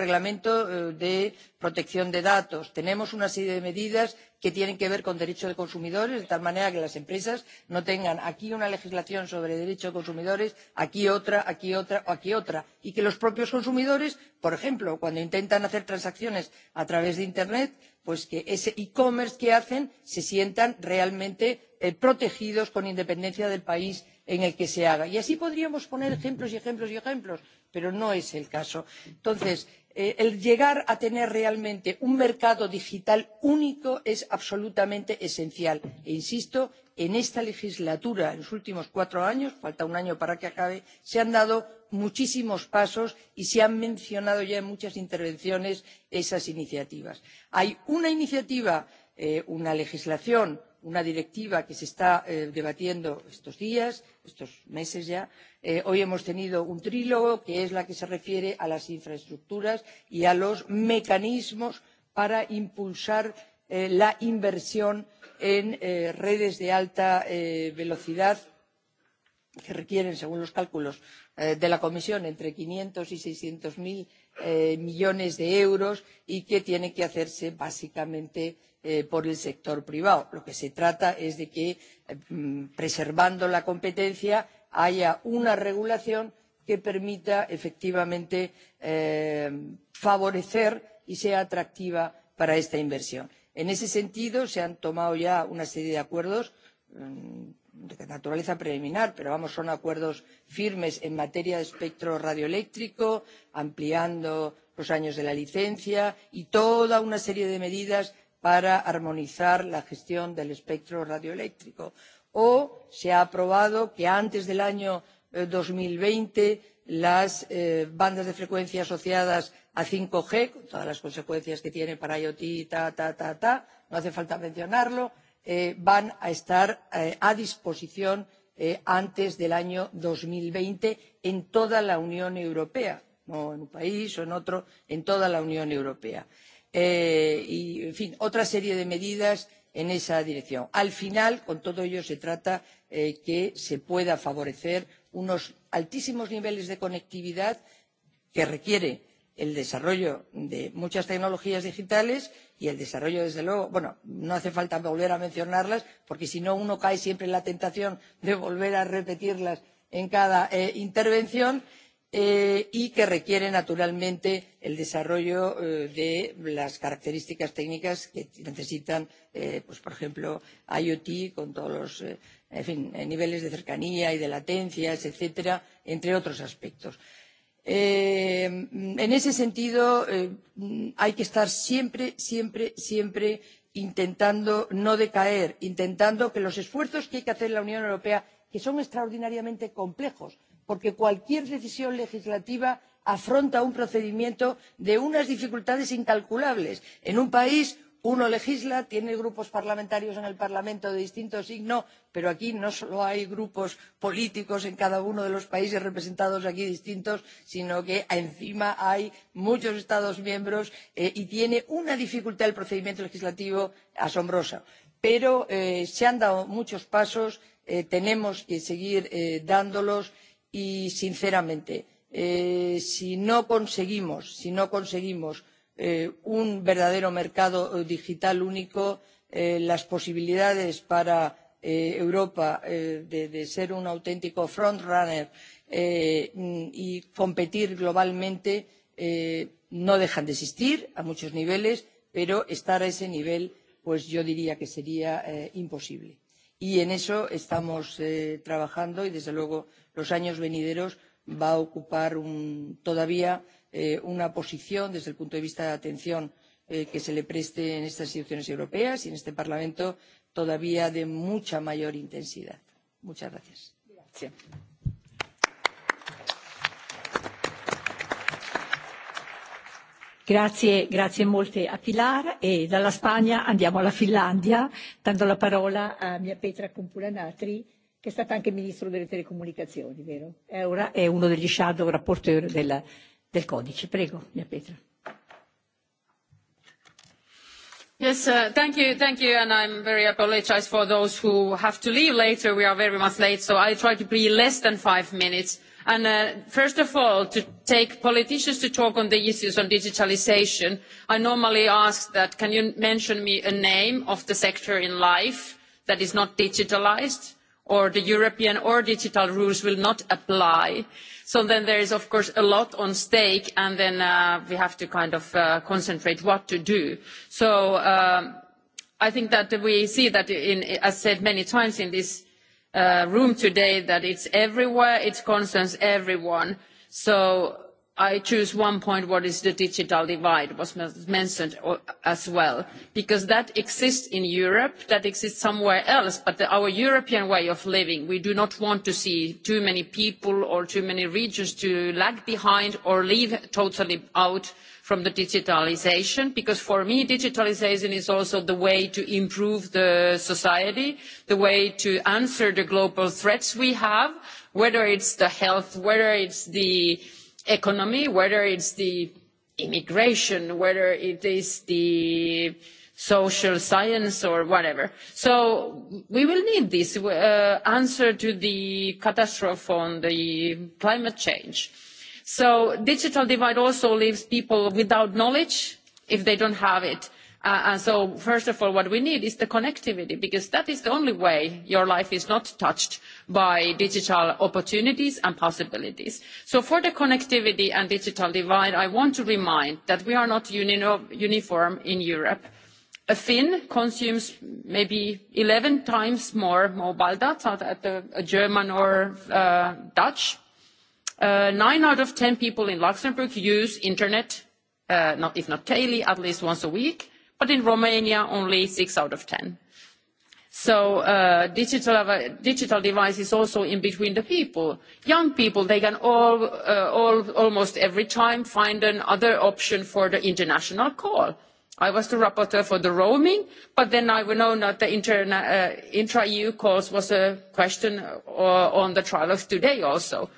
[SPEAKER 12] reglamento de protección de datos, tenemos una serie de medidas que tienen que ver con derechos de consumidores, de tal manera que las empresas no tengan aquí una legislación sobre derechos de consumidores, aquí otra, aquí otra o aquí otra, y que los propios consumidores, por ejemplo, cuando intentan hacer transacciones a través de Internet, pues que ese e commerce que hacen se sientan realmente protegidos con independencia del país en el que se haga. Y así podríamos poner ejemplos y ejemplos y ejemplos, pero no es el caso. Entonces, el llegar a tener realmente un mercado digital único es absolutamente esencial. E insisto, en esta legislatura, en los últimos cuatro años, falta un año para que acabe, se han dado muchísimos pasos y se han mencionado ya en muchas intervenciones esas iniciativas. Hay una iniciativa, una legislación una directiva que se está debatiendo estos días, estos meses ya. Hoy hemos tenido un trílogo que es la que se refiere a las infraestructuras y a los mecanismos para impulsar la inversión en redes de alta velocidad que requieren, según los cálculos de la Comisión, entre 500 y 600 mil millones de euros y que tiene que hacerse básicamente por el sector privado. Lo que se trata es de que, preservando la competencia, haya una regulación que permita efectivamente favorecer y sea atractiva para esta inversión. En ese sentido, se han tomado ya una serie de acuerdos de naturaleza preliminar, pero vamos, son acuerdos firmes en materia de espectro radioeléctrico, ampliando los años de la licencia y toda una serie de medidas para armonizar la gestión del espectro radioeléctrico o se ha aprobado que antes del año dos mil veinte las bandas de frecuencia asociadas a 5G, con todas las consecuencias que tiene para IoT, ta, no hace falta mencionarlo, van a estar a disposición antes del año 2020 en toda la Unión Europea, no en un país o en otro, en toda la Unión Europea y en fin otra serie de medidas en esa dirección. al final con todo ello se trata de que se pueda favorecer unos altísimos niveles de conectividad que requiere el desarrollo de muchas tecnologías digitales y el desarrollo desde luego bueno no hace falta volver a mencionarlas porque si no uno cae siempre en la tentación de volver a repetirlas en cada intervención y que requiere naturalmente el desarrollo de las características técnicas que necesitan por ejemplo IoT con todos los niveles de cercanía y de latencias etcétera entre otros aspectos. En ese sentido hay que estar siempre siempre siempre intentando no decaer intentando que los esfuerzos que hay que hacer en la Unión Europea que son extraordinariamente complejos porque cualquier decisión legislativa afronta un procedimiento de unas dificultades incalculables. en un país uno legisla tiene grupos parlamentarios en el parlamento de distinto signo pero aquí no solo hay grupos políticos en cada uno de los países representados aquí distintos sino que encima hay muchos estados miembros y tiene una dificultad el procedimiento legislativo asombrosa. pero se han dado muchos pasos tenemos que seguir dándolos y sinceramente si no conseguimos si no conseguimos un verdadero mercado digital único las posibilidades para europa de ser un auténtico frontrunner y competir globalmente no dejan de existir a muchos niveles pero estar a ese nivel pues yo diría que sería imposible y en eso estamos trabajando y desde luego los años venideros va a ocupar todavía una posición desde el punto de vista de atención que se le preste en estas instituciones europeas y en este parlamento todavía de mucha mayor intensidad. muchas gracias.
[SPEAKER 10] Grazie, grazie molte a Pilar e dalla Spagna andiamo alla Finlandia, dando la parola a mia Petra Compulanatri, che è stata anche Ministro delle Telecomunicazioni, vero? E ora è uno degli shadow rapporteur del, del codice. Prego, mia Petra.
[SPEAKER 13] Yes, thank you, thank you, and I'm very apologize for those who have to leave later. We are very much late, so I try to be less than five minutes And first of all, to take politicians to talk on the issues on digitalisation, I normally ask that, can you mention me a name of the sector in life that is not digitalised, or the European or digital rules will not apply? So then there is, of course, a lot on stake, and then we have to kind of concentrate what to do. So I think that we see that, as said many times in this room today that it's everywhere, it concerns everyone. So I choose one point, what is the digital divide, was mentioned as well, because that exists in Europe, that exists somewhere else, but our European way of living, we do not want to see too many people or too many regions to lag behind or leave totally out from the digitalisation, because for me digitalisation is also the way to improve the society the way to answer the global threats we have whether it's the health whether it's the economy whether it's the immigration whether it is the social science or whatever. So we will need this answer to the catastrophe on the climate change. So digital divide also leaves people without knowledge if they don't have it. And so first of all, what we need is the connectivity, because that is the only way your life is not touched by digital opportunities and possibilities. So for the connectivity and digital divide, I want to remind that we are not uniform in Europe. A Finn consumes maybe 11 times more mobile data than a German or Dutch Nine out of ten people in Luxembourg use internet, if not daily, at least once a week, but in Romania only six out of ten. So digital devices also in between the people. Young people, they can all almost every time find another option for the international call. I was the rapporteur for the roaming, but then I know that the intra-EU calls was a question on the trilogues today also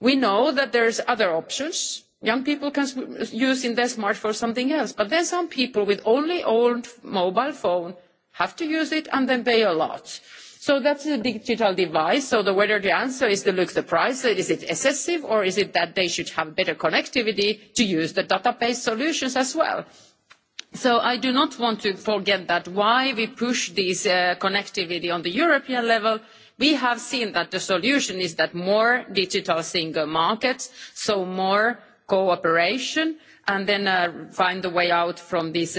[SPEAKER 13] we know that there are other options young people can use their smartphone for something else but then some people with only old mobile phone have to use it and then pay a lot. So that's a digital device. So the, whether the answer is to look the price, is it excessive, or is it that they should have better connectivity to use the database solutions as well? So I do not want to forget that why we push this connectivity on the European level We have seen that the solution is that more digital single markets, so more cooperation, and then find a way out from this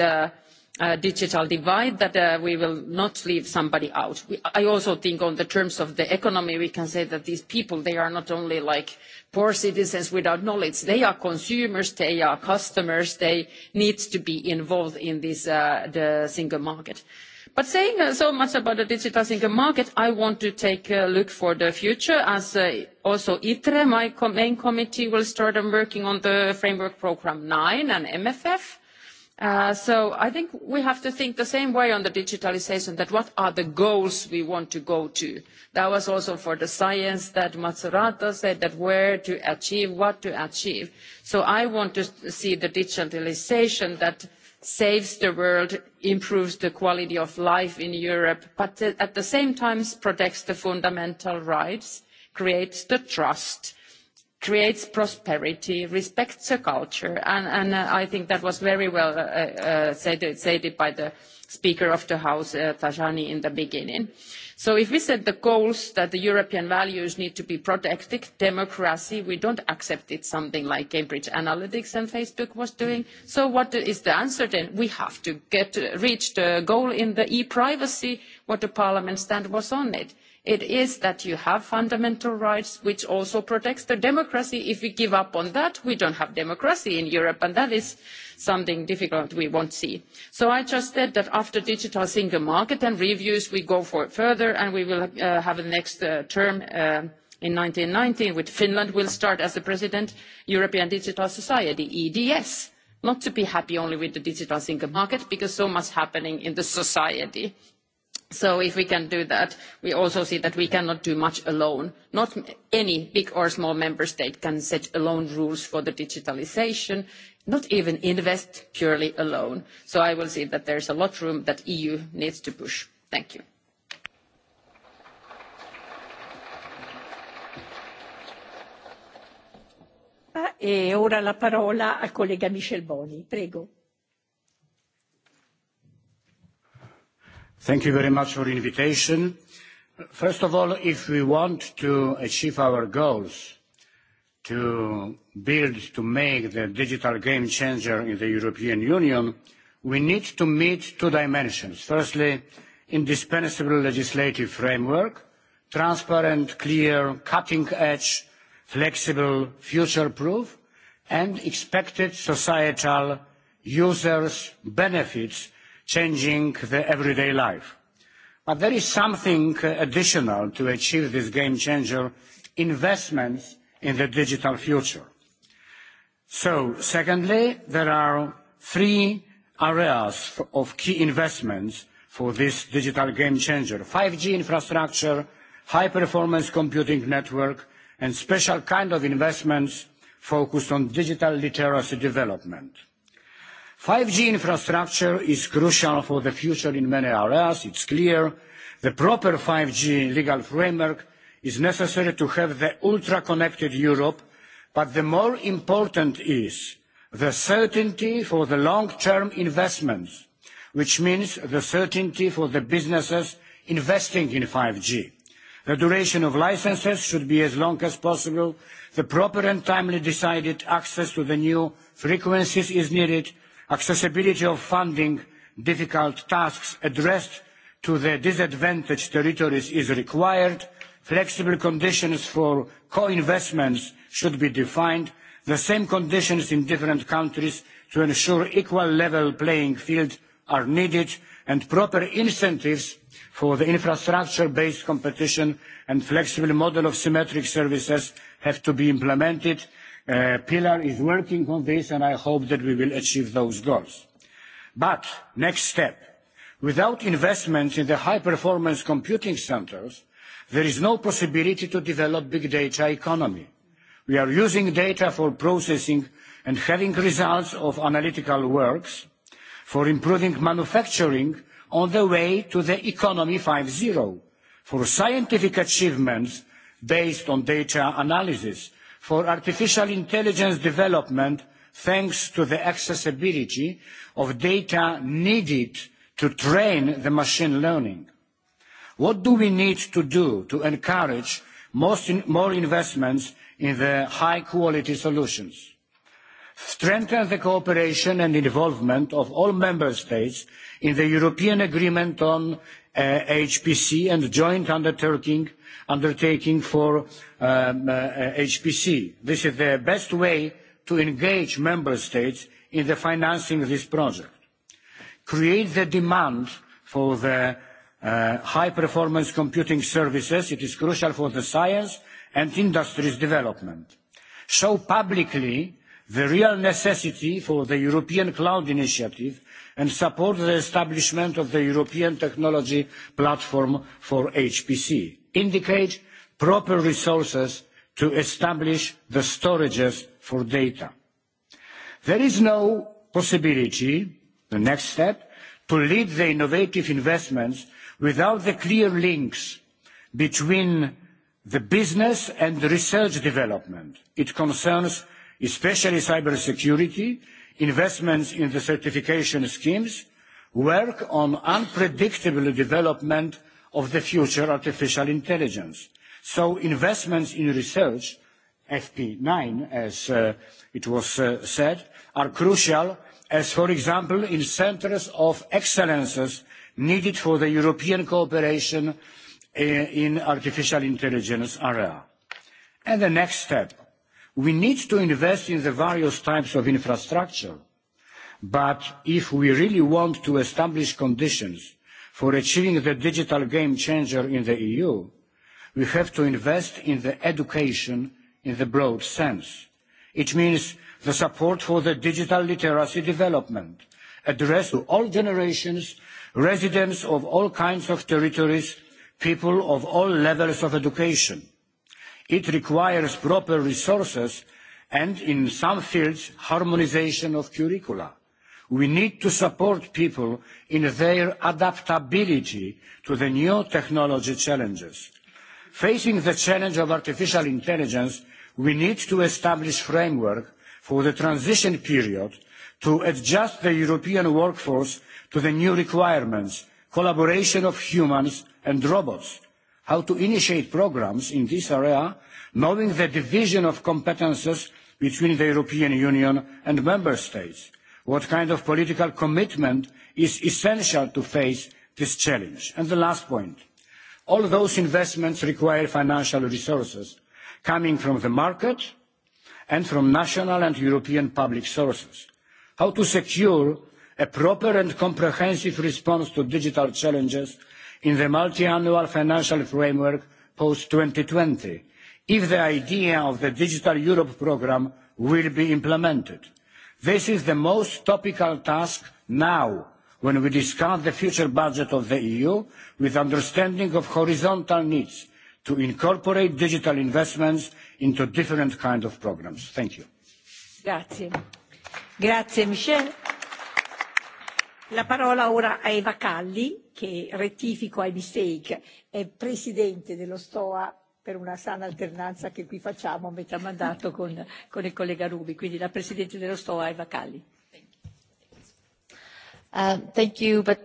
[SPEAKER 13] digital divide that we will not leave somebody out. I also think on the terms of the economy, we can say that these people, they are not only like poor citizens without knowledge. They are consumers, they are customers, they need to be involved in this single market. But saying so much about the digital single market, I want to take a look for the future as also ITRE, my main committee, will start working on the Framework Programme 9 and MFF. So I think we have to think the same way on the digitalisation, that what are the goals we want to go to. That was also for the science that Mazzurato said, that where to achieve, what to achieve. So I want to see the digitalisation that saves the world, improves the quality of life in Europe, but at the same time protects the fundamental rights, creates the trust, creates prosperity, respects the culture. And I think that was very well stated by the Speaker of the House, Tajani, in the beginning. So if we set the goals that the European values need to be protected, democracy, we don't accept it something like Cambridge Analytics and Facebook was doing. So what is the answer then? We have to reach the goal in the e-privacy, what the Parliament stand was on it. It is that you have fundamental rights, which also protects the democracy. If we give up on that, we don't have democracy in Europe, and that is something difficult we won't see. So I just said that after digital single market and reviews, we go further and we will have the next term in 1919 with Finland will start as the president European Digital Society, EDS. Not to be happy only with the digital single market because so much is happening in the society. So if we can do that, we also see that we cannot do much alone. Not any big or small member state can set alone rules for the digitalization not even invest purely alone. So I will see that there is a lot of room that the EU needs
[SPEAKER 10] to push. Thank you.
[SPEAKER 7] Thank you very much for the invitation. First of all, if we want to achieve our goals, to build, to make the digital game changer in the European Union, we need to meet two dimensions. Firstly, indispensable legislative framework, transparent, clear, cutting-edge, flexible, future-proof, and expected societal users' benefits changing the everyday life. But there is something additional to achieve this game changer investments in the digital future. So, secondly, there are three areas of key investments for this digital game changer. 5G infrastructure, high-performance computing network, and special kind of investments focused on digital literacy development. 5G infrastructure is crucial for the future in many areas. It's clear the proper 5G legal framework is necessary to have the ultra connected Europe, but the more important is the certainty for the long term investments, which means the certainty for the businesses investing in 5G. The duration of licenses should be as long as possible. The proper and timely decided access to the new frequencies is needed. Accessibility of funding, difficult tasks addressed to the disadvantaged territories is required. Flexible conditions for co-investments should be defined, the same conditions in different countries to ensure equal level playing field are needed, and proper incentives for the infrastructure-based competition and flexible model of symmetric services have to be implemented. Pillar is working on this, and I hope that we will achieve those goals. But, next step. Without investment in the high-performance computing centers, There is no possibility to develop big data economy. We are using data for processing and having results of analytical works for improving manufacturing on the way to the economy 5.0, for scientific achievements based on data analysis, for artificial intelligence development thanks to the accessibility of data needed to train the machine learning. What do we need to do to encourage more investments in the high quality solutions? Strengthen the cooperation and involvement of all Member States in the European Agreement on HPC and joint undertaking for HPC. This is the best way to engage Member States in the financing of this project. Create the demand for the high-performance computing services. It is crucial for the science and industry's development. Show publicly the real necessity for the European Cloud Initiative and support the establishment of the European Technology Platform for HPC. Indicate proper resources to establish the storages for data. There is no possibility, the next step, to lead the innovative investments without the clear links between the business and research development. It concerns especially cybersecurity, investments in the certification schemes, work on unpredictable development of the future artificial intelligence. So investments in research, FP9 as it was said, are crucial as, for example, in centres of excellences needed for the European cooperation in artificial intelligence area. And the next step, we need to invest in the various types of infrastructure, but if we really want to establish conditions for achieving the digital game changer in the EU, we have to invest in the education in the broad sense. It means the support for the digital literacy development, addressed to all generations residents of all kinds of territories, people of all levels of education. It requires proper resources and, in some fields, harmonisation of curricula. We need to support people in their adaptability to the new technology challenges. Facing the challenge of artificial intelligence, we need to establish framework for the transition period to adjust the European workforce to the new requirements, collaboration of humans and robots, how to initiate programs in this area, knowing the division of competences between the European Union and Member States, what kind of political commitment is essential to face this challenge. And the last point all those investments require financial resources coming from the market and from national and European public sources. How to secure a proper and comprehensive response to digital challenges in the multiannual financial framework post 2020 if the idea of the digital europe programme will be implemented. this is the most topical task now when we discuss the future budget of the eu with understanding of horizontal needs to incorporate digital investments into different kinds of programmes. thank you.
[SPEAKER 10] Grazie. Grazie La parola ora a Eva Calli, che rettifico ai mistake, è presidente dello STOA per una sana alternanza che qui facciamo a metà mandato con, con il collega Rubi, quindi la presidente dello STOA Eva Calli.
[SPEAKER 14] thank you, but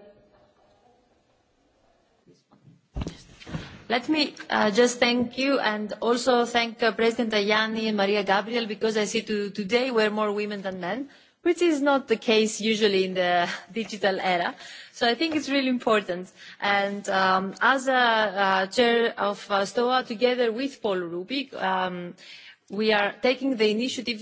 [SPEAKER 14] Let me just thank you and also thank President Tajani and Maria Gabriel because I see today we're more women than men which is not the case usually in the digital era. So I think it's really important. And as a chair of STOA, together with Paul Rubik, we are taking the initiative,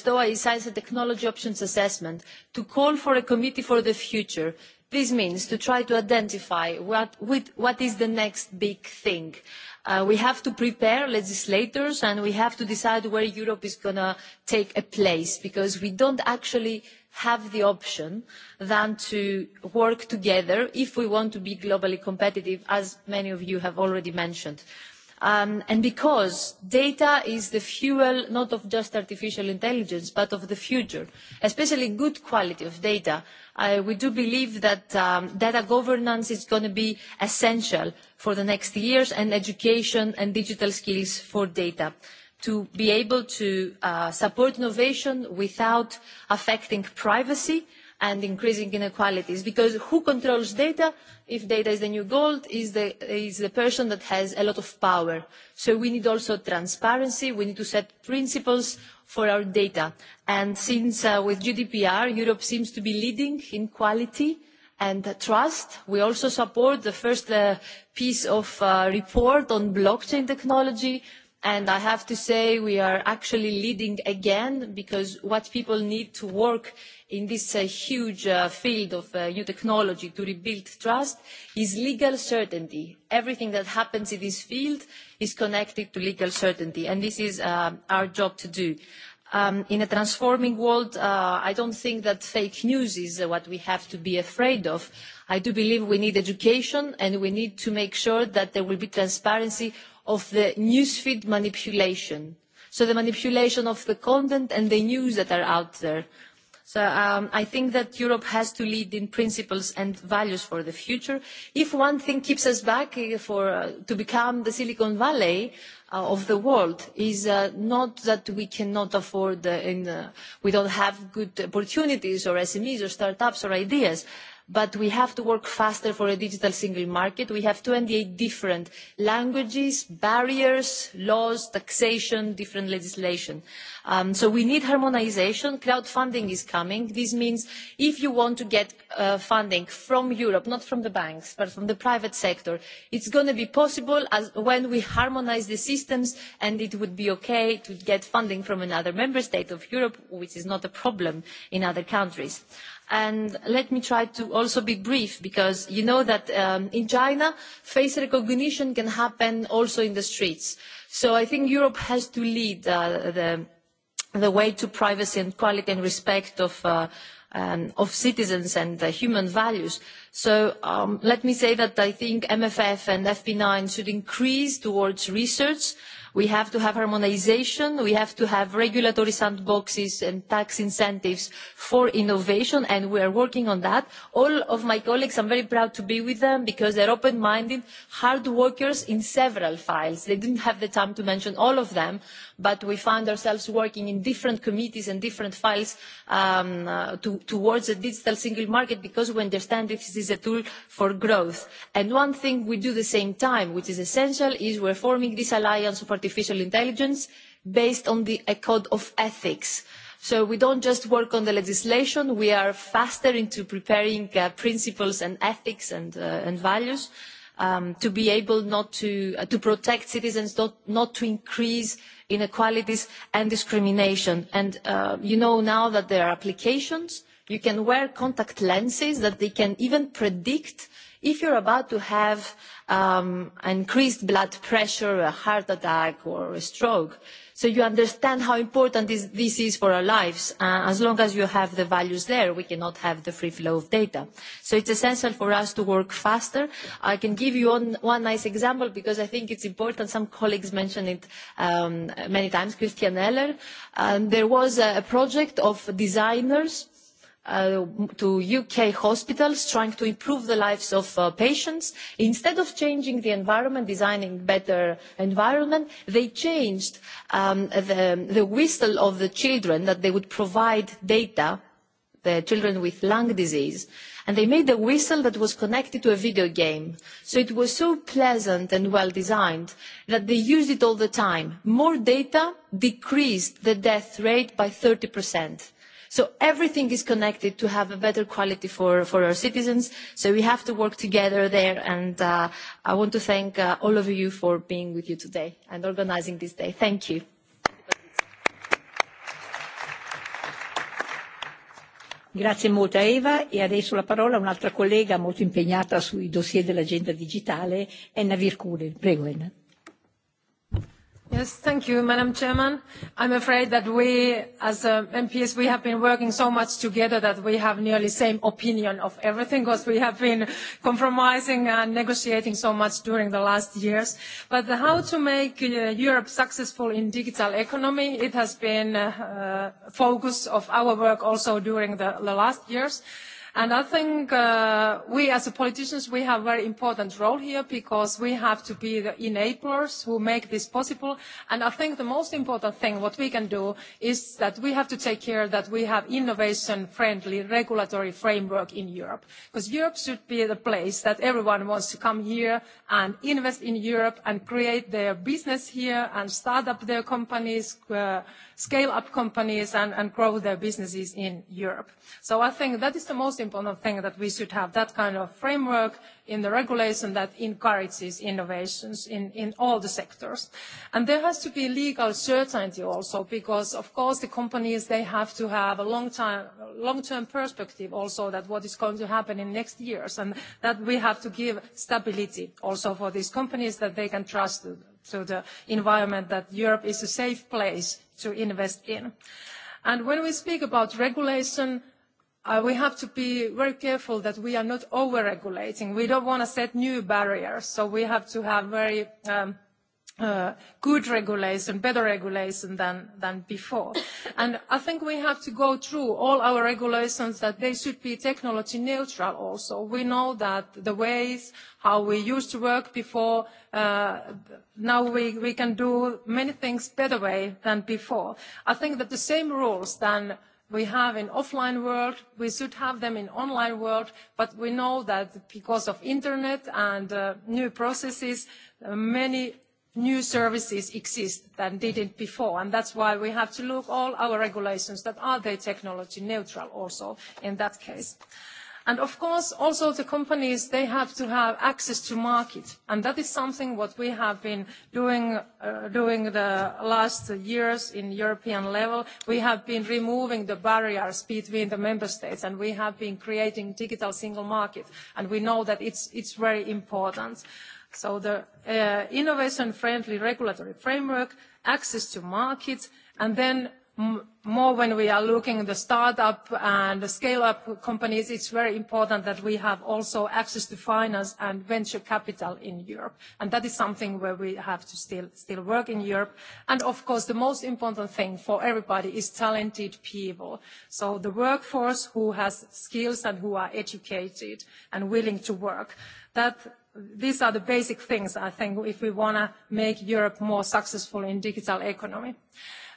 [SPEAKER 14] STOA is Science and Technology Options Assessment, to call for a committee for the future. This means to try to identify what, what is the next big thing We have to prepare legislators and we have to decide where Europe is going to take a place because we don't actually have the option than to work together if we want to be globally competitive, as many of you have already mentioned and because data is the fuel not of just artificial intelligence but of the future especially good quality of data we do believe that data governance is going to be essential for the next years and education and digital skills for data to be able to support innovation without affecting privacy and increasing inequalities because who controls data if data is the new gold is the is the person that has a lot of power so we need also transparency we need to set principles for our data and since with gdpr europe seems to be leading in quality and trust we also support the first piece of report on blockchain technology and i have to say we are actually leading again because what people need to work in this huge field of new technology to rebuild trust is legal certainty. Everything that happens in this field is connected to legal certainty, and this is our job to do. In a transforming world, I don't think that fake news is what we have to be afraid of. I do believe we need education, and we need to make sure that there will be transparency of the newsfeed manipulation. So the manipulation of the content and the news that are out there. So I think that Europe has to lead in principles and values for the future. If one thing keeps us back to become the Silicon Valley of the world is not that we cannot afford, we don't have good opportunities or SMEs or startups or ideas but we have to work faster for a digital single market. We have 28 different languages, barriers, laws, taxation, different legislation. So we need harmonization. Crowdfunding is coming. This means if you want to get funding from Europe, not from the banks, but from the private sector, it's going to be possible when we harmonize the systems and it would be okay to get funding from another member state of Europe, which is not a problem in other countries and let me try to also be brief because you know that in China face recognition can happen also in the streets. So I think Europe has to lead the way to privacy and quality and respect of of citizens and human values. So let me say that I think MFF and FP9 should increase towards research We have to have harmonisation, we have to have regulatory sandboxes and tax incentives for innovation, and we are working on that. All of my colleagues, I'm very proud to be with them because they're open-minded, hard workers in several files. They didn't have the time to mention all of them, but we find ourselves working in different committees and different files towards a digital single market because we understand this is a tool for growth. And one thing we do at the same time, which is essential, is we're forming this alliance artificial intelligence based on a code of ethics. So we don't just work on the legislation, we are faster into preparing principles and ethics and values to be able not to protect citizens, not to increase inequalities and discrimination. And you know now that there are applications, you can wear contact lenses that they can even predict If you're about to have increased blood pressure, a heart attack or a stroke, so you understand how important this is for our lives. As long as you have the values there, we cannot have the free flow of data. So it's essential for us to work faster. I can give you one nice example because I think it's important. Some colleagues mentioned it many times. Christian Eller, there was a project of designers to UK hospitals trying to improve the lives of patients. Instead of changing the environment, designing better environment, they changed the whistle of the children that they would provide data, the children with lung disease, and they made a whistle that was connected to a video game. So it was so pleasant and well designed that they used it all the time. More data decreased the death rate by 30%. So everything is connected to have a better quality for for our citizens. So we have to work together there. And I want to thank all of you for being with you today and organizing this day. Thank you.
[SPEAKER 10] Grazie molto a Eva e adesso la parola a un'altra collega molto impegnata sui dossier dell'agenda digitale, Enna Virkunen. Prego Enna.
[SPEAKER 15] Yes, thank you, Madam Chairman. I'm afraid that we, as MPs, we have been working so much together that we have nearly same opinion of everything because we have been compromising and negotiating so much during the last years. But how to make Europe successful in digital economy, it has been a focus of our work also during the last years And I think we as politicians, we have a very important role here because we have to be the enablers who make this possible. And I think the most important thing what we can do is that we have to take care that we have innovation-friendly regulatory framework in Europe. Because Europe should be the place that everyone wants to come here and invest in Europe and create their business here and start up their companies, scale up companies and grow their businesses in Europe. So I think that is the most important thing that we should have that kind of framework in the regulation that encourages innovations in all the sectors. And there has to be legal certainty also because of course the companies they have to have a long long term perspective also that what is going to happen in next years and that we have to give stability also for these companies that they can trust to the environment that Europe is a safe place to invest in. And when we speak about regulation, we have to be very careful that we are not over-regulating. We don't want to set new barriers, so we have to have very good regulation, better regulation than before. And I think we have to go through all our regulations that they should be technology neutral also. We know that the ways how we used to work before, now we can do many things better way than before. I think that the same rules than we have in offline world, we should have them in online world, but we know that because of internet and new processes, many new services exist that didn't before. And that's why we have to look all our regulations that are they technology neutral also in that case. And of course, also the companies, they have to have access to market. And that is something what we have been doing during the last years in European level. We have been removing the barriers between the member states, and we have been creating digital single market. And we know that it's very important. So the innovation-friendly regulatory framework, access to markets, and then more when we are looking at the start-up and the scale-up companies, it's very important that we have also access to finance and venture capital in Europe. And that is something where we have to still work in Europe. And of course, the most important thing for everybody is talented people. So the workforce who has skills and who are educated and willing to work. That these are the basic things, I think, if we want to make Europe more successful in digital economy.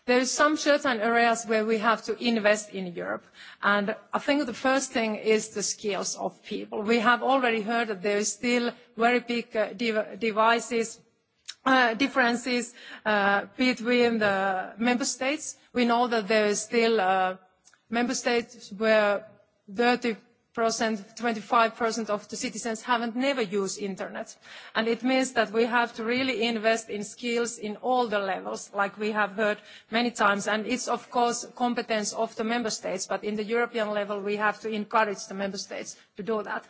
[SPEAKER 15] There are some certain areas where we have to invest in Europe. And I think the first thing is the skills of people. We have already heard that there is still very big devices, differences between the member states. We know that there are still member states where 30 25% of the citizens haven't never used internet. And it means that we have to really invest in skills in all the levels, like we have heard many times. And it's, of course, competence of the member states. But in the European level, we have to encourage the member states to do that.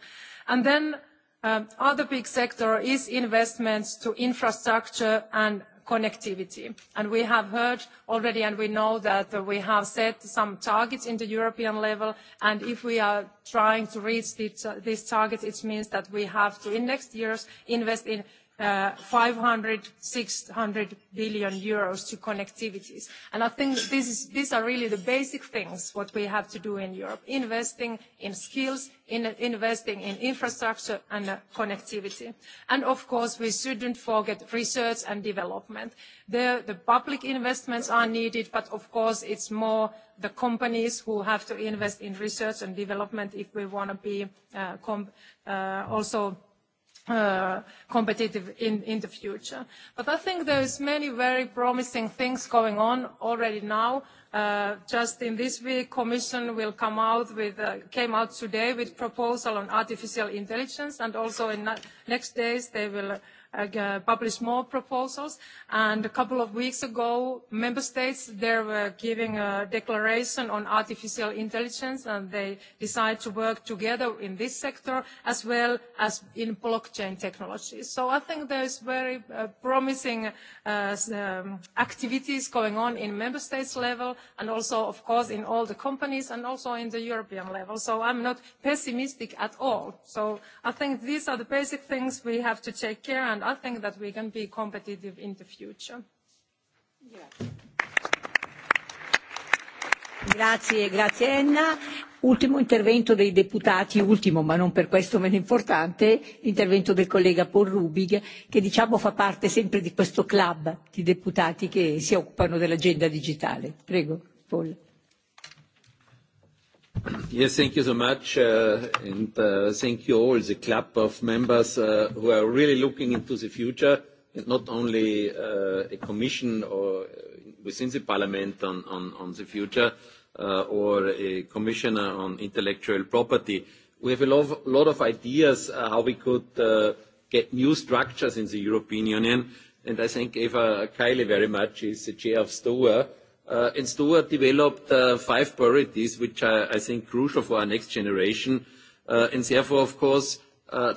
[SPEAKER 15] And then other big sector is investments to infrastructure and connectivity. And we have heard already and we know that we have set some targets in the European level and if we are trying to reach these targets it means that we have to in next years invest in 500, 600 billion euros to connectivities. And I think these are really the basic things what we have to do in Europe, investing in skills, investing in infrastructure and connectivity. And of course, we shouldn't forget research and development. the public investments are needed, but of course, it's more the companies who have to invest in research and development if we want to be also competitive in the future. But I think there is many very promising things going on already now. Just in this week, Commission will come out with, came out today with proposal on artificial intelligence, and also in next days they will publish more proposals. And a couple of weeks ago, member states, they were giving a declaration on artificial intelligence, and they decided to work together in this sector as well as in blockchain technologies. So I think there is very promising activities going on in member states level and also, of course, in all the companies and also in the European level. So I'm not pessimistic at all. So I think these are the basic things we have to take care and and I think that we can be competitive in the future.
[SPEAKER 10] Grazie, grazie Enna. Ultimo intervento dei deputati, ultimo ma non per questo meno importante, l'intervento del collega Paul Rubig, che diciamo fa parte sempre di questo club di deputati che si occupano dell'agenda digitale. Prego, Paul.
[SPEAKER 16] Yes, thank you so much, and thank you all, the club of members who are really looking into the future, and not only a commission or within the parliament on the future, or a commissioner on intellectual property. We have a lot of ideas how we could get new structures in the European Union, and I thank Eva Kaili very much, is the chair of STOA and Stuart developed five priorities, which are, I think, crucial for our next generation. And therefore, of course,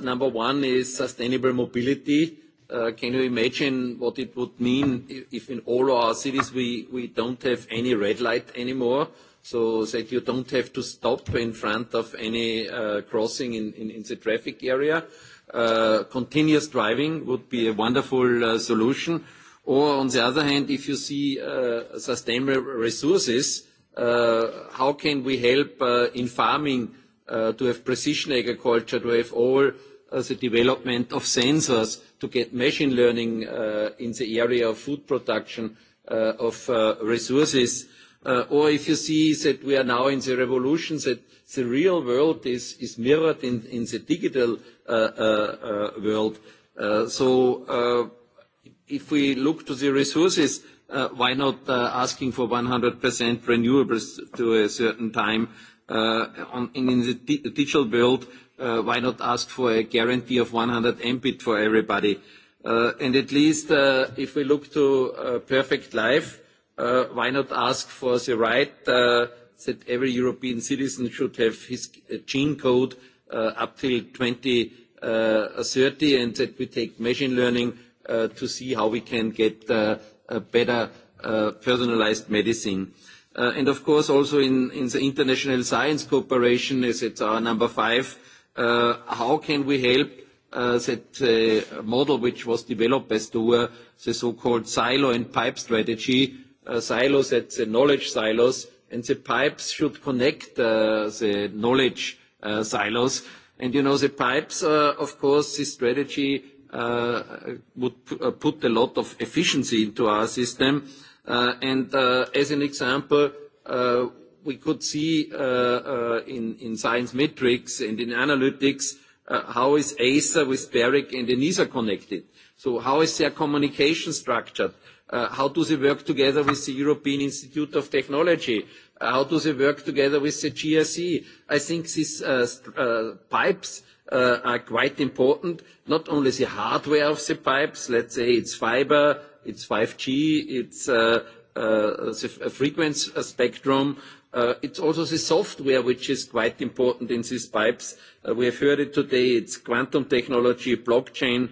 [SPEAKER 16] number one is sustainable mobility. Can you imagine what it would mean if in all our cities we don't have any red light anymore, so that you don't have to stop in front of any crossing in the traffic area? Continuous driving would be a wonderful solution Or on the other hand, if you see sustainable resources, how can we help in farming to have precision agriculture, to have all the development of sensors, to get machine learning in the area of food production, of resources. Or if you see that we are now in the revolution, that the real world is mirrored in the digital world. So if we look to the resources, why not asking for 100% renewables to a certain time? In the digital world, why not ask for a guarantee of 100 Mbit for everybody? And at least if we look to perfect life, why not ask for the right that every European citizen should have his gene code up till 2030 and that we take machine learning to see how we can get better personalized medicine. And of course, also in the international science cooperation, as it's our number five, how can we help that model which was developed as to the so-called silo and pipe strategy. Silos, that's the knowledge silos, and the pipes should connect the knowledge silos. And you know, the pipes, of course, this strategy would put a lot of efficiency into our system. And as an example, we could see in Science Metrics and in Analytics how is ACER with BEREC and ENISA connected. So how is their communication structured? How do they work together with the European Institute of Technology? How do they work together with the GRC? I think these pipes are quite important. Not only the hardware of the pipes, let's say it's fiber, it's 5G, it's the frequency spectrum. It's also the software which is quite important in these pipes. We have heard it today. It's quantum technology, blockchain,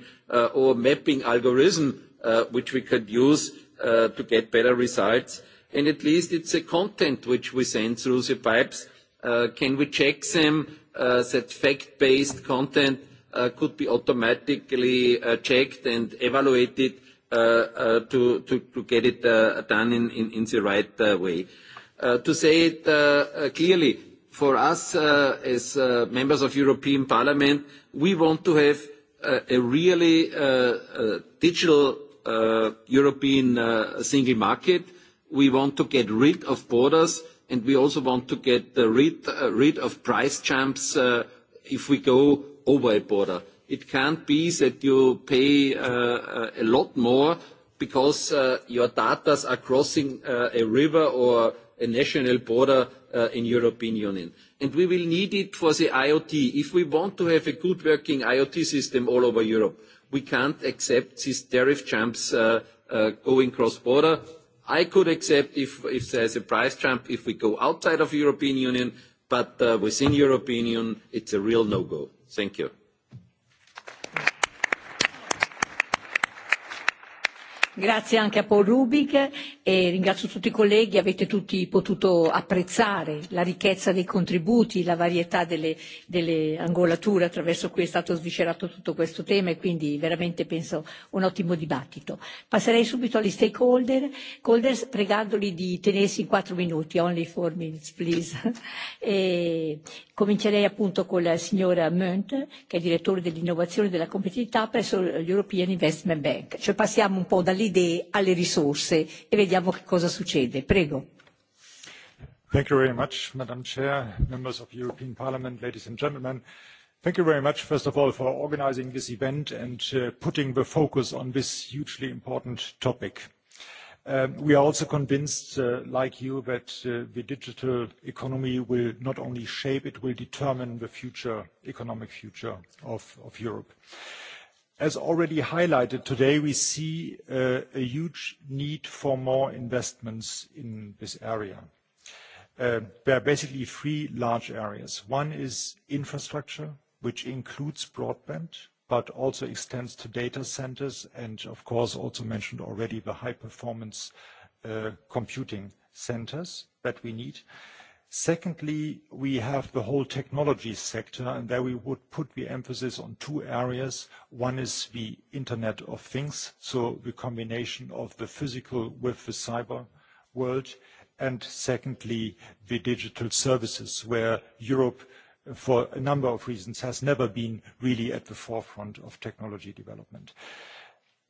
[SPEAKER 16] or mapping algorithm which we could use to get better results. And at least it's the content which we send through the pipes. Can we check them? that fact-based content could be automatically checked and evaluated to get it done in the right way. To say it clearly, for us as members of European Parliament, we want to have a really digital European single market. We want to get rid of borders and we also want to get rid of price jumps if we go over a border. It can't be that you pay a lot more because your data are crossing a river or a national border in European Union. And we will need it for the IoT. If we want to have a good working IoT system all over Europe, we can't accept these tariff jumps going cross-border I could accept if, if there's a price jump if we go outside of the European Union, but within European Union, it's a real no-go. Thank you.
[SPEAKER 10] Grazie anche a Paul Rubik e ringrazio tutti i colleghi, avete tutti potuto apprezzare la ricchezza dei contributi, la varietà delle, delle angolature attraverso cui è stato sviscerato tutto questo tema e quindi veramente penso un ottimo dibattito. Passerei subito agli stakeholder, pregandoli di tenersi in quattro minuti, only four minutes please. E comincerei appunto con la signora Munt, che è direttore dell'innovazione e della competitività presso l'European Investment Bank. Cioè passiamo un po' dalle idee alle risorse e vediamo vediamo che cosa succede. Prego.
[SPEAKER 9] Thank you very much, Madam Chair, members of European Parliament, ladies and gentlemen. Thank you very much, first of all, for organizing this event and putting the focus on this hugely important topic. We are also convinced, like you, that the digital economy will not only shape, it will determine the future, economic future of Europe. As already highlighted today, we see a huge need for more investments in this area. There are basically three large areas. One is infrastructure, which includes broadband, but also extends to data centers and, of course, also mentioned already the high-performance computing centers that we need. Secondly, we have the whole technology sector, and there we would put the emphasis on two areas. One is the Internet of Things, so the combination of the physical with the cyber world, and secondly, the digital services, where Europe, for a number of reasons, has never been really at the forefront of technology development.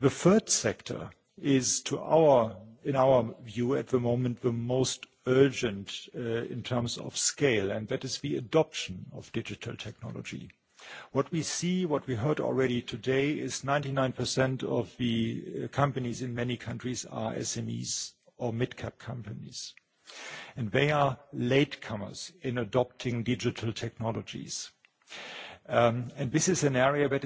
[SPEAKER 9] The third sector is, in our view at the moment, the most urgent in terms of scale, and that is the adoption of digital technology. What we see, what we heard already today, is 99% of the companies in many countries are SMEs or mid-cap companies. And they are latecomers in adopting digital technologies. And this is an area where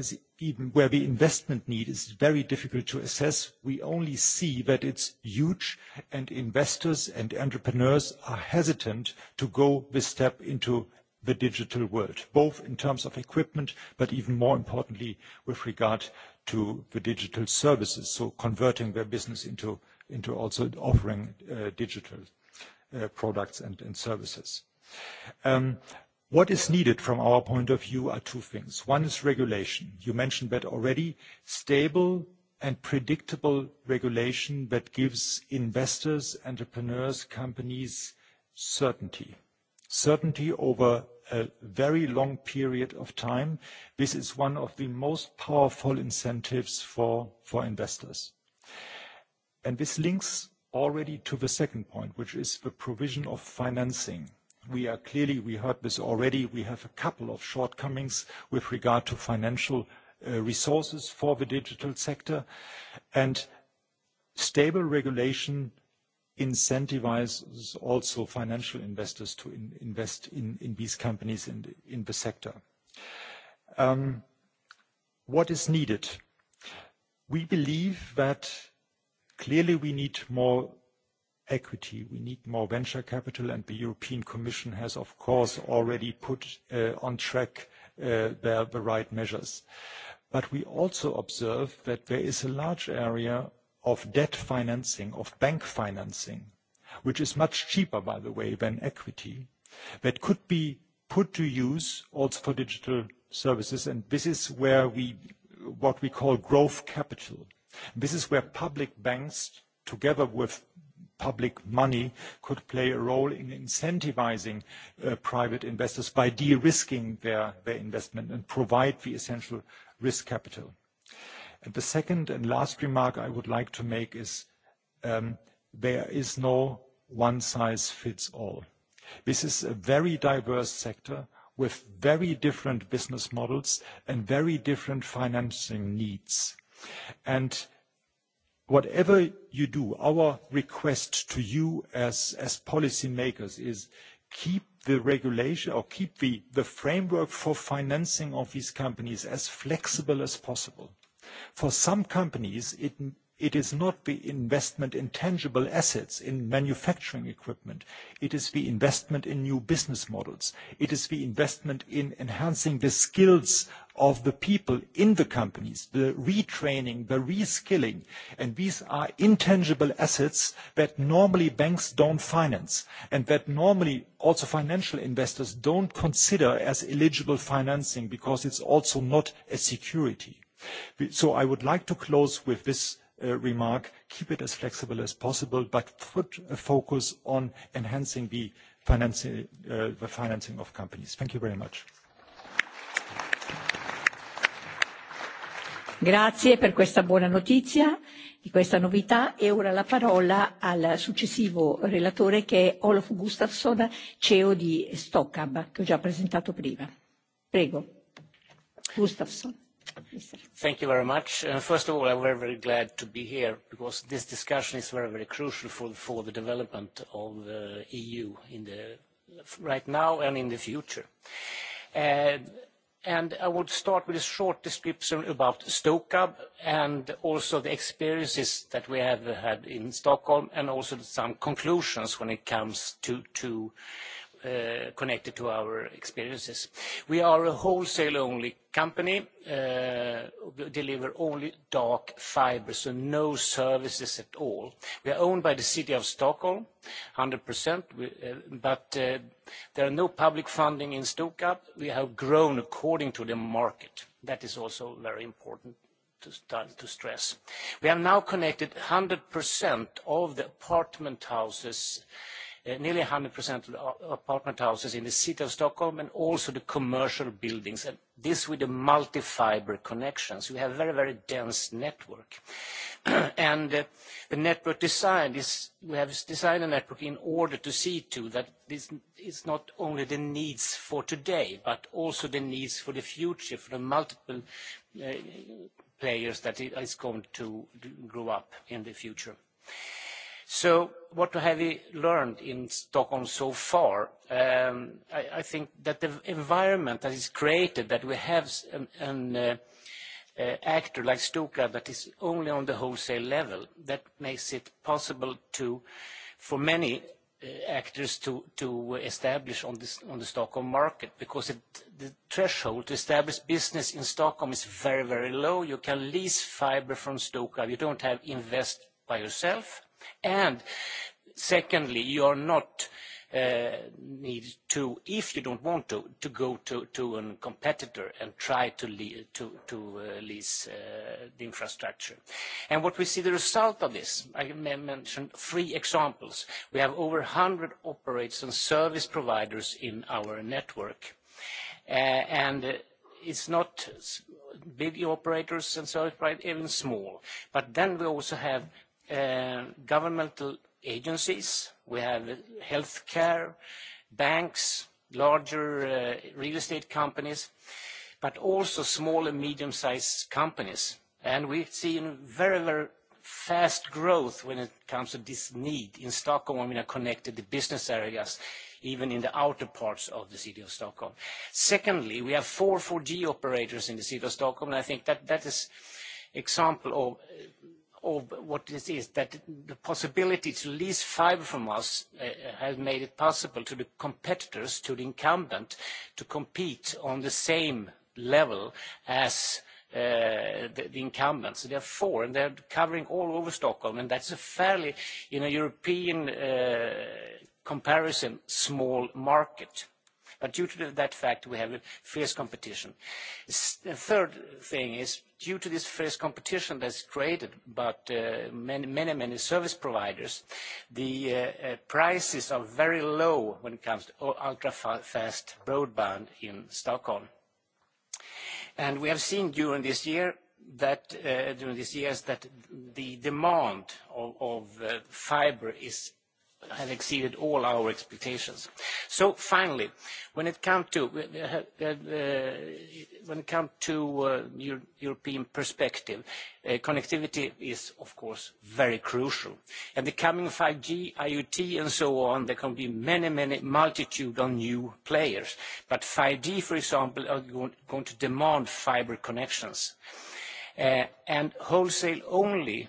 [SPEAKER 9] the investment need is very difficult to assess. We only see that it's huge, and investors and entrepreneurs are hesitant to go this step into the digital world, both in terms of equipment, but even more importantly, with regard to the digital services, so converting their business into also offering digital products and services. What is needed from our point of view are two things. One is regulation. You mentioned that already. Stable and predictable regulation that gives investors, entrepreneurs, companies certainty. Certainty over a very long period of time. This is one of the most powerful incentives for investors. And this links already to the second point, which is the provision of financing We are clearly, we heard this already, we have a couple of shortcomings with regard to financial resources for the digital sector. And stable regulation incentivizes also financial investors to invest in these companies in the sector. What is needed? We believe that clearly we need more equity. We need more venture capital, and the European Commission has, of course, already put on track the right measures. But we also observe that there is a large area of debt financing, of bank financing, which is much cheaper, by the way, than equity, that could be put to use also for digital services. And this is where we, what we call growth capital. This is where public banks, together with public money could play a role in incentivizing private investors by de-risking their investment and provide the essential risk capital. the second and last remark I would like to make is there is no one-size-fits-all. This is a very diverse sector with very different business models and very different financing needs. And whatever you do, our request to you as as policymakers is keep the regulation or keep the the framework for financing of these companies as flexible as possible. For some companies, it It is not the investment in tangible assets, in manufacturing equipment. It is the investment in new business models. It is the investment in enhancing the skills of the people in the companies, the retraining, the reskilling. And these are intangible assets that normally banks don't finance and that normally also financial investors don't consider as eligible financing because it's also not a security. So I would like to close with this remark, keep it as flexible as possible, but put a focus on enhancing the financing of companies. Thank you very much.
[SPEAKER 10] Grazie per questa buona notizia, di questa novità e ora la parola al successivo relatore che è Olof Gustafsson, CEO di Stockab, che ho già presentato prima. Prego. Gustafsson.
[SPEAKER 17] Thank you very much. First of all, I'm very, very glad to be here because this discussion is very, very crucial for, for the development of the EU in the, right now and in the future. And I would start with a short description about StoKab and also the experiences that we have had in Stockholm and also some conclusions when it comes to, to connected to our experiences. We are a wholesale-only company, We deliver only dark fiber, so no services at all. We are owned by the City of Stockholm, 100%, but there are no public funding in Stockholm. We have grown according to the market. That is also very important to stress. We have now connected 100% of the apartment houses nearly 100% of the apartment houses in the city of Stockholm and also the commercial buildings, and this with the multi-fiber connections. We have a very, very dense network. And the network design is, we have designed a network in order to see to that this is not only the needs for today, but also the needs for the future, for the multiple players that is going to grow up in the future. So what have we learned in Stockholm so far? I think that the environment that is created, that we have an actor like Stuka that is only on the wholesale level, that makes it possible to, for many actors to establish on the Stockholm market because the threshold to establish business in Stockholm is very, very low. You can lease fiber from Stuka, You don't have invest by yourself And secondly, you are not need to, if you don't want to, to go to, to a competitor and try to, to, to lease the infrastructure. And what we see the result of this, I mentioned three examples. We have over 100 operators and service providers in our network. and it's not big operators and service providers, even small. But then we also have governmental agencies, we have healthcare, banks, larger real estate companies, but also small and medium-sized companies. And we see very, very fast growth when it comes to this need in Stockholm when we are connected to business areas, even in the outer parts of the city of Stockholm. Secondly, we have four 4G operators in the city of Stockholm, and I think that that is example of of what this is, that the possibility to lease fiber from us has made it possible to the competitors, to the incumbent, to compete on the same level as the incumbents. There are four, and they're covering all over Stockholm, and that's a fairly, in a European comparison, small market. But due to that fact, we have a fierce competition. The third thing is due to this fierce competition that's created by many, many, many service providers, the prices are very low when it comes to ultra-fast broadband in Stockholm. And we have seen during this year that during these years that the demand of fiber is have exceeded all our expectations. So finally, when it comes to European perspective, connectivity is of course very crucial. And the coming 5G, IoT and so on, there can be many, many multitude of new players. But 5G, for example, are going to demand fiber connections. And wholesale only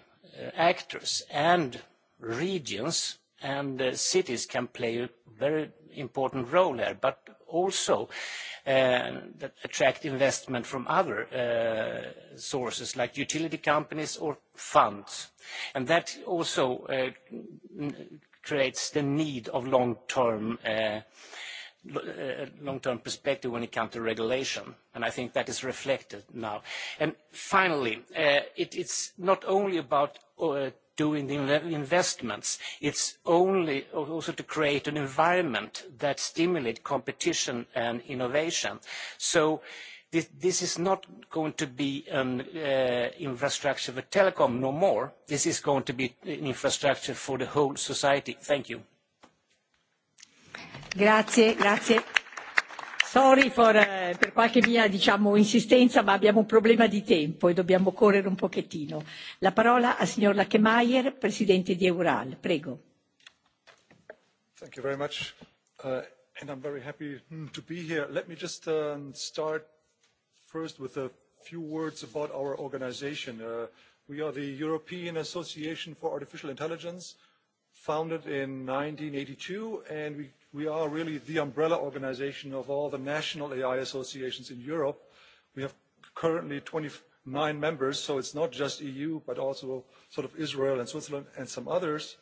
[SPEAKER 17] actors and regions and cities can play a very important role there, but also attract investment from other sources like utility companies or funds. And that also creates the need of long-term long-term perspective when it comes to regulation. And I think that is reflected now. And finally, it's not only about doing the investments. It's only also to create an environment that stimulates competition and innovation. So this is not going to be an infrastructure for telecom no more. This is going to be an infrastructure for the whole society. Thank you.
[SPEAKER 10] Grazie, grazie Sorry for, per qualche mia diciamo insistenza, ma abbiamo un problema di tempo e dobbiamo correre un pochettino. La parola al signor Lachemeyer, presidente di Eural. Prego.
[SPEAKER 18] Thank you very much. And I'm very happy to be here. Let me just start first with a few words about our organization. We are the European Association for Artificial Intelligence, founded in 1982, and we we are really the umbrella organization of all the national AI associations in Europe. We have currently 29 members, so it's not just EU, but also sort of Israel and Switzerland and some others.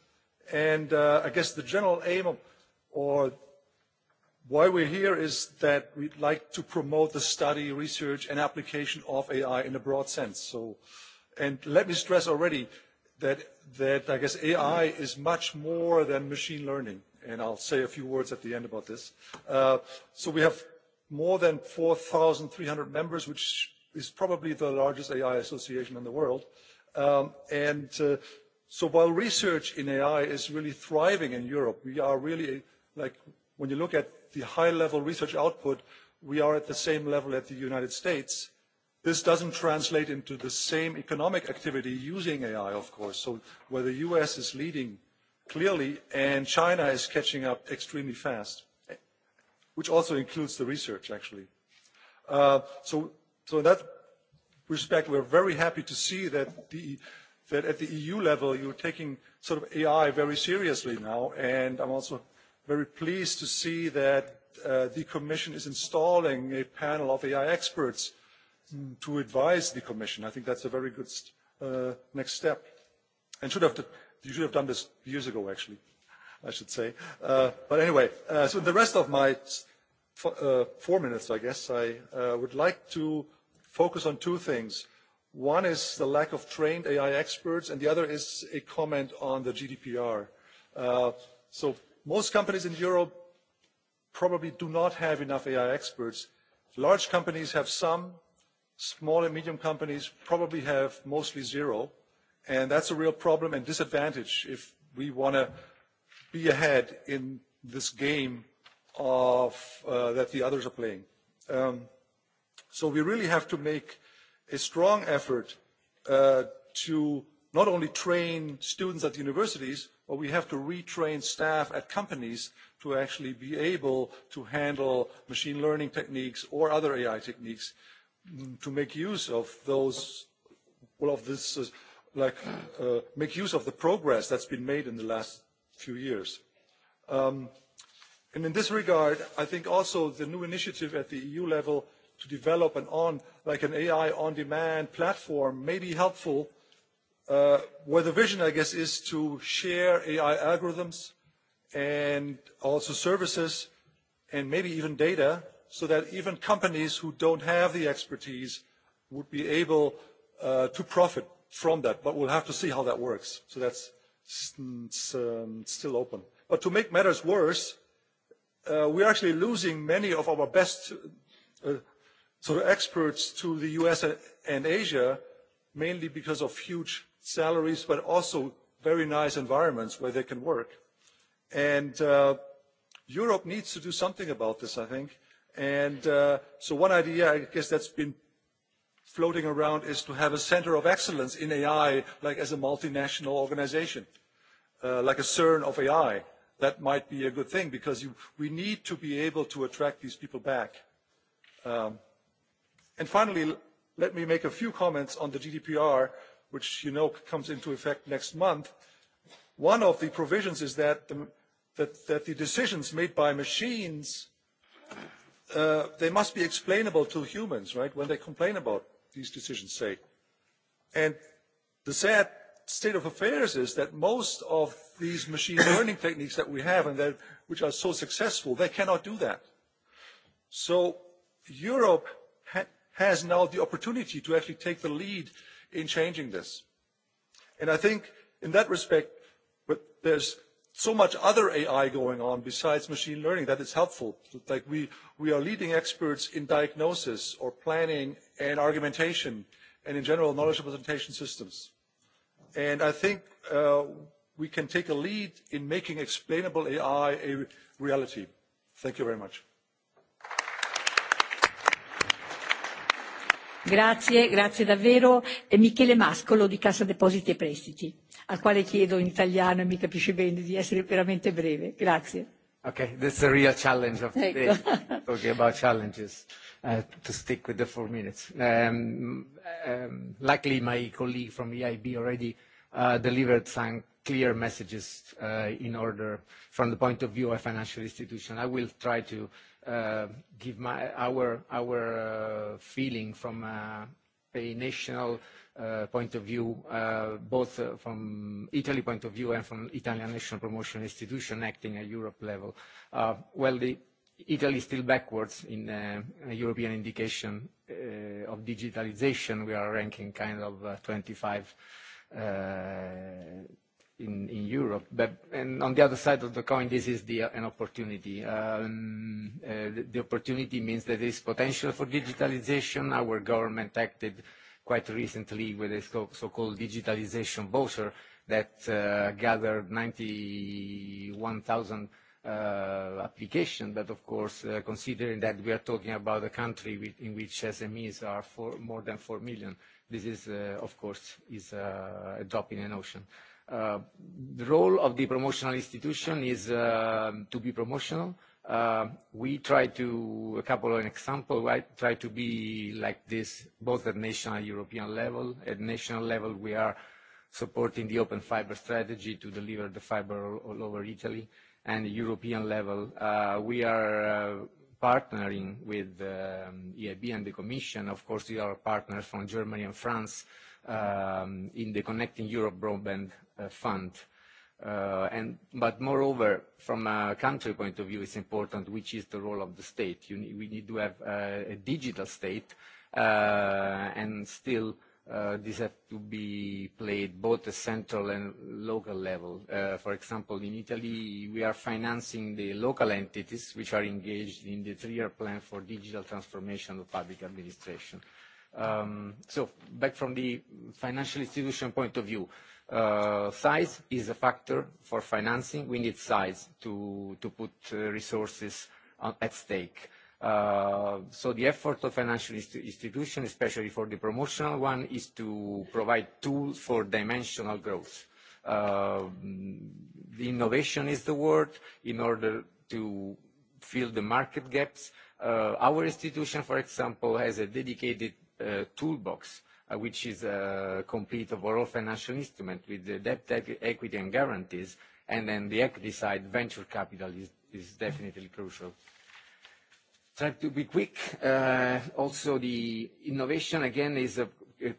[SPEAKER 18] And I guess the general aim or why we're here is that we'd like to promote the study, research, and application of AI in a broad sense. So, and let me stress already that, that I guess AI is much more than machine learning and I'll say a few words at the end about this. So we have more than 4,300 members, which is probably the largest AI association in the world. And so while research in AI is really thriving in Europe, we are really, like, when you look at the high-level research output, we are at the same level as the United States. This doesn't translate into the same economic activity using AI, of course. So where the U.S. is leading clearly, and China is catching up extremely fast, which also includes the research, actually. So in that respect, we're very happy to see that at the EU level you're taking sort of AI very seriously now, and I'm also very pleased to see that the Commission is installing a panel of AI experts to advise the Commission. I think that's a very good next step. And should have You should have done this years ago, actually, I should say. But anyway, so in the rest of my four minutes, I guess, I would like to focus on two things. One is the lack of trained AI experts, and the other is a comment on the GDPR. So most companies in Europe probably do not have enough AI experts. Large companies have some. Small and medium companies probably have mostly zero And that's a real problem and disadvantage if we want to be ahead in this game that the others are playing. So we really have to make a strong effort to not only train students at universities, but we have to retrain staff at companies to actually be able to handle machine learning techniques or other AI techniques to make use of those, well, of this like make use of the progress that's been made in the last few years. And in this regard, I think also the new initiative at the EU level to develop an on like an AI on demand platform may be helpful, where the vision I guess is to share AI algorithms and also services and maybe even data so that even companies who don't have the expertise would be able to profit from that, but we'll have to see how that works. So that's still open. But to make matters worse, we're actually losing many of our best sort of experts to the U.S. and Asia, mainly because of huge salaries, but also very nice environments where they can work. And Europe needs to do something about this, I think. And so one idea, I guess that's been floating around is to have a center of excellence in AI, like as a multinational organization, like a CERN of AI. That might be a good thing because we need to be able to attract these people back. And finally, let me make a few comments on the GDPR, which you know comes into effect next month. One of the provisions is that the decisions made by machines, they must be explainable to humans, right, when they complain about these decisions say. And the sad state of affairs is that most of these machine learning techniques that we have and that which are so successful, they cannot do that. So Europe has now the opportunity to actually take the lead in changing this. And I think in that respect, there's so much other AI going on besides machine learning that it's helpful. Like we, we are leading experts in diagnosis or planning and argumentation and in general knowledge representation systems. And I think we can take a lead in making explainable AI a reality. Thank you very much.
[SPEAKER 10] Grazie, grazie davvero. Michele Mascolo di Casa Depositi e Prestiti al quale chiedo in italiano e mi capisce bene di essere veramente breve. Grazie.
[SPEAKER 8] Okay, that's a real challenge of today, talking about challenges, uh, to stick with the four minutes. Um, um, luckily, my colleague from EIB already uh, delivered some clear messages uh, in order from the point of view of financial institution. I will try to uh, give my, our, our uh, feeling from uh, a national point of view, both from Italy point of view and from Italian National Promotion Institution acting at Europe level. Well, Italy is still backwards in a European indication of digitalization. We are ranking kind of 25 in Europe. But on the other side of the coin, this is an opportunity. The opportunity means that there is potential for digitalization. Our government acted quite recently with a so-called digitalization voucher that gathered 91,000 applications. But of course, considering that we are talking about a country in which SMEs are more than 4 million, this is, of course, is a drop in an ocean. The role of the promotional institution is to be promotional, We try to, a couple of examples, try to be like this, both at national and European level. At national level, we are supporting the Open Fiber strategy to deliver the fiber all over Italy. And at European level, we are partnering with EIB and the Commission. Of course, we are partners from Germany and France in the Connecting Europe Broadband Fund And but moreover, from a country point of view, it's important which is the role of the state. We need to have a digital state, and still this has to be played both at central and local level. For example, in Italy, we are financing the local entities which are engaged in the three-year plan for digital transformation of public administration. So back from the financial institution point of view Size is a factor for financing. We need size to put resources at stake. So the effort of financial institutions, especially for the promotional one, is to provide tools for dimensional growth. The innovation is the word in order to fill the market gaps. Our institution, for example, has a dedicated toolbox which is a complete overall financial instrument with the debt, equity and guarantees. And then the equity side, venture capital is, definitely crucial. Try to be quick. also, the innovation again is a,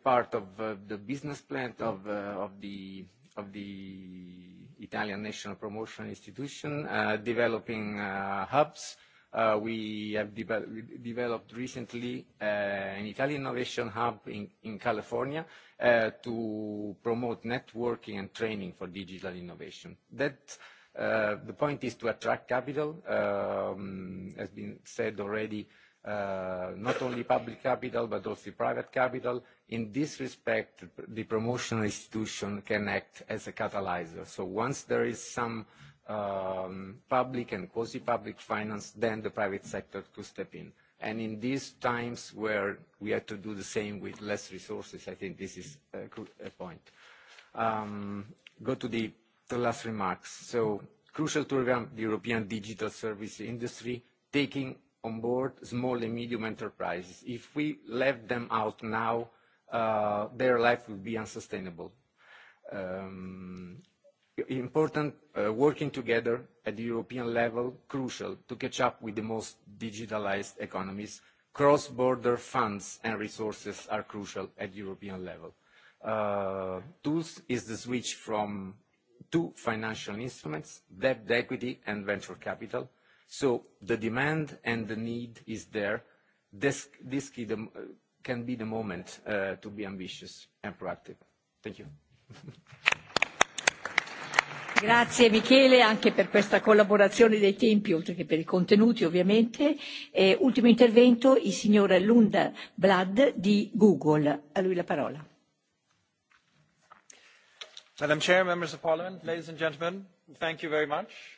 [SPEAKER 8] part of the business plan of, the of the Italian National Promotion Institution, developing hubs We have developed recently an Italian innovation hub in California to promote networking and training for digital innovation. That the point is to attract capital, has been said already, not only public capital but also private capital. In this respect, the promotional institution can act as a catalyzer. So once there is some public and quasi-public finance, then the private sector to step in. And in these times where we have to do the same with less resources, I think this is a point. Go to the last remarks. So crucial to the European digital service industry, taking on board small and medium enterprises. If we left them out now, their life would be unsustainable important working together at the European level crucial to catch up with the most digitalized economies. Cross-border funds and resources are crucial at European level. Tools is the switch from two financial instruments, debt equity and venture capital. So the demand and the need is there. This can be the moment to be ambitious and proactive. Thank you.
[SPEAKER 10] Grazie Michele anche per questa collaborazione dei tempi, oltre che per i contenuti ovviamente. E ultimo intervento il signor Lunda Blad di Google. A lui la parola.
[SPEAKER 19] Madam Chair, members of Parliament, ladies and gentlemen, thank you very much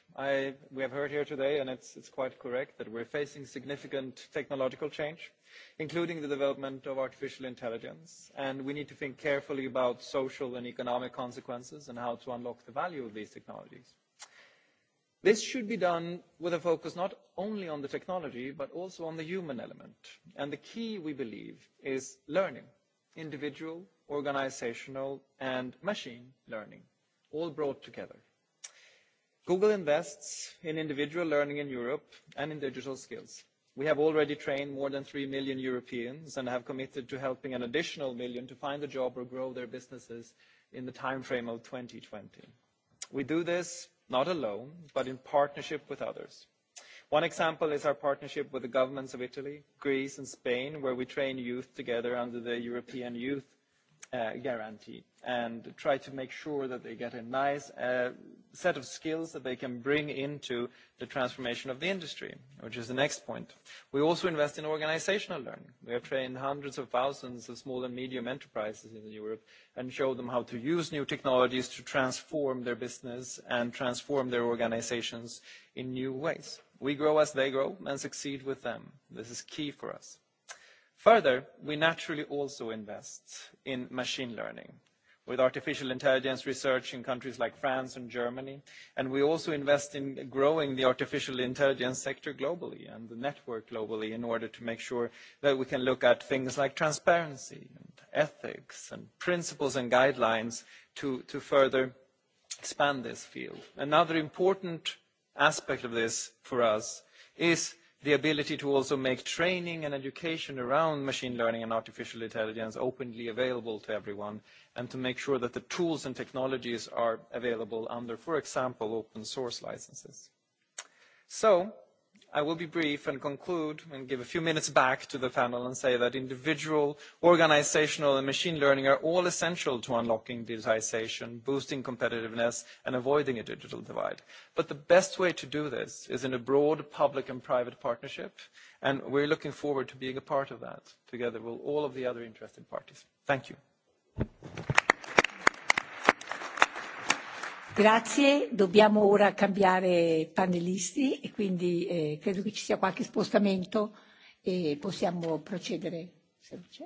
[SPEAKER 19] We have heard here today, and it's quite correct, that we're facing significant technological change, including the development of artificial intelligence, and we need to think carefully about social and economic consequences and how to unlock the value of these technologies. This should be done with a focus not only on the technology, but also on the human element. And the key, we believe, is learning, individual, organisational and machine learning, all brought together google invests in individual learning in europe and in digital skills. we have already trained more than three million europeans and have committed to helping an additional million to find a job or grow their businesses in the timeframe of. 2020. we do this not alone but in partnership with others. one example is our partnership with the governments of italy greece and spain where we train youth together under the european youth guarantee and try to make sure that they get a nice set of skills that they can bring into the transformation of the industry, which is the next point. We also invest in organizational learning. We have trained hundreds of thousands of small and medium enterprises in Europe and show them how to use new technologies to transform their business and transform their organizations in new ways. We grow as they grow and succeed with them. This is key for us. Further, we naturally also invest in machine learning with artificial intelligence research in countries like France and Germany. And we also invest in growing the artificial intelligence sector globally and the network globally in order to make sure that we can look at things like transparency and ethics and principles and guidelines to further expand this field. Another important aspect of this for us is the ability to also make training and education around machine learning and artificial intelligence openly available to everyone and to make sure that the tools and technologies are available under, for example, open source licenses. So I will be brief and conclude and give a few minutes back to the panel and say that individual, organizational and machine learning are all essential to unlocking digitization, boosting competitiveness and avoiding a digital divide. But the best way to do this is in a broad public and private partnership and we're looking forward to being a part of that together with all of the other interested parties. Thank
[SPEAKER 20] you.
[SPEAKER 10] Grazie, dobbiamo ora cambiare panelisti e quindi credo che ci sia qualche spostamento e possiamo procedere se c'è.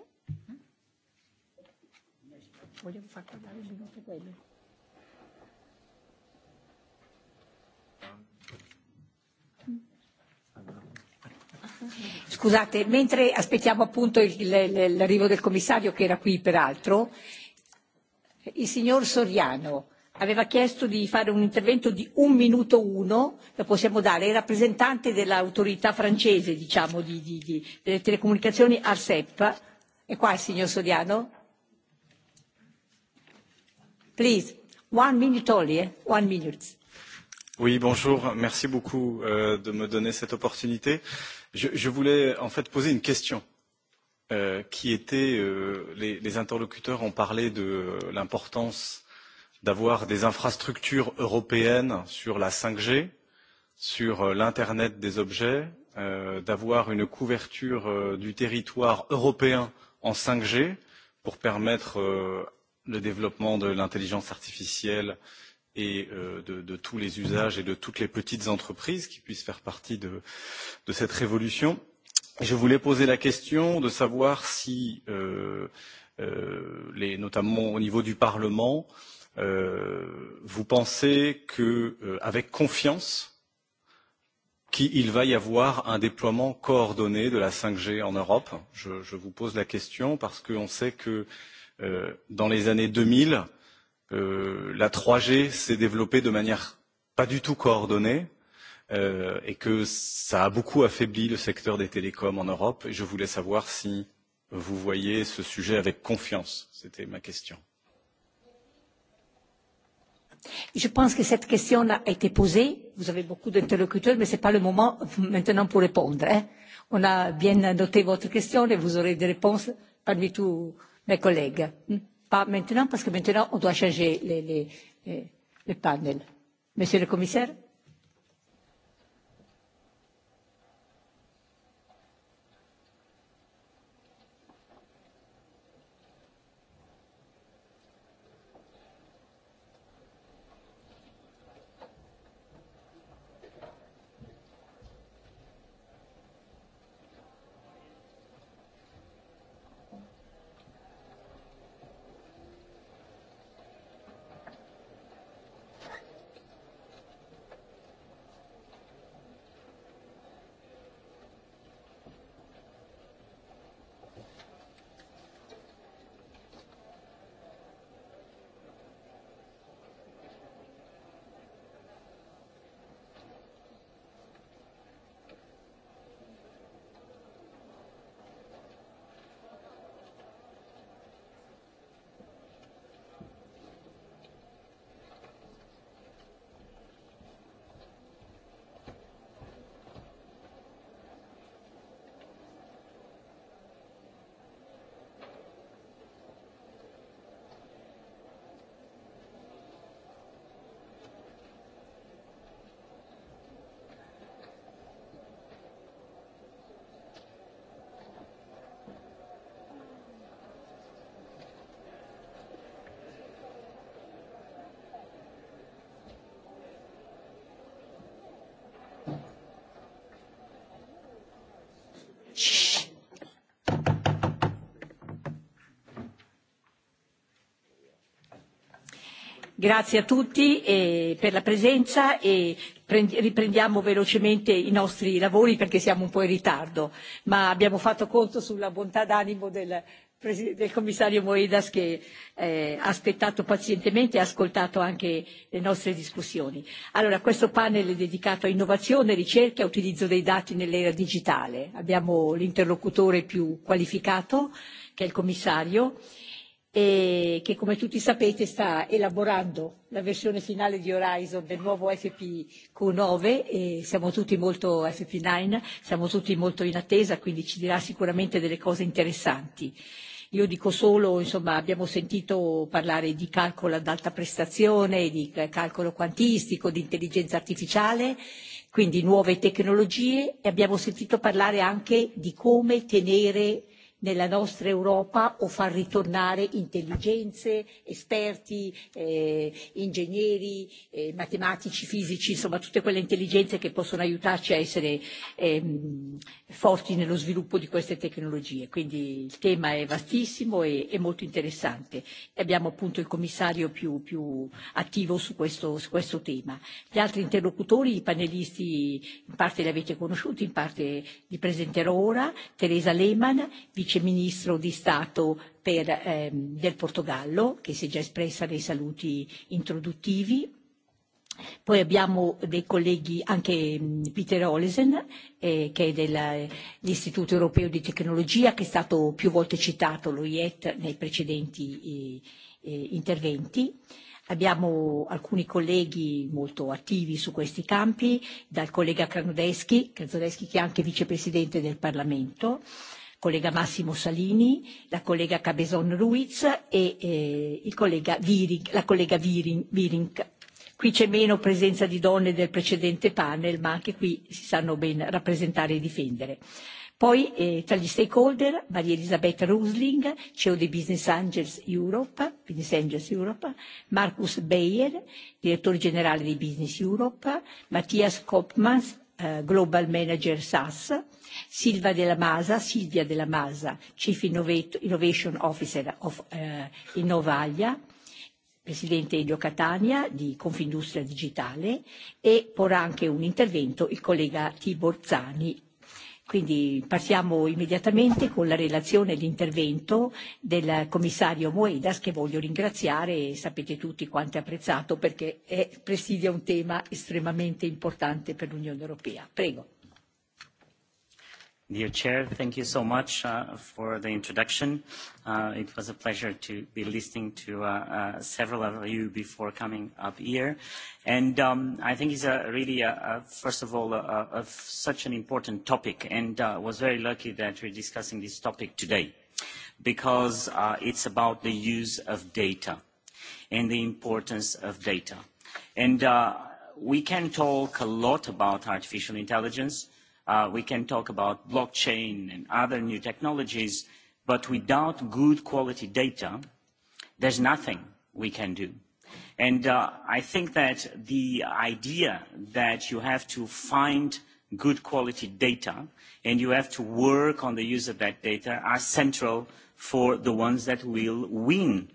[SPEAKER 10] far parlare minuto quello. Scusate, mentre aspettiamo appunto l'arrivo del commissario che era qui peraltro, il signor Soriano aveva chiesto di fare un intervento di un minuto uno, lo possiamo dare, il rappresentante dell'autorità francese, diciamo, di, di, di, delle telecomunicazioni ARCEP. È qua il signor Sodiano? Please, one minute only, eh? one minute.
[SPEAKER 20] Oui, bonjour, merci beaucoup euh, de me donner cette opportunité. Je, je voulais en fait poser une question euh, qui était, euh, les, les interlocuteurs ont parlé de l'importance d'avoir des infrastructures européennes sur la 5G, sur l'Internet des objets, d'avoir une couverture du territoire européen en 5G pour permettre le développement de l'intelligence artificielle et de tous les usages et de toutes les petites entreprises qui puissent faire partie de cette révolution. Je voulais poser la question de savoir si, notamment au niveau du Parlement, vous pensez avec confiance, qu'il va y avoir un déploiement coordonné de la 5G en Europe Je vous pose la question parce qu'on sait que dans les années 2000, la 3G s'est développée de manière pas du tout coordonnée et que ça a beaucoup affaibli le secteur des télécoms en Europe. Et je voulais savoir si vous voyez ce sujet avec confiance. C'était ma question.
[SPEAKER 10] Je pense que cette question a été posée. Vous avez beaucoup d'interlocuteurs, mais ce n'est pas le moment maintenant pour répondre. On a bien noté votre question et vous aurez des réponses parmi tous mes collègues. Pas maintenant, parce que maintenant, on doit changer les, les, les panels. Monsieur le commissaire Grazie a tutti per la presenza e riprendiamo velocemente i nostri lavori perché siamo un po' in ritardo, ma abbiamo fatto conto sulla bontà d'animo del del commissario Moedas che ha aspettato pazientemente e ha ascoltato anche le nostre discussioni. Allora, questo panel è dedicato a innovazione, ricerca e utilizzo dei dati nell'era digitale. Abbiamo l'interlocutore più qualificato, che è il commissario, e che come tutti sapete sta elaborando la versione finale di Horizon del nuovo FPQ9 e siamo tutti molto FP9, siamo tutti molto in attesa, quindi ci dirà sicuramente delle cose interessanti. Io dico solo, insomma, abbiamo sentito parlare di calcolo ad alta prestazione, di calcolo quantistico, di intelligenza artificiale, quindi nuove tecnologie e abbiamo sentito parlare anche di come tenere nella nostra Europa o far ritornare intelligenze, esperti, ingegneri, matematici, fisici, insomma tutte quelle intelligenze che possono aiutarci a essere forti nello sviluppo di queste tecnologie. Quindi il tema è vastissimo e molto interessante e abbiamo appunto il commissario più attivo su questo tema. Gli altri interlocutori, i panelisti, in parte li avete conosciuti, in parte li presenterò ora, Teresa Lehmann, vice vice ministro di Stato del Portogallo, che si è già espressa nei saluti introduttivi. Poi abbiamo dei colleghi, anche Peter Olesen, che è dell'Istituto Europeo di Tecnologia, che è stato più volte citato, l'OIET, nei precedenti interventi. Abbiamo alcuni colleghi molto attivi su questi campi, dal collega Kranodeschi, che è anche vicepresidente del Parlamento, collega Massimo Salini, la collega Cabezon Ruiz e il collega la collega Viring. Qui c'è meno presenza di donne del precedente panel, ma anche qui si sanno ben rappresentare e difendere. Poi tra gli stakeholder Maria Elisabetta Rusling, CEO di Business Angels Europe, Business Angels Europe, Marcus Bayer, direttore generale di Business Europe, Mattias Kopmans, Global Manager SAS, Silva Della Masa, Silvia Della Masa, Chief Innovation Officer of Innovaglia, Presidente Elio Catania di Confindustria Digitale e porrà anche un intervento il collega Tibor Zani. Quindi partiamo immediatamente con la relazione e l'intervento del commissario Moedas che voglio ringraziare e sapete tutti quanto è apprezzato perché presidia un tema estremamente importante per l'Unione Europea. Prego.
[SPEAKER 21] Dear Chair, thank you so much for the introduction. It was a pleasure to be listening to several of you before coming up here. And I think it's a really, first of all, such an important topic, and was very lucky that we're discussing this topic today, because it's about the use of data and the importance of data. And we can talk a lot about artificial intelligence we can talk about blockchain and other new technologies, but without good quality data, there's nothing we can do. And I think that the idea that you have to find good quality data and you have to work on the use of that data are central for the ones that will win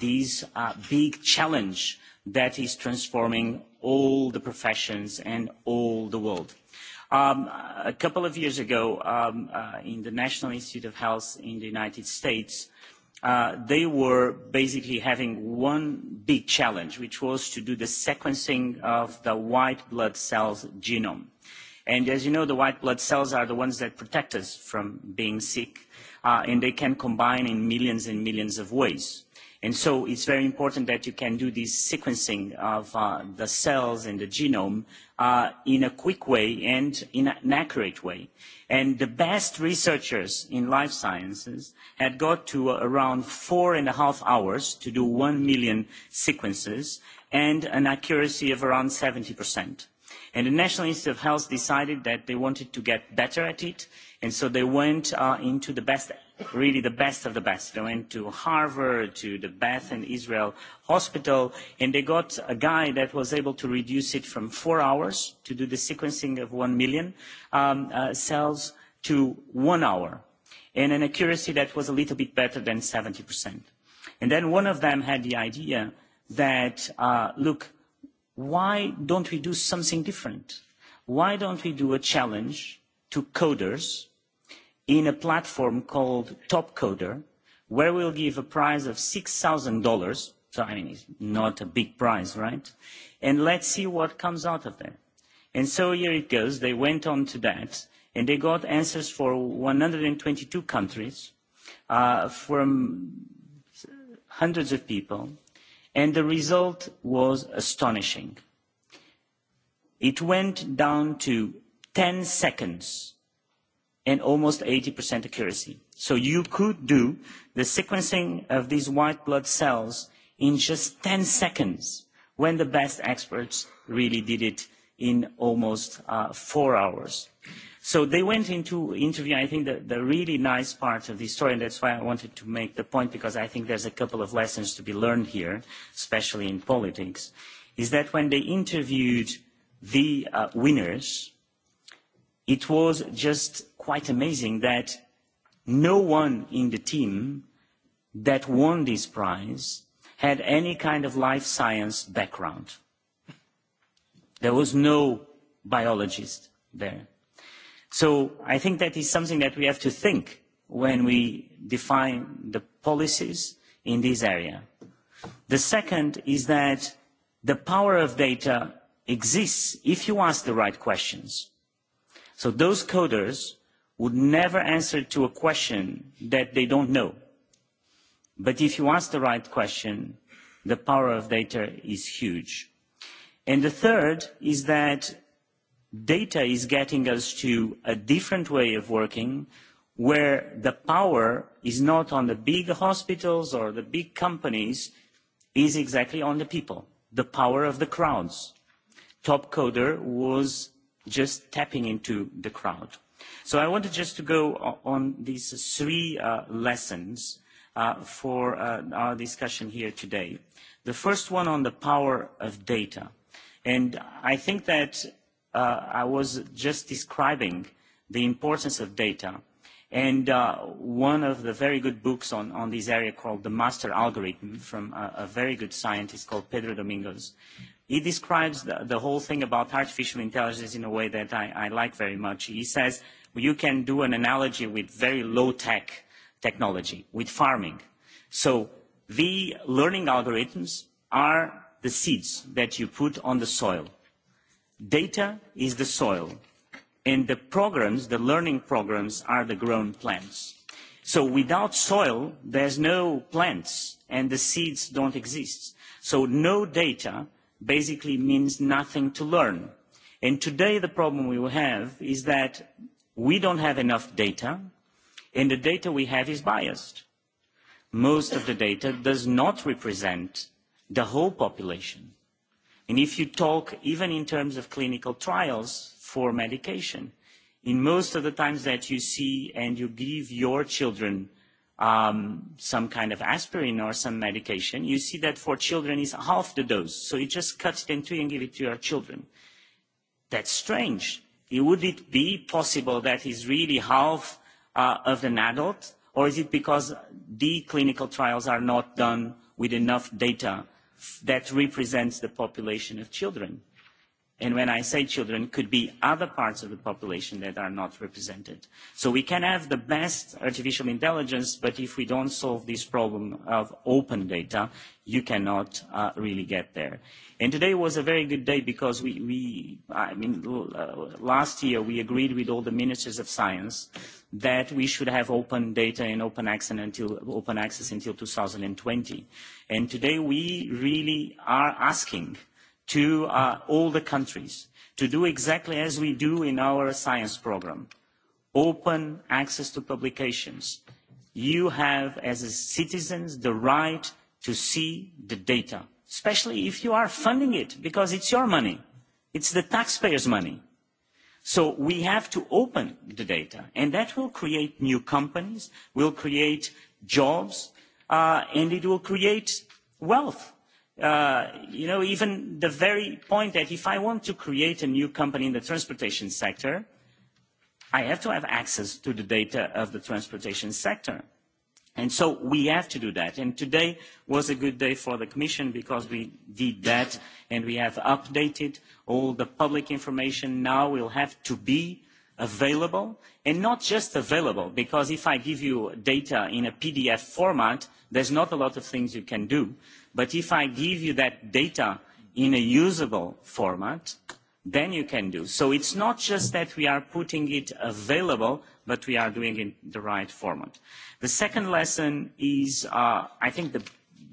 [SPEAKER 21] this big challenge that is transforming all the professions and all the world. A couple of years ago, in the National Institute of Health in the United States, they were basically having one big challenge, which was to do the sequencing of the white blood cells genome. And as you know, the white blood cells are the ones that protect us from being sick, and they can combine in millions and millions of ways And so it's very important that you can do this sequencing of the cells and the genome in a quick way and in an accurate way. And the best researchers in life sciences had got to around four and a half hours to do one million sequences and an accuracy of around 70%. And the National Institute of Health decided that they wanted to get better at it, and so they went into the best really the best of the best. They went to Harvard, to the Beth and Israel hospital, and they got a guy that was able to reduce it from four hours to do the sequencing of one million cells to one hour, and an accuracy that was a little bit better than 70%. And then one of them had the idea that, look, why don't we do something different? Why don't we do a challenge to coders in a platform called Topcoder, where we'll give a prize of $6,000. So, I mean, it's not a big prize, right? And let's see what comes out of that. And so here it goes. They went on to that, and they got answers for 122 countries from hundreds of people, and the result was astonishing. It went down to 10 seconds and almost 80% accuracy. So you could do the sequencing of these white blood cells in just 10 seconds when the best experts really did it in almost four hours. So they went into interview. I think the really nice part of the story, and that's why I wanted to make the point, because I think there's a couple of lessons to be learned here, especially in politics, is that when they interviewed the winners, It was just quite amazing that no one in the team that won this prize had any kind of life science background. There was no biologist there. So I think that is something that we have to think when we define the policies in this area. The second is that the power of data exists if you ask the right questions So those coders would never answer to a question that they don't know. But if you ask the right question, the power of data is huge. And the third is that data is getting us to a different way of working where the power is not on the big hospitals or the big companies, is exactly on the people, the power of the crowds. Top Coder was just tapping into the crowd. So I wanted just to go on these three lessons for our discussion here today. The first one on the power of data. And I think that I was just describing the importance of data. And one of the very good books on, on this area called The Master Algorithm from a, very good scientist called Pedro Domingos He describes the whole thing about artificial intelligence in a way that I like very much. He says you can do an analogy with very low-tech technology, with farming. So the learning algorithms are the seeds that you put on the soil. Data is the soil, and the programs, the learning programs, are the grown plants. So without soil, there's no plants, and the seeds don't exist. So no data basically means nothing to learn. And today the problem we have is that we don't have enough data and the data we have is biased. Most of the data does not represent the whole population. And if you talk even in terms of clinical trials for medication, in most of the times that you see and you give your children some kind of aspirin or some medication, you see that for children is half the dose. So you just cut it in two and give it to your children. That's strange. Would it be possible that is really half of an adult, or is it because the clinical trials are not done with enough data that represents the population of children? and when i say children could be other parts of the population that are not represented so we can have the best artificial intelligence but if we don't solve this problem of open data you cannot really get there and today was a very good day because we we i mean last year we agreed with all the ministers of science that we should have open data and open access until open access until 2020 and today we really are asking to all the countries to do exactly as we do in our science programme open access to publications. You have, as citizens, the right to see the data, especially if you are funding it, because it's your money. It's the taxpayers' money. So we have to open the data, and that will create new companies, will create jobs, and it will create wealth you know, even the very point that if I want to create a new company in the transportation sector, I have to have access to the data of the transportation sector. And so we have to do that. And today was a good day for the Commission because we did that and we have updated all the public information. Now will have to be available and not just available because if i give you data in a pdf format there's not a lot of things you can do but if i give you that data in a usable format then you can do so it's not just that we are putting it available but we are doing it in the right format the second lesson is i think the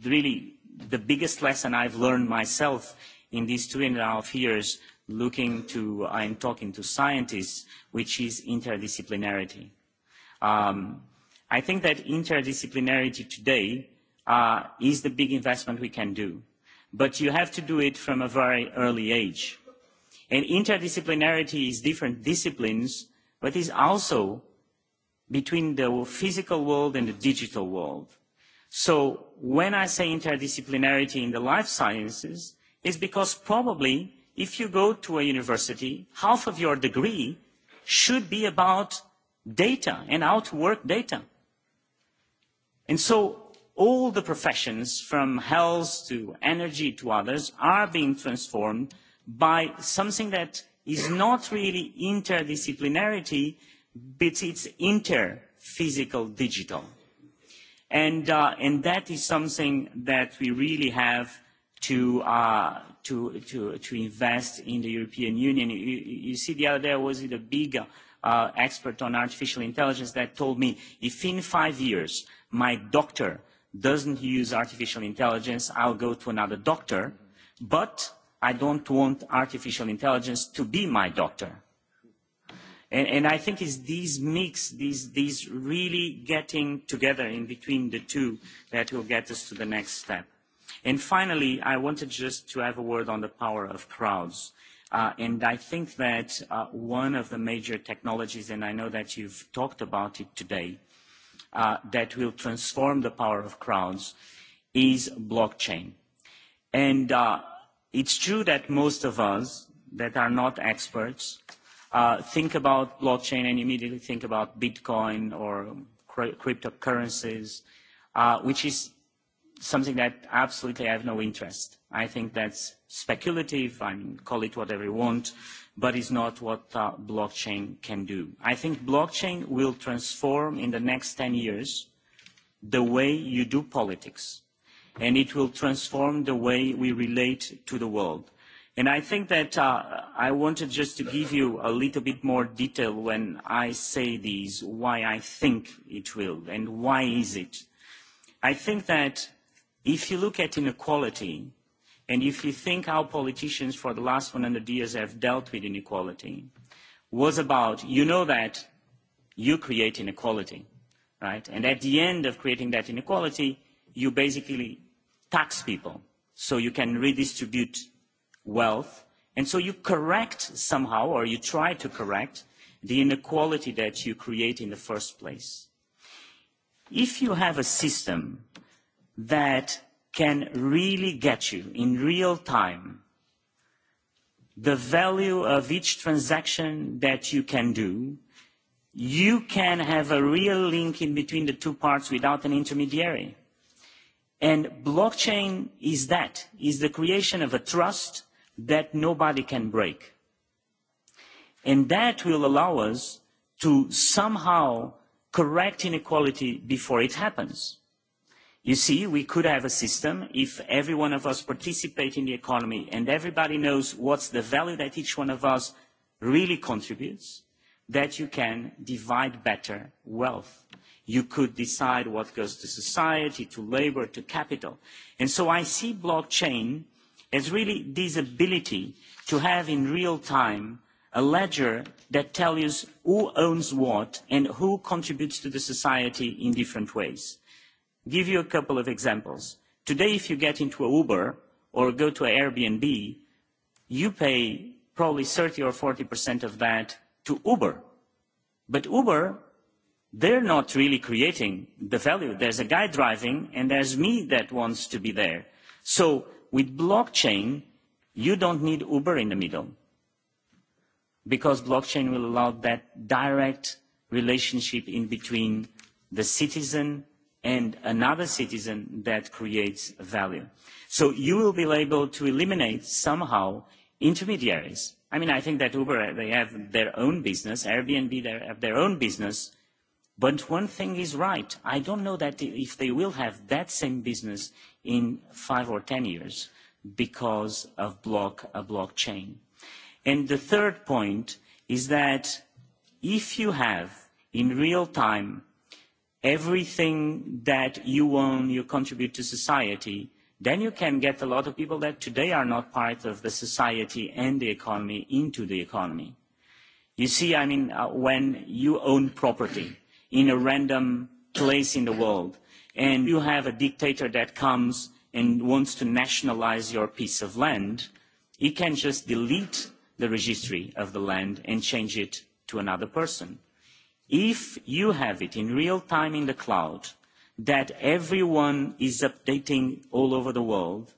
[SPEAKER 21] really the biggest lesson i've learned myself in these two and a half years looking to, am talking to scientists, which is interdisciplinarity. Um, I think that interdisciplinarity today uh, is the big investment we can do. But you have to do it from a very early age. And interdisciplinarity is different disciplines, but is also between the physical world and the digital world. So when I say interdisciplinarity in the life sciences, it's because probably if you go to a university, half of your degree should be about data and how to work data. And so all the professions, from health to energy to others, are being transformed by something that is not really interdisciplinarity, but it's inter-physical digital. And that is something that we really have to to invest in the European Union. You see, the other day I was with a big expert on artificial intelligence that told me if in five years my doctor doesn't use artificial intelligence, I'll go to another doctor, but I don't want artificial intelligence to be my doctor. And I think it's these mix, these these really getting together in between the two that will get us to the next step. And finally, I wanted just to have a word on the power of crowds. And I think that one of the major technologies, and I know that you've talked about it today, that will transform the power of crowds is blockchain. And it's true that most of us that are not experts think about blockchain and immediately think about Bitcoin or cryptocurrencies, which is something that absolutely I have no interest. I think that's speculative, I mean, call it whatever you want, but it's not what blockchain can do. I think blockchain will transform in the next 10 years the way you do politics, and it will transform the way we relate to the world. And I think that I wanted just to give you a little bit more detail when I say these, why I think it will, and why is it. I think that If you look at inequality, and if you think how politicians for the last 100 years have dealt with inequality, was about, you know that you create inequality, right? And at the end of creating that inequality, you basically tax people so you can redistribute wealth. And so you correct somehow, or you try to correct, the inequality that you create in the first place. If you have a system that can really get you in real time the value of each transaction that you can do, you can have a real link in between the two parts without an intermediary. And blockchain is that, is the creation of a trust that nobody can break. And that will allow us to somehow correct inequality before it happens. You see, we could have a system if every one of us participates in the economy and everybody knows what's the value that each one of us really contributes, that you can divide better wealth. You could decide what goes to society, to labor, to capital. And so I see blockchain as really this ability to have in real time a ledger that tells you who owns what and who contributes to the society in different ways. Give you a couple of examples. Today, if you get into an Uber or go to an Airbnb, you pay probably 30 or 40% of that to Uber. But Uber, they're not really creating the value. There's a guy driving and there's me that wants to be there. So with blockchain, you don't need Uber in the middle because blockchain will allow that direct relationship in between the citizen and another citizen that creates value. So you will be able to eliminate somehow intermediaries. I mean, I think that Uber, they have their own business, Airbnb, they have their own business. But one thing is right. I don't know that if they will have that same business in five or ten years because of block, a blockchain. And the third point is that if you have in real time everything that you own, you contribute to society, then you can get a lot of people that today are not part of the society and the economy into the economy. You see, I mean, when you own property in a random place in the world and you have a dictator that comes and wants to nationalize your piece of land, he can just delete the registry of the land and change it to another person if you have it in real time in the cloud that everyone is updating all over the world,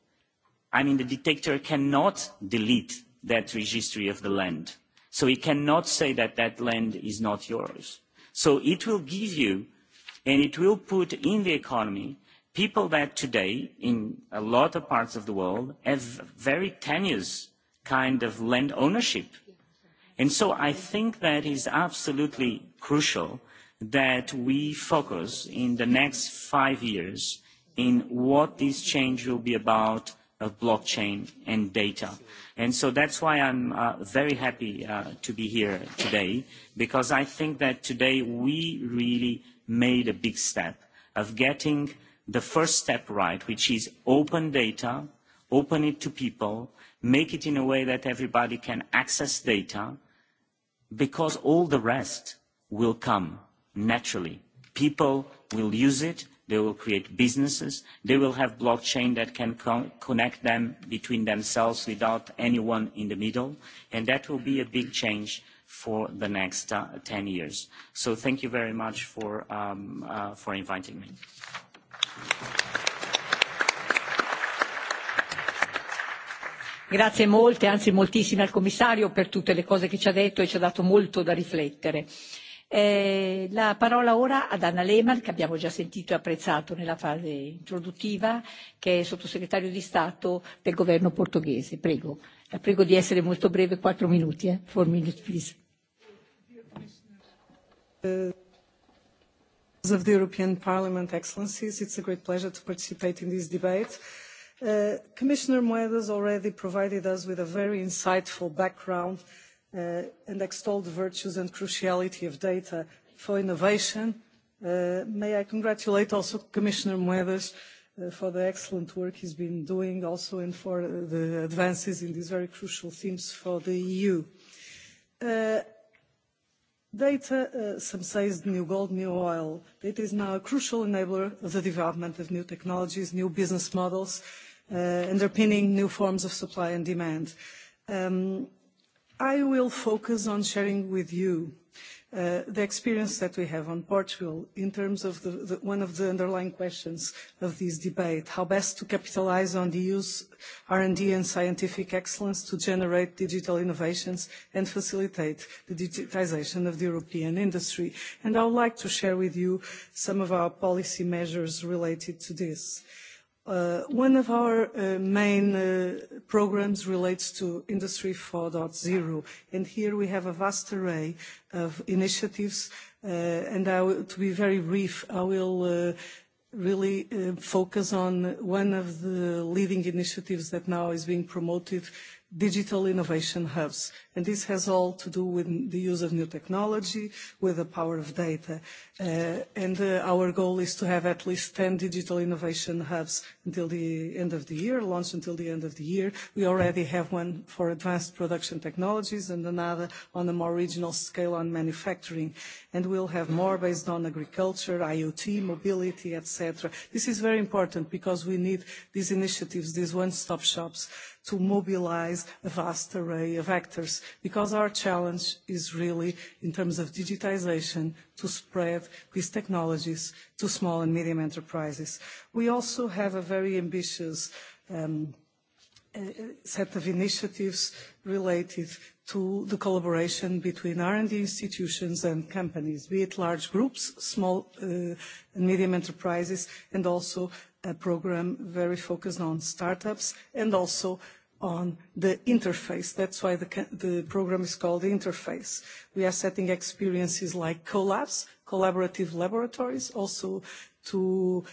[SPEAKER 21] I mean, the detector cannot delete that registry of the land. So it cannot say that that land is not yours. So it will give you and it will put in the economy people that today in a lot of parts of the world have very tenuous kind of land ownership And so I think that is absolutely crucial that we focus in the next five years in what this change will be about of blockchain and data. And so that's why I'm very happy to be here today, because I think that today we really made a big step of getting the first step right, which is open data, open it to people, make it in a way that everybody can access data, because all the rest will come naturally. People will use it, they will create businesses, they will have blockchain that can connect them between themselves without anyone in the middle, and that will be a big change for the next 10 years. So thank you very much for inviting me.
[SPEAKER 10] grazie molte anzi moltissime al commissario per tutte le cose che ci ha detto e ci ha dato molto da riflettere. La parola ora ad Anna Lehmann, che abbiamo già sentito e apprezzato nella fase introduttiva, che è sottosegretario di Stato del governo portoghese. Prego, la prego di essere molto breve, quattro minuti. Four
[SPEAKER 6] minutes, please. Of European Parliament, Excellencies, it's a great pleasure to participate in this debate Commissioner Moedas already provided us with a very insightful background and extolled the virtues and cruciality of data for innovation. May I congratulate also Commissioner Moedas for the excellent work he has been doing also and for the advances in these very crucial themes for the EU. Data, some say, is the new gold, new oil. It is now a crucial enabler of the development of new technologies, new business models, underpinning new forms of supply and demand. I will focus on sharing with you the experience that we have on Portugal in terms of one of the underlying questions of this debate, how best to capitalize on the use R&D and scientific excellence to generate digital innovations and facilitate the digitization of the European industry. And I would like to share with you some of our policy measures related to this. One of our main programs relates to Industry 4.0, and here we have a vast array of initiatives, and to be very brief, I will really focus on one of the leading initiatives that now is being promoted, digital innovation hubs. And this has all to do with the use of new technology, with the power of data. And our goal is to have at least 10 digital innovation hubs until the end of the year, launched until the end of the year. We already have one for advanced production technologies and another on a more regional scale on manufacturing. And we'll have more based on agriculture, IoT, mobility, etc. This is very important because we need these initiatives, these one-stop shops, to mobilize a vast array of actors because our challenge is really, in terms of digitization, to spread these technologies to small and medium enterprises. We also have a very ambitious set of initiatives related to the collaboration between R&D institutions and companies, be it large groups, small and medium enterprises, and also a program very focused on startups and also on the interface. That's why the program is called Interface. We are setting experiences like collabs, collaborative laboratories, also to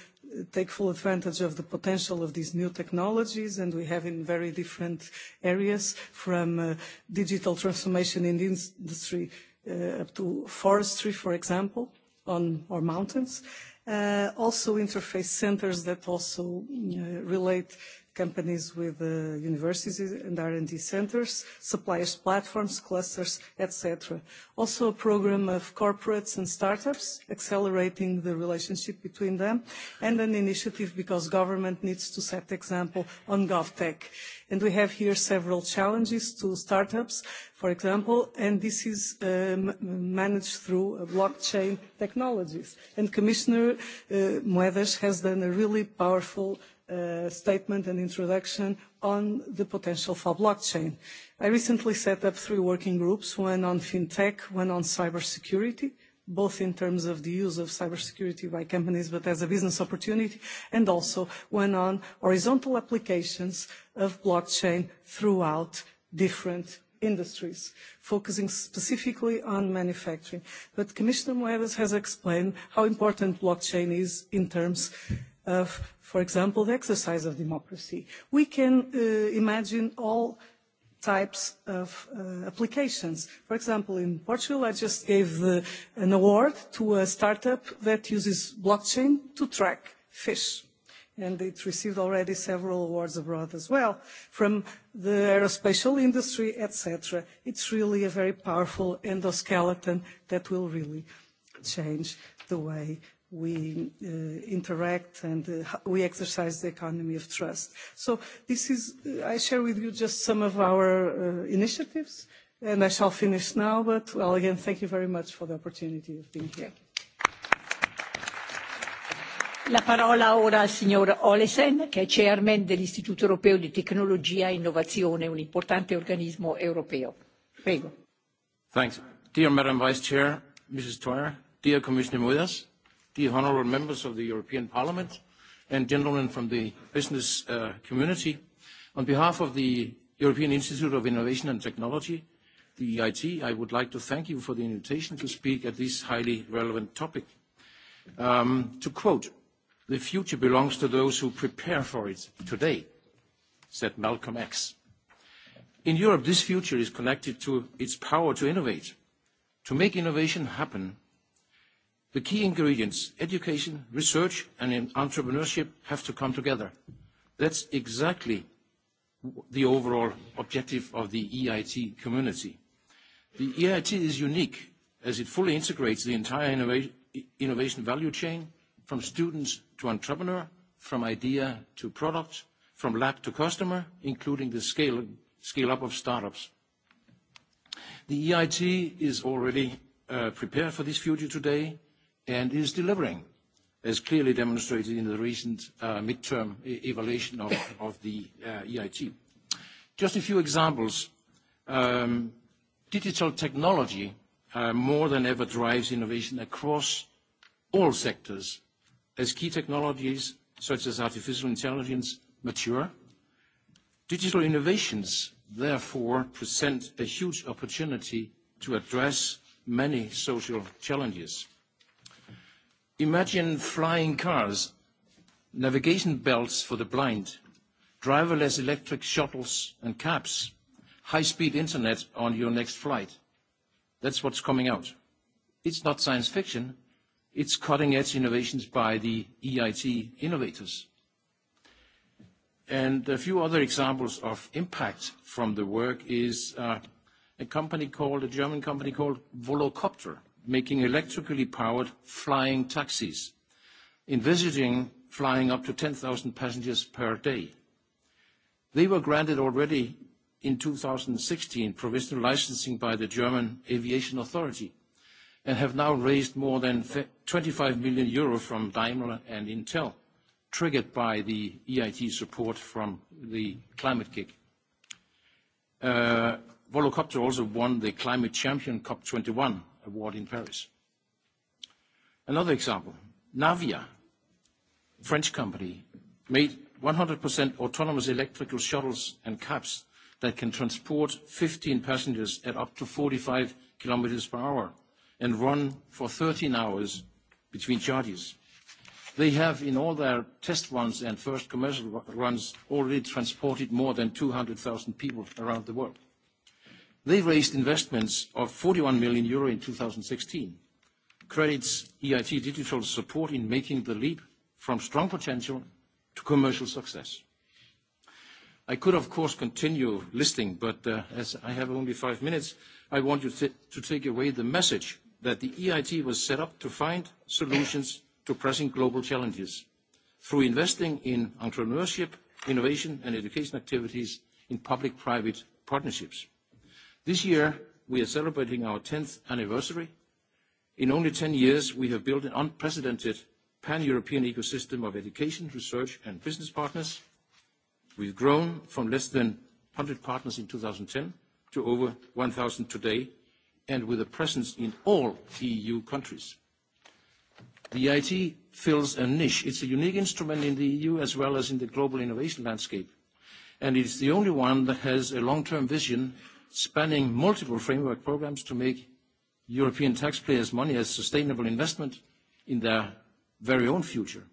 [SPEAKER 6] take full advantage of the potential of these new technologies and we have in very different areas from digital transformation in the industry up to forestry, for example, on our mountains. Also interface centers that also relate companies with universities and R&D centers, suppliers platforms, clusters, etc. Also a program of corporates and startups, accelerating the relationship between them, and an initiative because government needs to set example on GovTech. And we have here several challenges to startups, for example, and this is managed through blockchain technologies. And Commissioner Moedas has done a really powerful statement and introduction on the potential for blockchain. I recently set up three working groups, one on fintech, one on cybersecurity, both in terms of the use of cybersecurity by companies, but as a business opportunity, and also one on horizontal applications of blockchain throughout different industries, focusing specifically on manufacturing. But Commissioner Moedas has explained how important blockchain is in terms for example, the exercise of democracy. We can imagine all types of applications. For example, in Portugal, I just gave an award to a startup that uses blockchain to track fish. And it received already several awards abroad as well, from the aerospace industry, etc. It's really a very powerful endoskeleton that will really change the way we interact and we exercise the economy of trust. So this is, I share with you just some of our initiatives, and I shall finish now, but well, again, thank you very much for the opportunity of being here.
[SPEAKER 10] La parola ora al signor Olesen, che è chairman dell'Istituto Europeo di Tecnologia e Innovazione, un importante organismo europeo. Prego.
[SPEAKER 22] Thanks. Dear Madam Vice Chair, Mrs. Toyer, dear Commissioner Moedas, dear honourable members of the European Parliament and gentlemen from the business community. On behalf of the European Institute of Innovation and Technology, the EIT, I would like to thank you for the invitation to speak at this highly relevant topic. To quote, the future belongs to those who prepare for it today, said Malcolm X. In Europe, this future is connected to its power to innovate. To make innovation happen, The key ingredients, education, research and entrepreneurship, have to come together. That's exactly the overall objective of the EIT community. The EIT is unique as it fully integrates the entire innovation value chain from students to entrepreneur, from idea to product, from lab to customer, including the scale-up of startups. The EIT is already prepared for this future today and is delivering, as clearly demonstrated in the recent mid-term evaluation of the EIT. Just a few examples. Digital technology more than ever drives innovation across all sectors as key technologies such as artificial intelligence mature. Digital innovations, therefore, present a huge opportunity to address many social challenges. Imagine flying cars, navigation belts for the blind, driverless electric shuttles and cabs, high-speed internet on your next flight. That's what's coming out. It's not science fiction. It's cutting-edge innovations by the EIT innovators. And a few other examples of impact from the work is a company called, a German company called Volocopter making electrically powered flying taxis, envisaging flying up to 10,000 passengers per day. They were granted already in 2016 provisional licensing by the German Aviation Authority and have now raised more than 25 million euro from Daimler and Intel, triggered by the EIT support from the climate kick. Volocopter also won the Climate Champion COP21 award in Paris. Another example, Navia, French company, made 100% autonomous electrical shuttles and cabs that can transport 15 passengers at up to 45 kilometers per hour and run for 13 hours between charges. They have, in all their test runs and first commercial runs, already transported more than 200,000 people around the world. They raised investments of EUR 41 million euro in 2016. Credits EIT Digital support in making the leap from strong potential to commercial success. I could, of course, continue listing, but as I have only five minutes, I want you to take away the message that the EIT was set up to find solutions to pressing global challenges through investing in entrepreneurship, innovation, and education activities in public-private partnerships. This year, we are celebrating our 10th anniversary. In only 10 years, we have built an unprecedented pan-European ecosystem of education, research, and business partners. We've grown from less than 100 partners in 2010 to over 1,000 today, and with a presence in all EU countries. The EIT fills a niche. It's a unique instrument in the EU as well as in the global innovation landscape, and it's the only one that has a long-term vision spanning multiple framework programmes to make European taxpayers' money as sustainable investment in their very own future.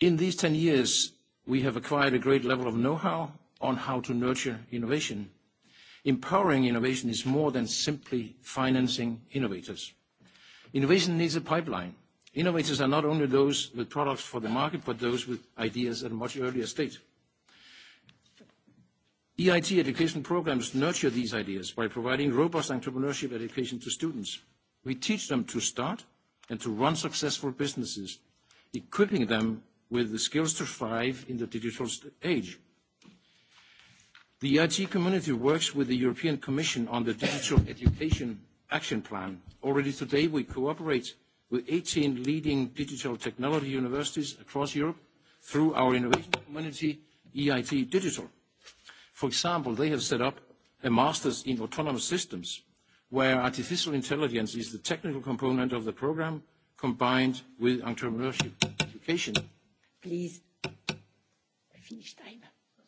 [SPEAKER 22] In these 10 years, we have acquired a great level of know-how on how to nurture innovation. Empowering innovation is more than simply financing innovators. Innovation needs a pipeline. Innovators are not only those with products for the market, but those with ideas at a much earlier stage. EIT education programmes nurture these ideas by providing robust entrepreneurship education to students. We teach them to start and to run successful businesses, equipping them with the skills to thrive in the digital age. The EIT community works with the European Commission on the Digital Education Action Plan. Already today, we cooperate with 18 leading digital technology universities across Europe through our innovation community, EIT Digital. For example, they have set up a master's in autonomous systems, where artificial intelligence is the technical component of the program combined with entrepreneurship education. Please,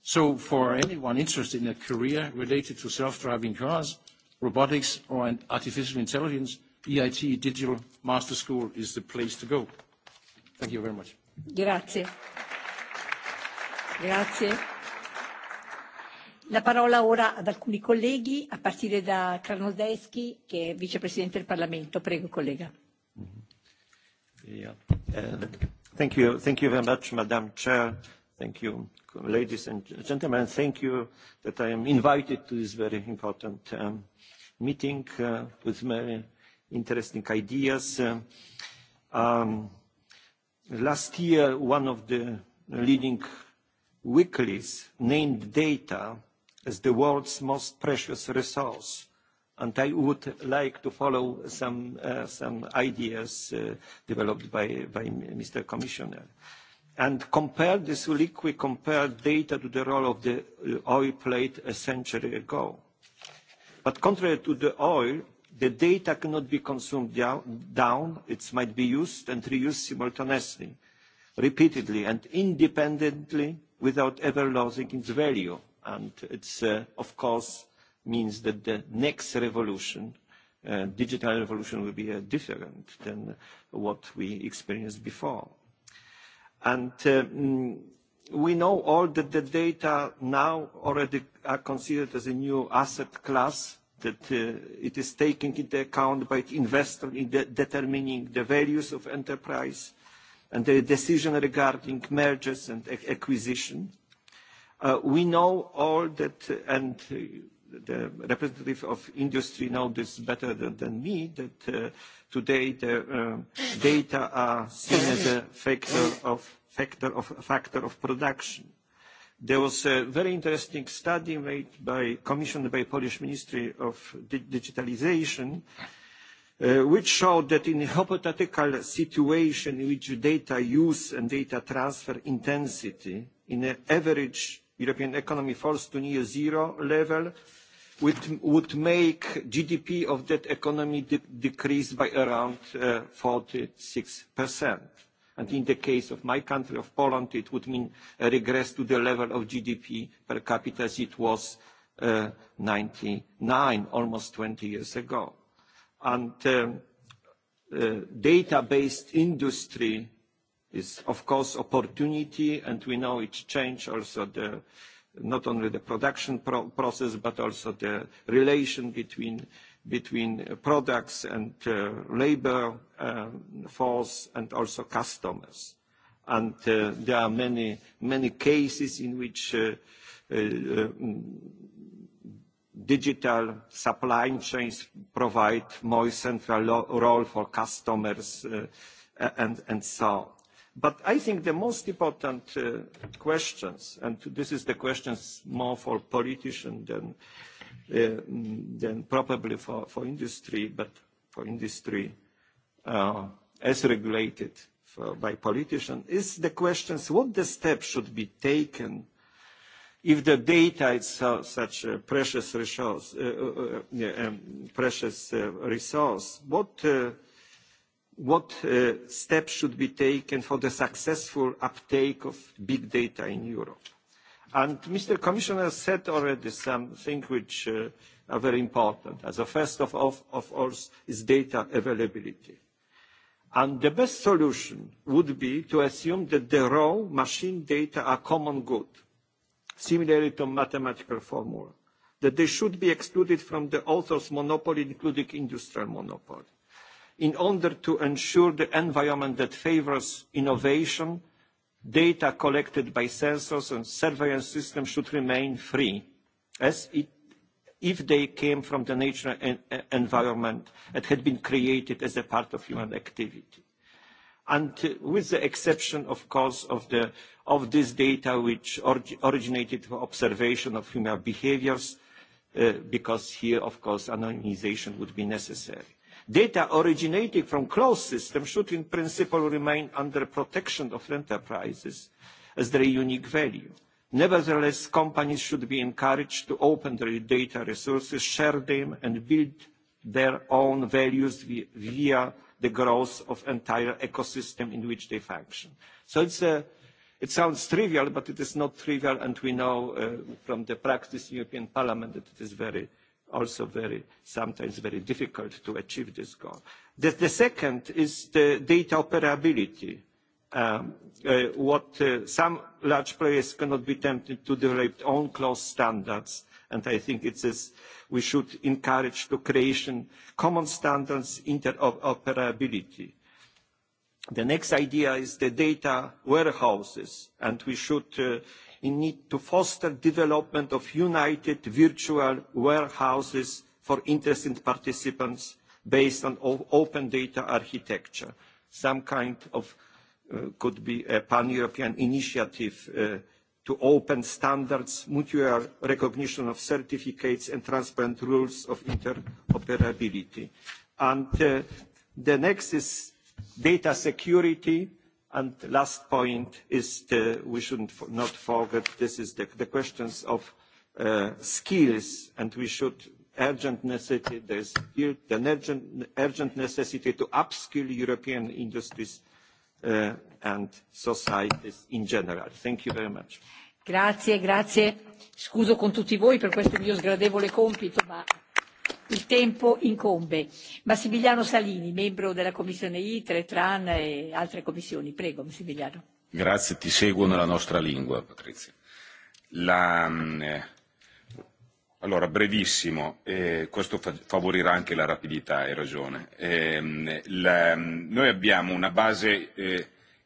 [SPEAKER 22] So for anyone interested in a career related to self-driving cars, robotics or artificial intelligence, EIT Digital Master School is the place to go. Thank you very much.
[SPEAKER 10] Grazie. Grazie La parola ora ad alcuni colleghi, a partire da Krasnodeschi, che è vicepresidente del Parlamento. Prego, collega.
[SPEAKER 23] Thank you. Thank you very much, Madam Chair. Thank you, ladies and gentlemen. Thank you that I am invited to this very important meeting with many interesting ideas. Last year, one of the leading weeklies named data as the world's most precious resource and I would like to follow some ideas developed by by Mr. Commissioner. And compare this liquid, compare data to the role of the oil played a century ago. But contrary to the oil, the data cannot be consumed down. It might be used and reused simultaneously, repeatedly and independently without ever losing its value and it of course means that the next revolution digital revolution will be different than what we experienced before and we know all that the data now already are considered as a new asset class that it is taken into account by investors in determining the values of enterprise and the decision regarding mergers and acquisition We know all that, and the representative of industry know this better than me, that today the data are seen as a factor of factor of factor of production. There was a very interesting study made by commissioned by Polish Ministry of Digitalization, which showed that in a hypothetical situation in which data use and data transfer intensity in an average European economy falls to near zero level which would make GDP of that economy decrease by around 46%. And in the case of my country, of Poland, it would mean a regress to the level of GDP per capita as it was nine, almost 20 years ago. And data-based industry is of course opportunity and we know it changes also the not only the production process but also the relation between products and labor force and also customers and there are many many cases in which digital supply chains provide more central role for customers and and so But I think the most important questions, and this is the questions more for politicians than probably for industry, but for industry as regulated by politicians, is the questions what the steps should be taken if the data is such a precious resource, precious resource, what what steps should be taken for the successful uptake of big data in Europe. And Mr. Commissioner said already something which are very important. As a first of all, is data availability. And the best solution would be to assume that the raw machine data are common good, similarly to mathematical formula, that they should be excluded from the author's monopoly, including industrial monopoly in order to ensure the environment that favours innovation data collected by sensors and surveillance systems should remain free as if they came from the natural environment that had been created as a part of human activity and with the exception of course of this data which originated from observation of human behaviours because here of course anonymisation would be necessary Data originating from closed systems should in principle remain under protection of enterprises as their unique value. Nevertheless, companies should be encouraged to open their data resources, share them and build their own values via the growth of entire ecosystem in which they function. So It sounds trivial, but it is not trivial, and we know from the practice in the European Parliament that it is very also very sometimes very difficult to achieve this goal. The second is the data operability. What some large players cannot be tempted to develop own closed standards, and I think it we should encourage the creation common standards interoperability. The next idea is the data warehouses, and we should in need to foster development of united virtual warehouses for interested participants based on open data architecture. Some kind of could be a pan-European initiative to open standards, mutual recognition of certificates and transparent rules of interoperability. And the next is data security And last point is we should not forget this is the questions of skills and we should urgent necessity there's is an urgent necessity to upskill European industries and societies in general. Thank you very much.
[SPEAKER 10] Grazie, grazie. Scuso con tutti voi per questo mio sgradevole compito, ma il tempo incombe. Massimiliano Salini, membro della Commissione ITRE, TRAN e altre commissioni. Prego, Massimiliano.
[SPEAKER 24] Grazie, ti seguo nella nostra lingua, Patrizia. La, Allora, brevissimo, questo favorirà anche la rapidità, hai ragione. Noi abbiamo una base,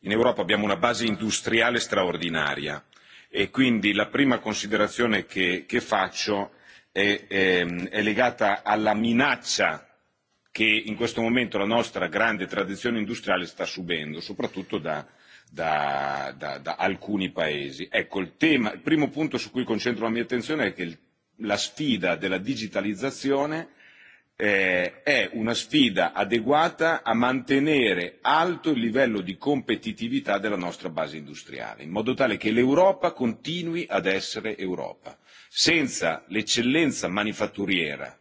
[SPEAKER 24] in Europa abbiamo una base industriale straordinaria e quindi la prima considerazione che faccio è legata alla minaccia che in questo momento la nostra grande tradizione industriale sta subendo, soprattutto da alcuni paesi. Ecco, il primo punto su cui concentro la mia attenzione è che la sfida della digitalizzazione è una sfida adeguata a mantenere alto il livello di competitività della nostra base industriale, in modo tale che l'Europa continui ad essere Europa senza l'eccellenza manifatturiera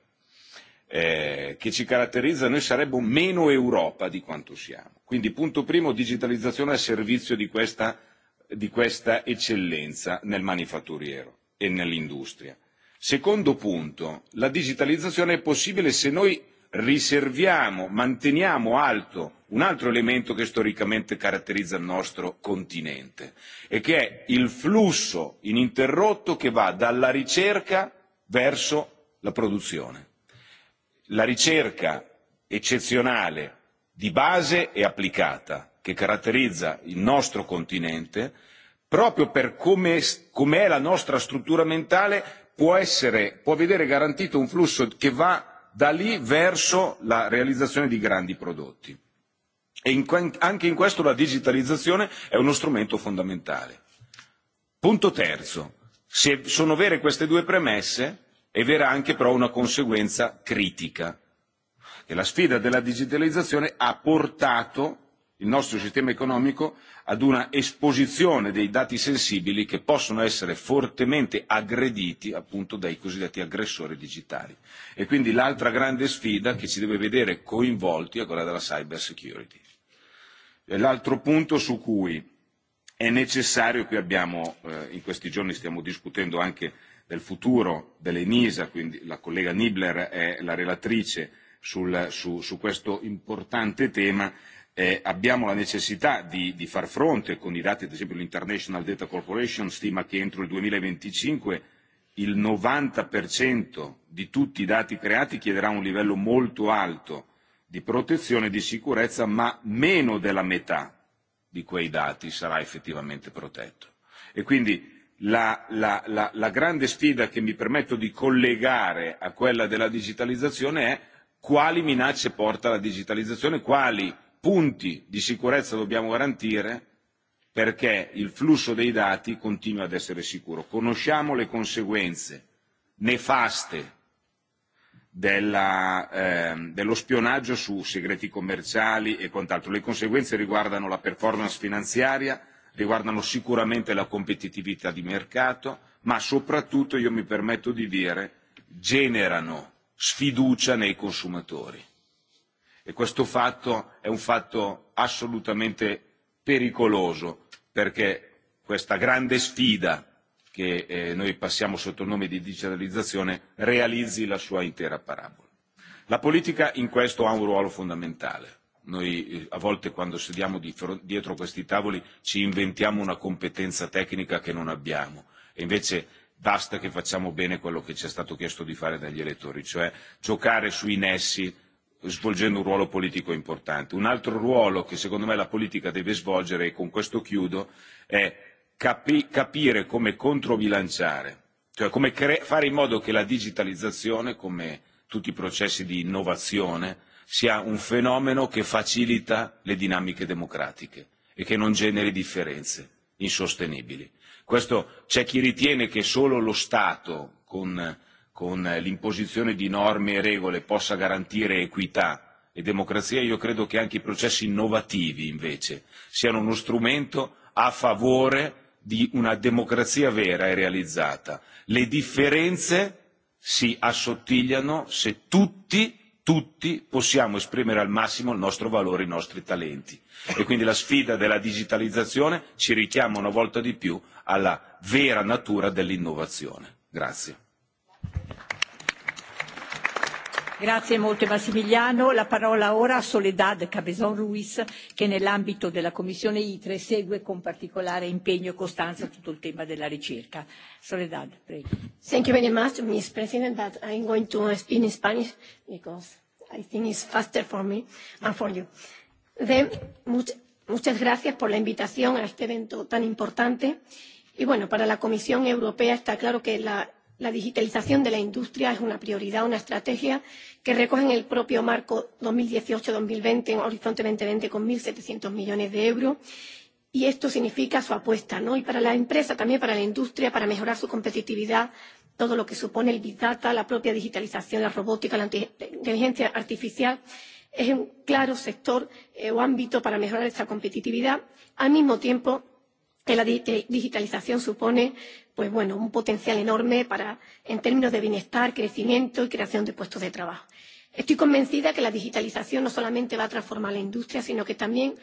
[SPEAKER 24] che ci caratterizza noi saremmo meno Europa di quanto siamo. Quindi punto primo digitalizzazione al servizio di questa eccellenza nel manifatturiero e nell'industria. Secondo punto la digitalizzazione è possibile se noi riserviamo, manteniamo alto un altro elemento che storicamente caratterizza il nostro continente e che è il flusso ininterrotto che va dalla ricerca verso la produzione. La ricerca eccezionale di base e applicata che caratterizza il nostro continente, proprio per come è la nostra struttura mentale, può vedere garantito un flusso che va da lì verso la realizzazione di grandi prodotti. E anche in questo la digitalizzazione è uno strumento fondamentale. Punto terzo. Se sono vere queste due premesse, è vera anche però una conseguenza critica. Che la sfida della digitalizzazione ha portato il nostro sistema economico ad una esposizione dei dati sensibili che possono essere fortemente aggrediti appunto dai cosiddetti aggressori digitali. E quindi l'altra grande sfida che ci deve vedere coinvolti è quella della cyber security. L'altro punto su cui è necessario, qui abbiamo in questi giorni stiamo discutendo anche del futuro dell'ENISA, quindi la collega Nibler è la relatrice su questo importante tema, Abbiamo la necessità di far fronte con i dati, ad esempio l'International Data Corporation stima che entro il 2025 il 90% di tutti i dati creati chiederà un livello molto alto di protezione e di sicurezza, ma meno della metà di quei dati sarà effettivamente protetto. E quindi la grande sfida che mi permetto di collegare a quella della digitalizzazione è quali minacce porta la digitalizzazione, quali punti di sicurezza dobbiamo garantire perché il flusso dei dati continua ad essere sicuro. Conosciamo le conseguenze nefaste dello spionaggio su segreti commerciali e quant'altro. Le conseguenze riguardano la performance finanziaria, riguardano sicuramente la competitività di mercato, ma soprattutto, io mi permetto di dire, generano sfiducia nei consumatori E questo fatto è un fatto assolutamente pericoloso, perché questa grande sfida che noi passiamo sotto il nome di digitalizzazione realizzi la sua intera parabola. La politica in questo ha un ruolo fondamentale. Noi a volte quando sediamo dietro questi tavoli ci inventiamo una competenza tecnica che non abbiamo e invece basta che facciamo bene quello che ci è stato chiesto di fare dagli elettori, cioè giocare sui nessi svolgendo un ruolo politico importante. Un altro ruolo che secondo me la politica deve svolgere, e con questo chiudo, è capire come controbilanciare, cioè come fare in modo che la digitalizzazione, come tutti i processi di innovazione, sia un fenomeno che facilita le dinamiche democratiche e che non generi differenze insostenibili. Questo c'è chi ritiene che solo lo Stato, con con l'imposizione di norme e regole possa garantire equità e democrazia, io credo che anche i processi innovativi invece siano uno strumento a favore di una democrazia vera e realizzata. Le differenze si assottigliano se tutti tutti possiamo esprimere al massimo il nostro valore i nostri talenti e quindi la sfida della digitalizzazione ci richiama una volta di più alla vera natura dell'innovazione. Grazie.
[SPEAKER 10] Grazie molto Massimiliano. La parola ora a Soledad Cabezon Ruiz che nell'ambito della Commissione ITRE segue con particolare impegno e costanza tutto il tema della ricerca.
[SPEAKER 25] Soledad, prego. Thank you very much, Ms. President, but I'm going to speak in Spanish because I think it's faster for me and for you. Muchas gracias por la invitación a este evento tan importante. Y bueno, para la Comisión Europea está claro que la la digitalización de la industria es una prioridad, una estrategia que recoge en el propio marco 2018-2020 en Horizonte 2020 con 1.700 millones de euros y esto significa su apuesta, ¿no? Y para la empresa, también para la industria, para mejorar su competitividad, todo lo que supone el Big Data, la propia digitalización, la robótica, la inteligencia artificial, es un claro sector o ámbito para mejorar esta competitividad. Al mismo tiempo, que la digitalización supone pues bueno un potencial enorme para en términos de bienestar crecimiento y creación de puestos de trabajo estoy convencida de que la digitalización no solamente va a transformar la industria sino que también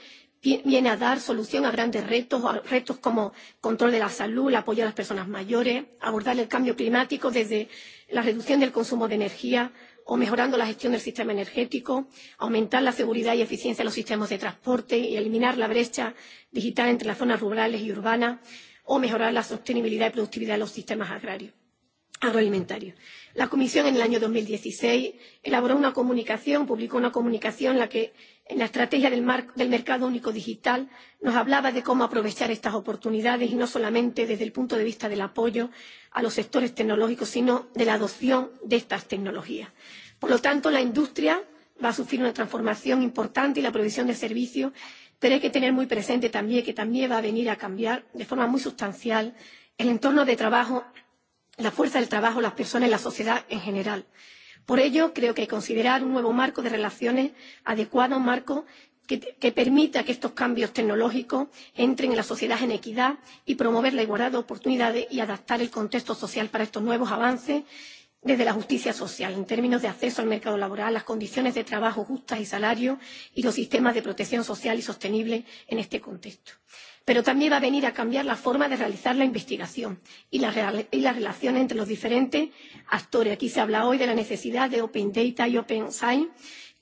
[SPEAKER 25] viene a dar solución a grandes retos retos como control de la salud el apoyo a las personas mayores abordar el cambio climático desde la reducción del consumo de energía o mejorando la gestión del sistema energético, aumentar la seguridad y eficiencia de los sistemas de transporte y eliminar la brecha digital entre las zonas rurales y urbanas, o mejorar la sostenibilidad y productividad de los sistemas agrarios agroalimentarios. La Comisión en el año 2016 elaboró una comunicación, publicó una comunicación en la que en la estrategia del mercado único digital nos hablaba de cómo aprovechar estas oportunidades y no solamente desde el punto de vista del apoyo a los sectores tecnológicos sino de la adopción de estas tecnologías. por lo tanto la industria va a sufrir una transformación importante y la provisión de servicios pero hay que tener muy presente también que también va a venir a cambiar de forma muy sustancial el entorno de trabajo la fuerza del trabajo las personas y la sociedad en general. Por ello, creo que considerar un nuevo marco de relaciones adecuado, un marco que permita que estos cambios tecnológicos entren en la sociedad en equidad y promover la igualdad de oportunidades y adaptar el contexto social para estos nuevos avances desde la justicia social, en términos de acceso al mercado laboral, las condiciones de trabajo justas y salarios y los sistemas de protección social y sostenible en este contexto pero también va a venir a cambiar la forma de realizar la investigación y las relaciones entre los diferentes actores. Aquí se habla hoy de la necesidad de Open Data y Open Science,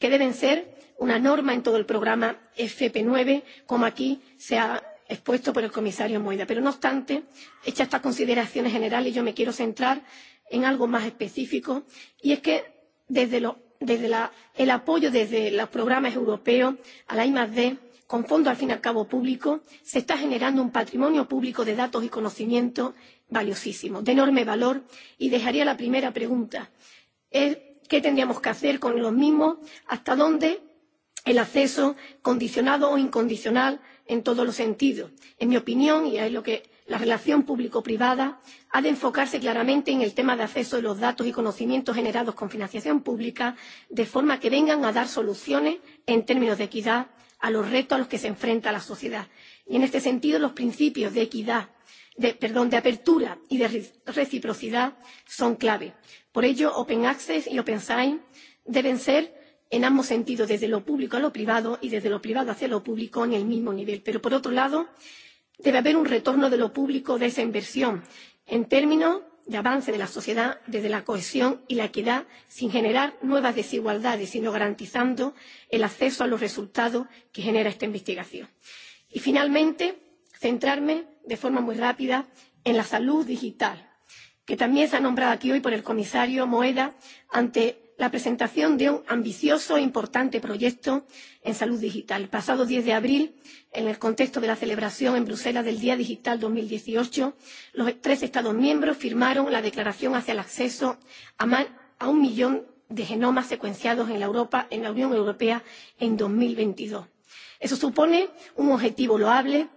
[SPEAKER 25] que deben ser una norma en todo el programa FP9, como aquí se ha expuesto por el comisario Moida. Pero no obstante, hechas estas consideraciones generales, yo me quiero centrar en algo más específico, y es que desde el apoyo desde los programas europeos a la I+D, con fondo al fin y al cabo público, se está generando un patrimonio público de datos y conocimientos valiosísimo de enorme valor y dejaría la primera pregunta qué tendríamos que hacer con los mismos hasta dónde el acceso condicionado o incondicional en todos los sentidos. en mi opinión y es lo que la relación público privada ha de enfocarse claramente en el tema de acceso de los datos y conocimientos generados con financiación pública de forma que vengan a dar soluciones en términos de equidad a los retos a los que se enfrenta la sociedad. Y en este sentido, los principios de equidad, de, perdón, de apertura y de reciprocidad son clave. Por ello, Open Access y Open Science deben ser en ambos sentidos, desde lo público a lo privado y desde lo privado hacia lo público en el mismo nivel. Pero, por otro lado, debe haber un retorno de lo público de esa inversión en términos de avance de la sociedad desde la cohesión y la equidad sin generar nuevas desigualdades sino garantizando el acceso a los resultados que genera esta investigación. y finalmente centrarme de forma muy rápida en la salud digital que también se ha nombrado aquí hoy por el comisario Moeda ante la presentación de un ambicioso e importante proyecto en salud digital. El pasado 10 de abril, en el contexto de la celebración en Bruselas del Día Digital 2018, los tres Estados miembros firmaron la Declaración hacia el acceso a un millón de genomas secuenciados en la Europa, en la Unión Europea en 2022. Eso supone un objetivo loable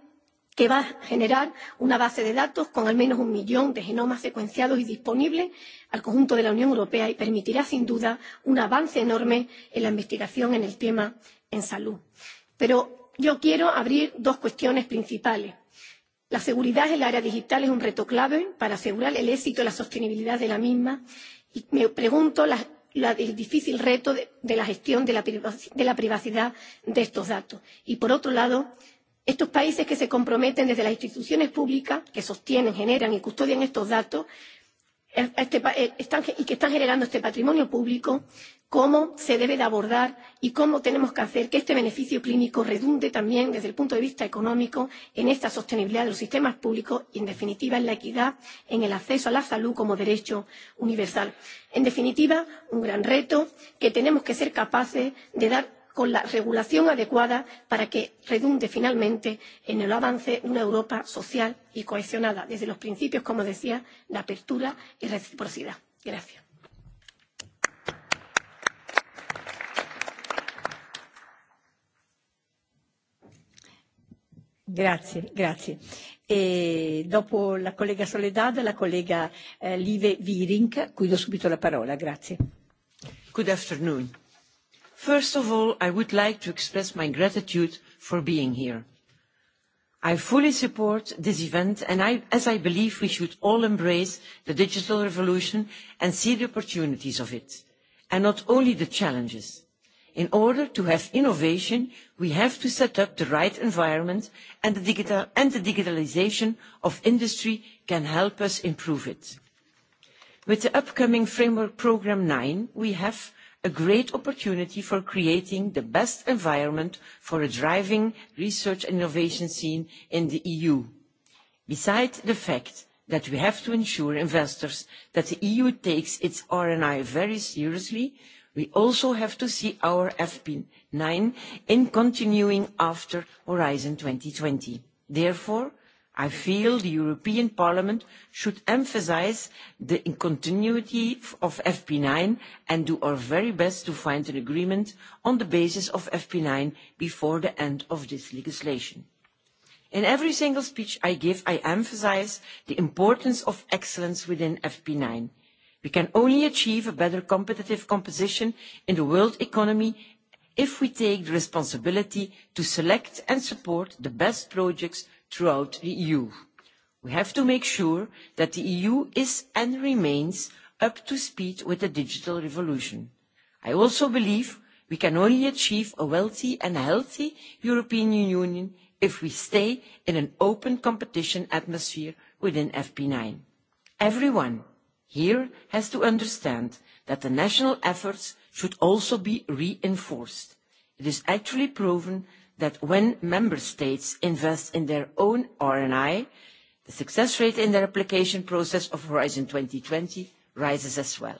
[SPEAKER 25] que va a generar una base de datos con al menos un millón de genomas secuenciados y disponibles al conjunto de la Unión Europea y permitirá, sin duda, un avance enorme en la investigación en el tema en salud. Pero yo quiero abrir dos cuestiones principales. La seguridad en el área digital es un reto clave para asegurar el éxito y la sostenibilidad de la misma. Y me pregunto el difícil reto de la gestión de la privacidad de estos datos. Y, por otro lado, Estos países que se comprometen desde las instituciones públicas, que sostienen, generan y custodian estos datos y que están generando este patrimonio público, cómo se debe de abordar y cómo tenemos que hacer que este beneficio clínico redunde también desde el punto de vista económico en esta sostenibilidad de los sistemas públicos y en definitiva en la equidad en el acceso a la salud como derecho universal. En definitiva, un gran reto que tenemos que ser capaces de dar con la regulación adecuada para que redunde finalmente en el avance una Europa social y cohesionada desde los principios, como decía, de apertura y reciprocidad. Gracias.
[SPEAKER 10] Grazie, grazie. E dopo la collega Soledad, la collega Live Viring, cui do subito la parola. Grazie.
[SPEAKER 26] Good afternoon. First of all, I would like to express my gratitude for being here. I fully support this event and as I believe we should all embrace the digital revolution and see the opportunities of it, and not only the challenges. In order to have innovation, we have to set up the right environment and the digitalisation of industry can help us improve it. With the upcoming Framework Programme 9, we have a great opportunity for creating the best environment for a driving research and innovation scene in the EU. Besides the fact that we have to ensure investors that the EU takes its RNI very seriously, we also have to see our FP9 in continuing after Horizon 2020. Therefore, I feel the European Parliament should emphasise the continuity of FP9 and do our very best to find an agreement on the basis of FP9 before the end of this legislation. In every single speech I give, I emphasise the importance of excellence within FP9. We can only achieve a better competitive composition in the world economy if we take the responsibility to select and support the best projects throughout the EU. We have to make sure that the EU is and remains up to speed with the digital revolution. I also believe we can only achieve a wealthy and healthy European Union if we stay in an open competition atmosphere within FP9. Everyone here has to understand that the national efforts should also be reinforced. It is actually proven that when member states invest in their own RNI, the success rate in the application process of Horizon 2020 rises as well.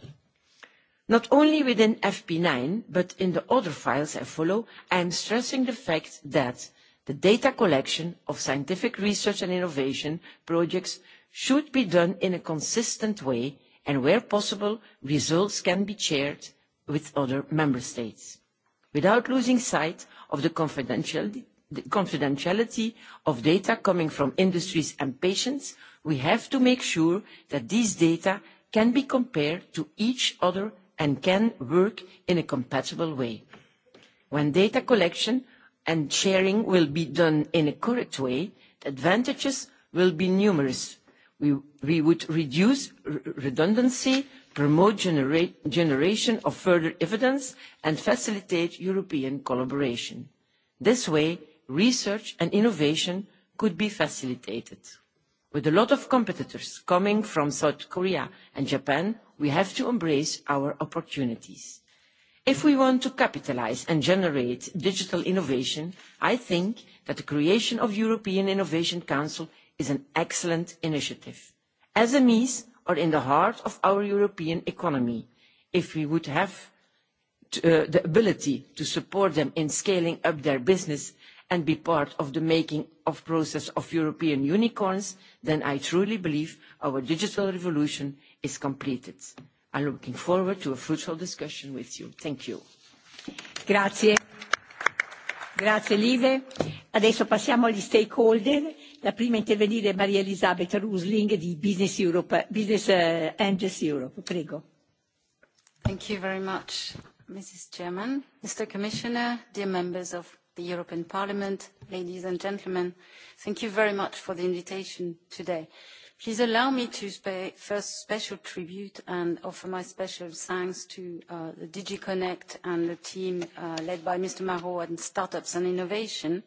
[SPEAKER 26] Not only within FP9, but in the other files I follow, I am stressing the fact that the data collection of scientific research and innovation projects should be done in a consistent way and where possible results can be shared with other member states without losing sight of the confidentiality of data coming from industries and patients, we have to make sure that these data can be compared to each other and can work in a compatible way. When data collection and sharing will be done in a correct way, the advantages will be numerous. We would reduce redundancy promote generation of further evidence and facilitate European collaboration. This way, research and innovation could be facilitated. With a lot of competitors coming from South Korea and Japan, we have to embrace our opportunities. If we want to capitalise and generate digital innovation, I think that the creation of the European Innovation Council is an excellent initiative. SMEs are in the heart of our European economy. If we would have the ability to support them in scaling up their business and be part of the making of process of European unicorns, then I truly believe our digital revolution is completed. I'm looking forward to a fruitful discussion with you. Thank you.
[SPEAKER 10] La prima a intervenire è Maria Elisabeth Rusling di Business, Europe, Business Angels Europe. Prego.
[SPEAKER 27] Thank you very much, Mrs. Chairman, Mr. Commissioner, dear members of the European Parliament, ladies and gentlemen, thank you very much for the invitation today. Please allow me to pay first special tribute and offer my special thanks to the DG Connect and the team led by Mr. Marot and Startups and Innovation.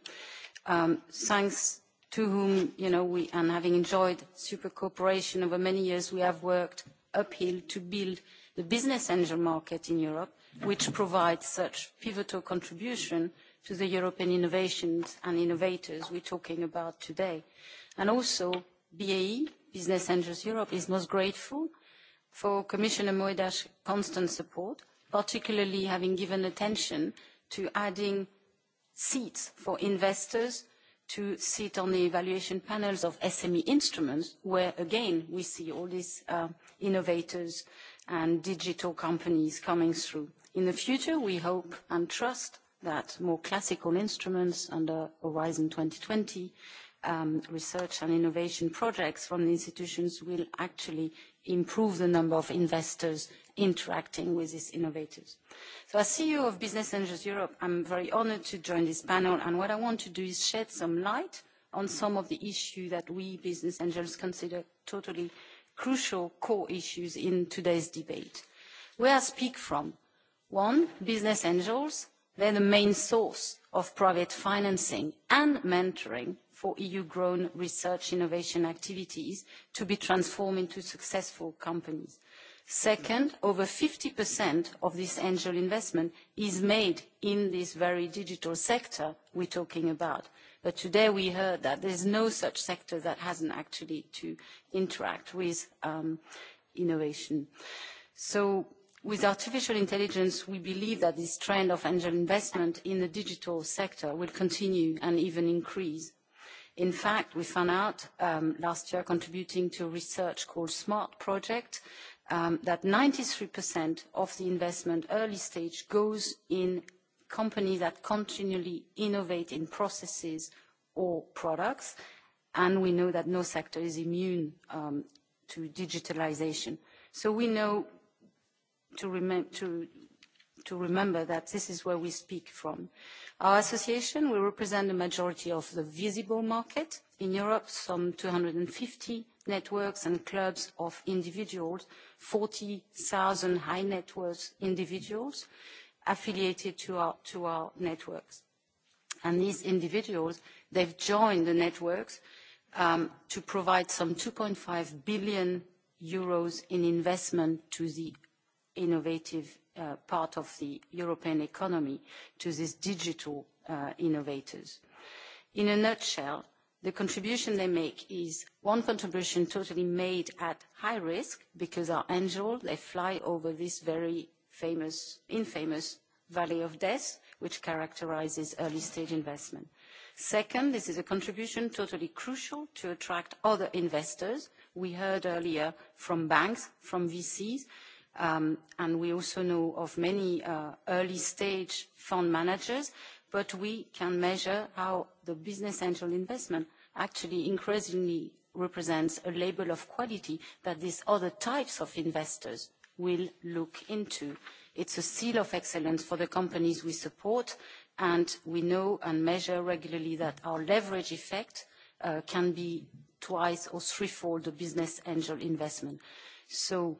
[SPEAKER 27] Thanks to whom, you know, we, and having enjoyed super cooperation over many years, we have worked uphill to build the business angel market in Europe, which provides such pivotal contribution to the European innovations and innovators we're talking about today. And also, BAE, Business Angels Europe, is most grateful for Commissioner Moeda's constant support, particularly having given attention to adding seats for investors to sit on the evaluation panels of SME instruments, where again we see all these innovators and digital companies coming through. In the future, we hope and trust that more classical instruments under Horizon 2020 research and innovation projects from the institutions will actually improve the number of investors interacting with these innovators. So as CEO of Business Angels Europe, I'm very honored to join this panel, and what I want to do is shed some light on some of the issues that we business angels consider totally crucial core issues in today's debate. Where I speak from, one, business angels, they're the main source of private financing and mentoring for EU-grown research innovation activities to be transformed into successful companies. Second, over 50% of this angel investment is made in this very digital sector we're talking about. But today we heard that there's no such sector that hasn't actually to interact with innovation. So with artificial intelligence, we believe that this trend of angel investment in the digital sector will continue and even increase. In fact, we found out last year contributing to a research called SMART Project that 93% of the investment early stage goes in companies that continually innovate in processes or products, and we know that no sector is immune to digitalization. So we know to remember that this is where we speak from. Our association, we represent the majority of the visible market in Europe, some 250 networks and clubs of individuals 40,000 high-net-worth individuals affiliated to our networks. And these individuals, they've joined the networks to provide some 2.5 billion euros in investment to the innovative part of the European economy, to these digital innovators. In a nutshell, The contribution they make is one contribution totally made at high risk because our angel, they fly over this very famous, infamous valley of death, which characterizes early stage investment. Second, this is a contribution totally crucial to attract other investors. We heard earlier from banks, from VCs, and we also know of many early stage fund managers but we can measure how the business angel investment actually increasingly represents a label of quality that these other types of investors will look into. It's a seal of excellence for the companies we support, and we know and measure regularly that our leverage effect can be twice or threefold the business angel investment. So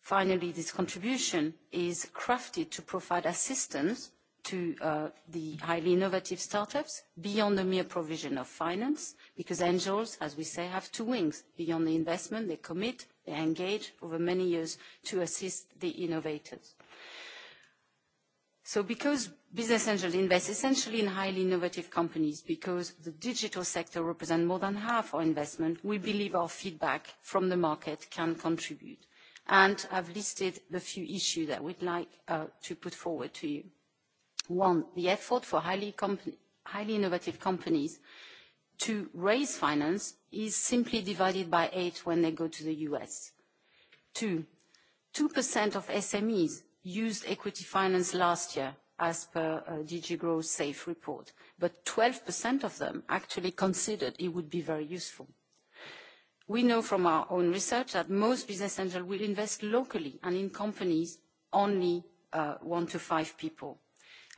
[SPEAKER 27] finally, this contribution is crafted to provide assistance to the highly innovative startups beyond the mere provision of finance, because angels, as we say, have two wings. Beyond the investment, they commit, they engage over many years to assist the innovators. So because Business angels invest essentially in highly innovative companies, because the digital sector represents more than half our investment, we believe our feedback from the market can contribute. And I've listed the few issues that we'd like to put forward to you. One, the effort for highly innovative companies to raise finance is simply divided by eight when they go to the U.S. Two, 2% of SMEs used equity finance last year as per DG Growth SAFE report, but 12% of them actually considered it would be very useful. We know from our own research that most business angels will invest locally and in companies only one to five people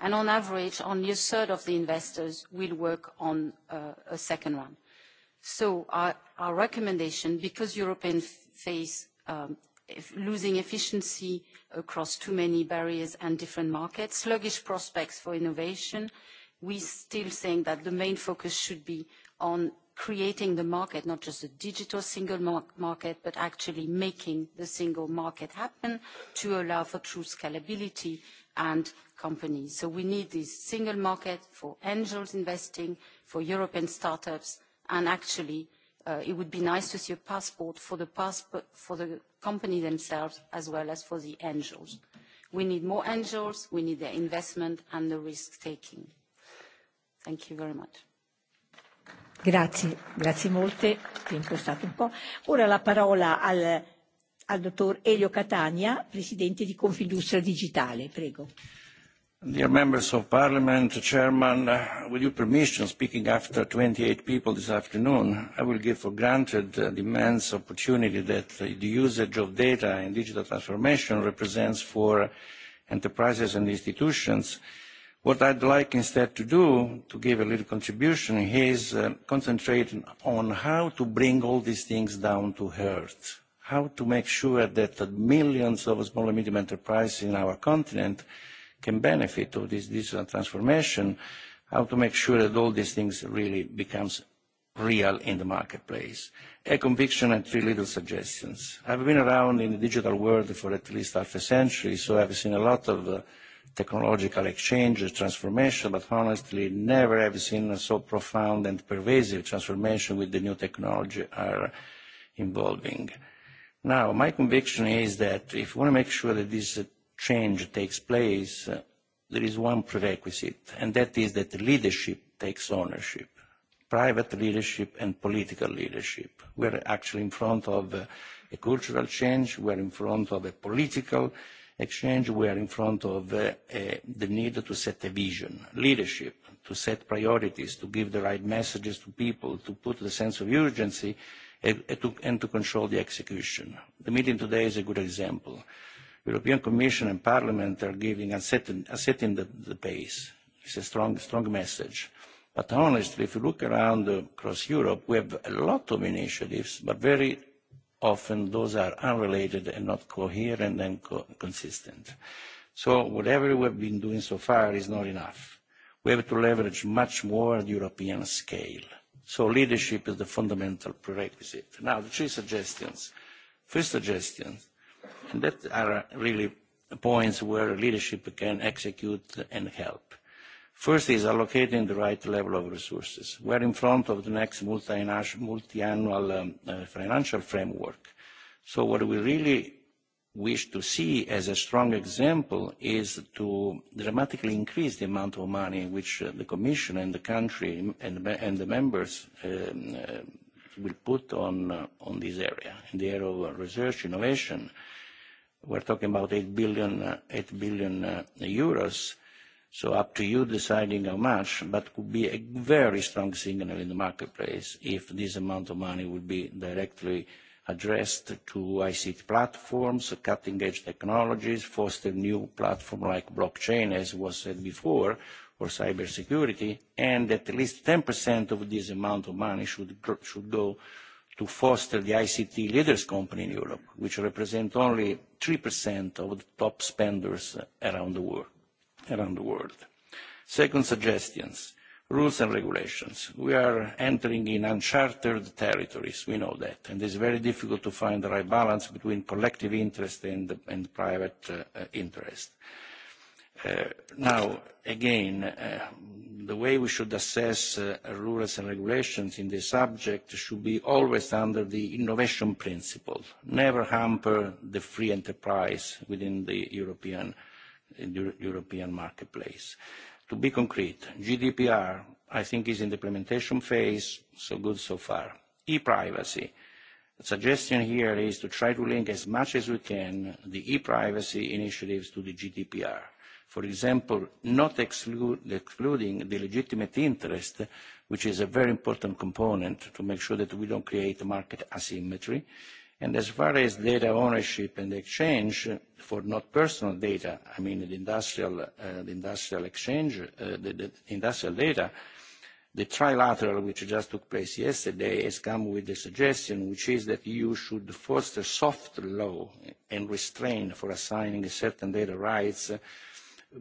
[SPEAKER 27] and on average only a third of the investors will work on a second one. So our recommendation, because Europeans face losing efficiency across too many barriers and different markets, sluggish prospects for innovation, we still think that the main focus should be on creating the market, not just a digital single market, but actually making the single market happen to allow for true scalability and companies. So we need this single market for angels investing, for European startups, and actually it would be nice to see a passport for the company themselves as well as for the angels. We need more angels, we need their investment and the risk-taking. Thank you very much.
[SPEAKER 10] Grazie, grazie molte. un po'. Ora la parola al al dottor Elio Catania, Presidente di Confindustria Digitale. Prego.
[SPEAKER 1] Dear members of parliament, chairman, with your permission, speaking after 28 people this afternoon, I will give for granted the immense opportunity that the usage of data and digital transformation represents for enterprises and institutions. What I'd like instead to do, to give a little contribution, is concentrate on how to bring all these things down to earth how to make sure that the millions of small and medium enterprises in our continent can benefit of this digital transformation, how to make sure that all these things really become real in the marketplace. A conviction and three little suggestions. I've been around in the digital world for at least half a century, so I've seen a lot of technological exchanges, transformation, but honestly never have seen a so profound and pervasive transformation with the new technology are involving. Now, my conviction is that if you want to make sure that this change takes place, there is one prerequisite, and that is that leadership takes ownership, private leadership and political leadership. We are actually in front of a cultural change, we are in front of a political exchange, we are in front of the need to set a vision, leadership, to set priorities, to give the right messages to people, to put the sense of urgency and to control the execution. The meeting today is a good example. The European Commission and Parliament are giving and setting the pace. It's a strong, strong message. But honestly, if you look around across Europe, we have a lot of initiatives, but very often those are unrelated and not coherent and consistent. So whatever we have been doing so far is not enough. We have to leverage much more at European scale. So leadership is the fundamental prerequisite. Now, the three suggestions. First suggestion, and that are really points where leadership can execute and help. First is allocating the right level of resources. We are in front of the next multi-annual financial framework. So what we really wish to see as a strong example is to dramatically increase the amount of money which the Commission and the country and the members will put on on this area, in the area of research, innovation. We're talking about 8 billion, 8 billion euros, so up to you deciding how much, but could be a very strong signal in the marketplace if this amount of money would be directly addressed to ICT platforms, cutting-edge technologies, foster new platform like blockchain, as was said before, or cybersecurity, and at least 10% of this amount of money should go to foster the ICT leaders company in Europe, which represent only 3% of the top spenders around the world. Second suggestions rules and regulations. We are entering in uncharted territories, we know that, and it is very difficult to find the right balance between collective interest and private interest. Now, again, the way we should assess rules and regulations in this subject should be always under the innovation principle, never hamper the free enterprise within the European marketplace. To be concrete, GDPR, I think, is in the implementation phase, so good so far. E-privacy. The suggestion here is to try to link as much as we can the e-privacy initiatives to the GDPR. For example, not excluding the legitimate interest, which is a very important component to make sure that we don't create market asymmetry, And as far as data ownership and exchange for not personal data, I mean the industrial, the industrial exchange, the, industrial data, the trilateral which just took place yesterday has come with a suggestion, which is that you should foster soft law and restraint for assigning certain data rights,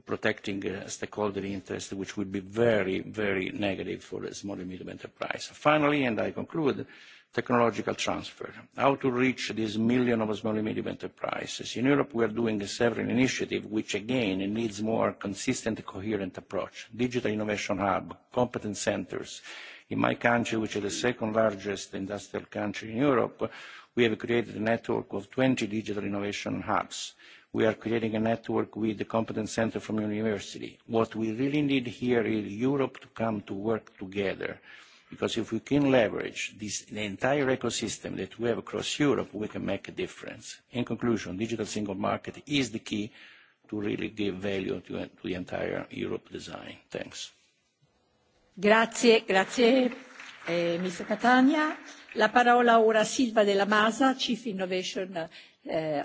[SPEAKER 1] protecting stakeholder interests, which would be very, very negative for small and medium enterprise. Finally, and I conclude technological transfer, how to reach these million of small and medium enterprises. In Europe, we are doing several initiatives, which again needs more consistent, coherent approach. Digital Innovation Hub, competence centers. In my country, which is the second largest industrial country in Europe, we have created a network of 20 digital innovation hubs. We are creating a network with the competence center from university. What we really need here is Europe to come to work together because if we can leverage this the entire ecosystem that we have across Europe, we can make a difference. In conclusion, digital single market is the key to really give value to the entire Europe design. Thanks.
[SPEAKER 10] Grazie, grazie Mr. Catania. La parola ora a Silva Della Masa, Chief Innovation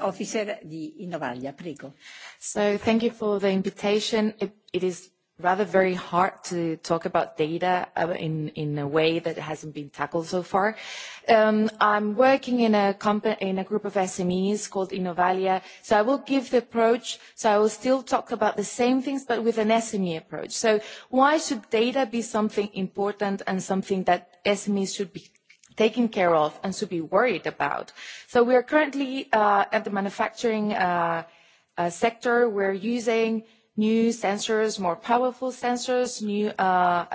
[SPEAKER 28] Officer di Innovaglia. Prego. So thank you for the invitation. It is rather very hard to talk about data in in a way that hasn't been tackled so far. I'm working in a in a group of SMEs called Innovalia, so I will give the approach, so I will still talk about the same things but with an SME approach. So why should data be something important and something that SMEs should be taken care of and should be worried about? So we are currently at the manufacturing sector, we're using new sensors, more powerful sensors, new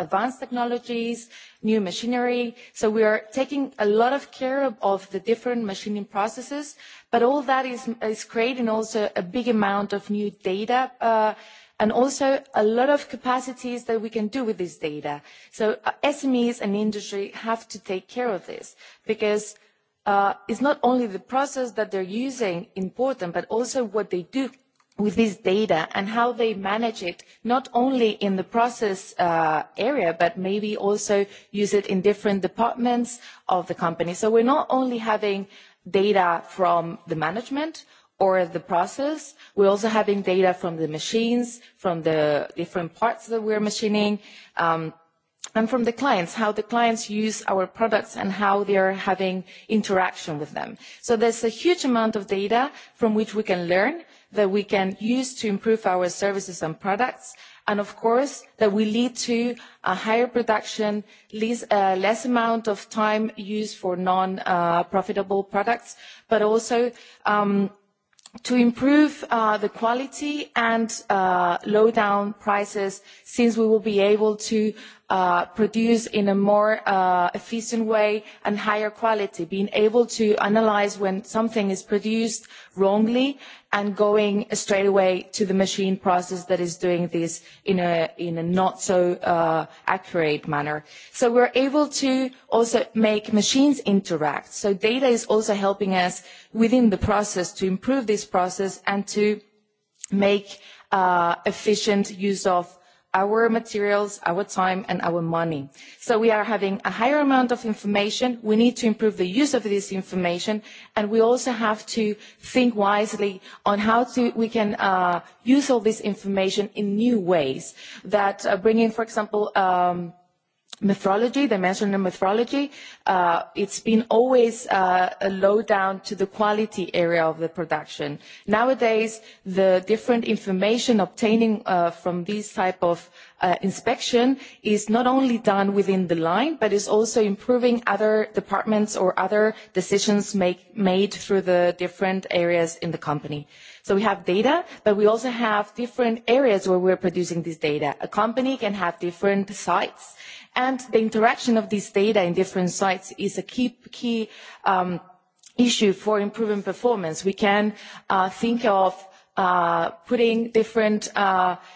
[SPEAKER 28] advanced technologies, new machinery. So we are taking a lot of care of the different machining processes, but all that is creating also a big amount of new data and also a lot of capacities that we can do with this data. So SMEs and industry have to take care of this because it's not only the process that they're using important, but also what they do with this data and how they manage it not only in the process area but maybe also use it in different departments of the company. So we're not only having data from the management or the process, we're also having data from the machines, from the different parts that we're machining, and from the clients, how the clients use our products and how they are having interaction with them. So there's a huge amount of data from which we can learn that we can use to improve our services and products and of course that will lead to a higher production less amount of time used for non profitable products but also to improve the quality and low down prices since we will be able to produce in a more efficient way and higher quality, being able to analyze when something is produced wrongly and going straight away to the machine process that is doing this in a not so accurate manner. So we're able to also make machines interact. So data is also helping us within the process to improve this process and to make efficient use of our materials, our time and our money. So we are having a higher amount of information. We need to improve the use of this information and we also have to think wisely on how we can use all this information in new ways that bringing, for example, the they of mythology, methodology. It's been always a low down to the quality area of the production. Nowadays, the different information obtaining from this type of inspection is not only done within the line, but is also improving other departments or other decisions made through the different areas in the company. So we have data, but we also have different areas where we're producing this data. A company can have different sites and the interaction of these data in different sites is a key issue for improving performance. We can think of putting different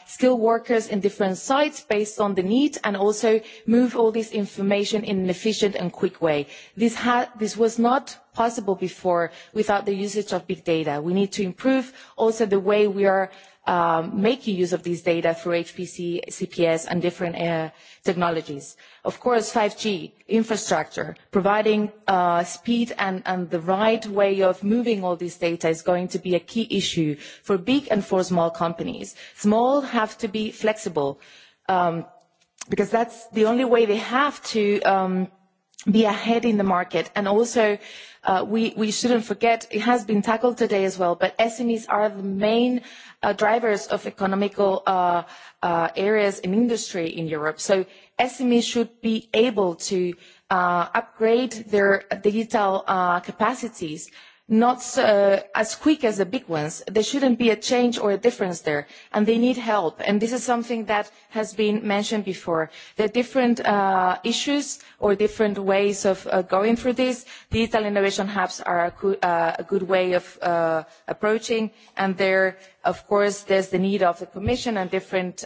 [SPEAKER 28] skilled workers in different sites based on the need and also move all this information in an efficient and quick way. This was not possible before without the usage of big data. We need to improve also the way we are making use of these data through HPC, CPS, and different technologies. Of course, 5G, infrastructure, providing speed and the right way of moving all this data is going to be a key issue for big and for small companies. Small have to be flexible because that's the only way they have to be ahead in the market and also we we shouldn't forget it has been tackled today as well but SMEs are the main drivers of economical areas in industry in Europe so SMEs should be able to upgrade their digital capacities not as quick as the big ones. There shouldn't be a change or a difference there, and they need help. And this is something that has been mentioned before. There are different issues or different ways of going through this. Digital innovation hubs are a good way of approaching, and there, of course, there's the need of the Commission and different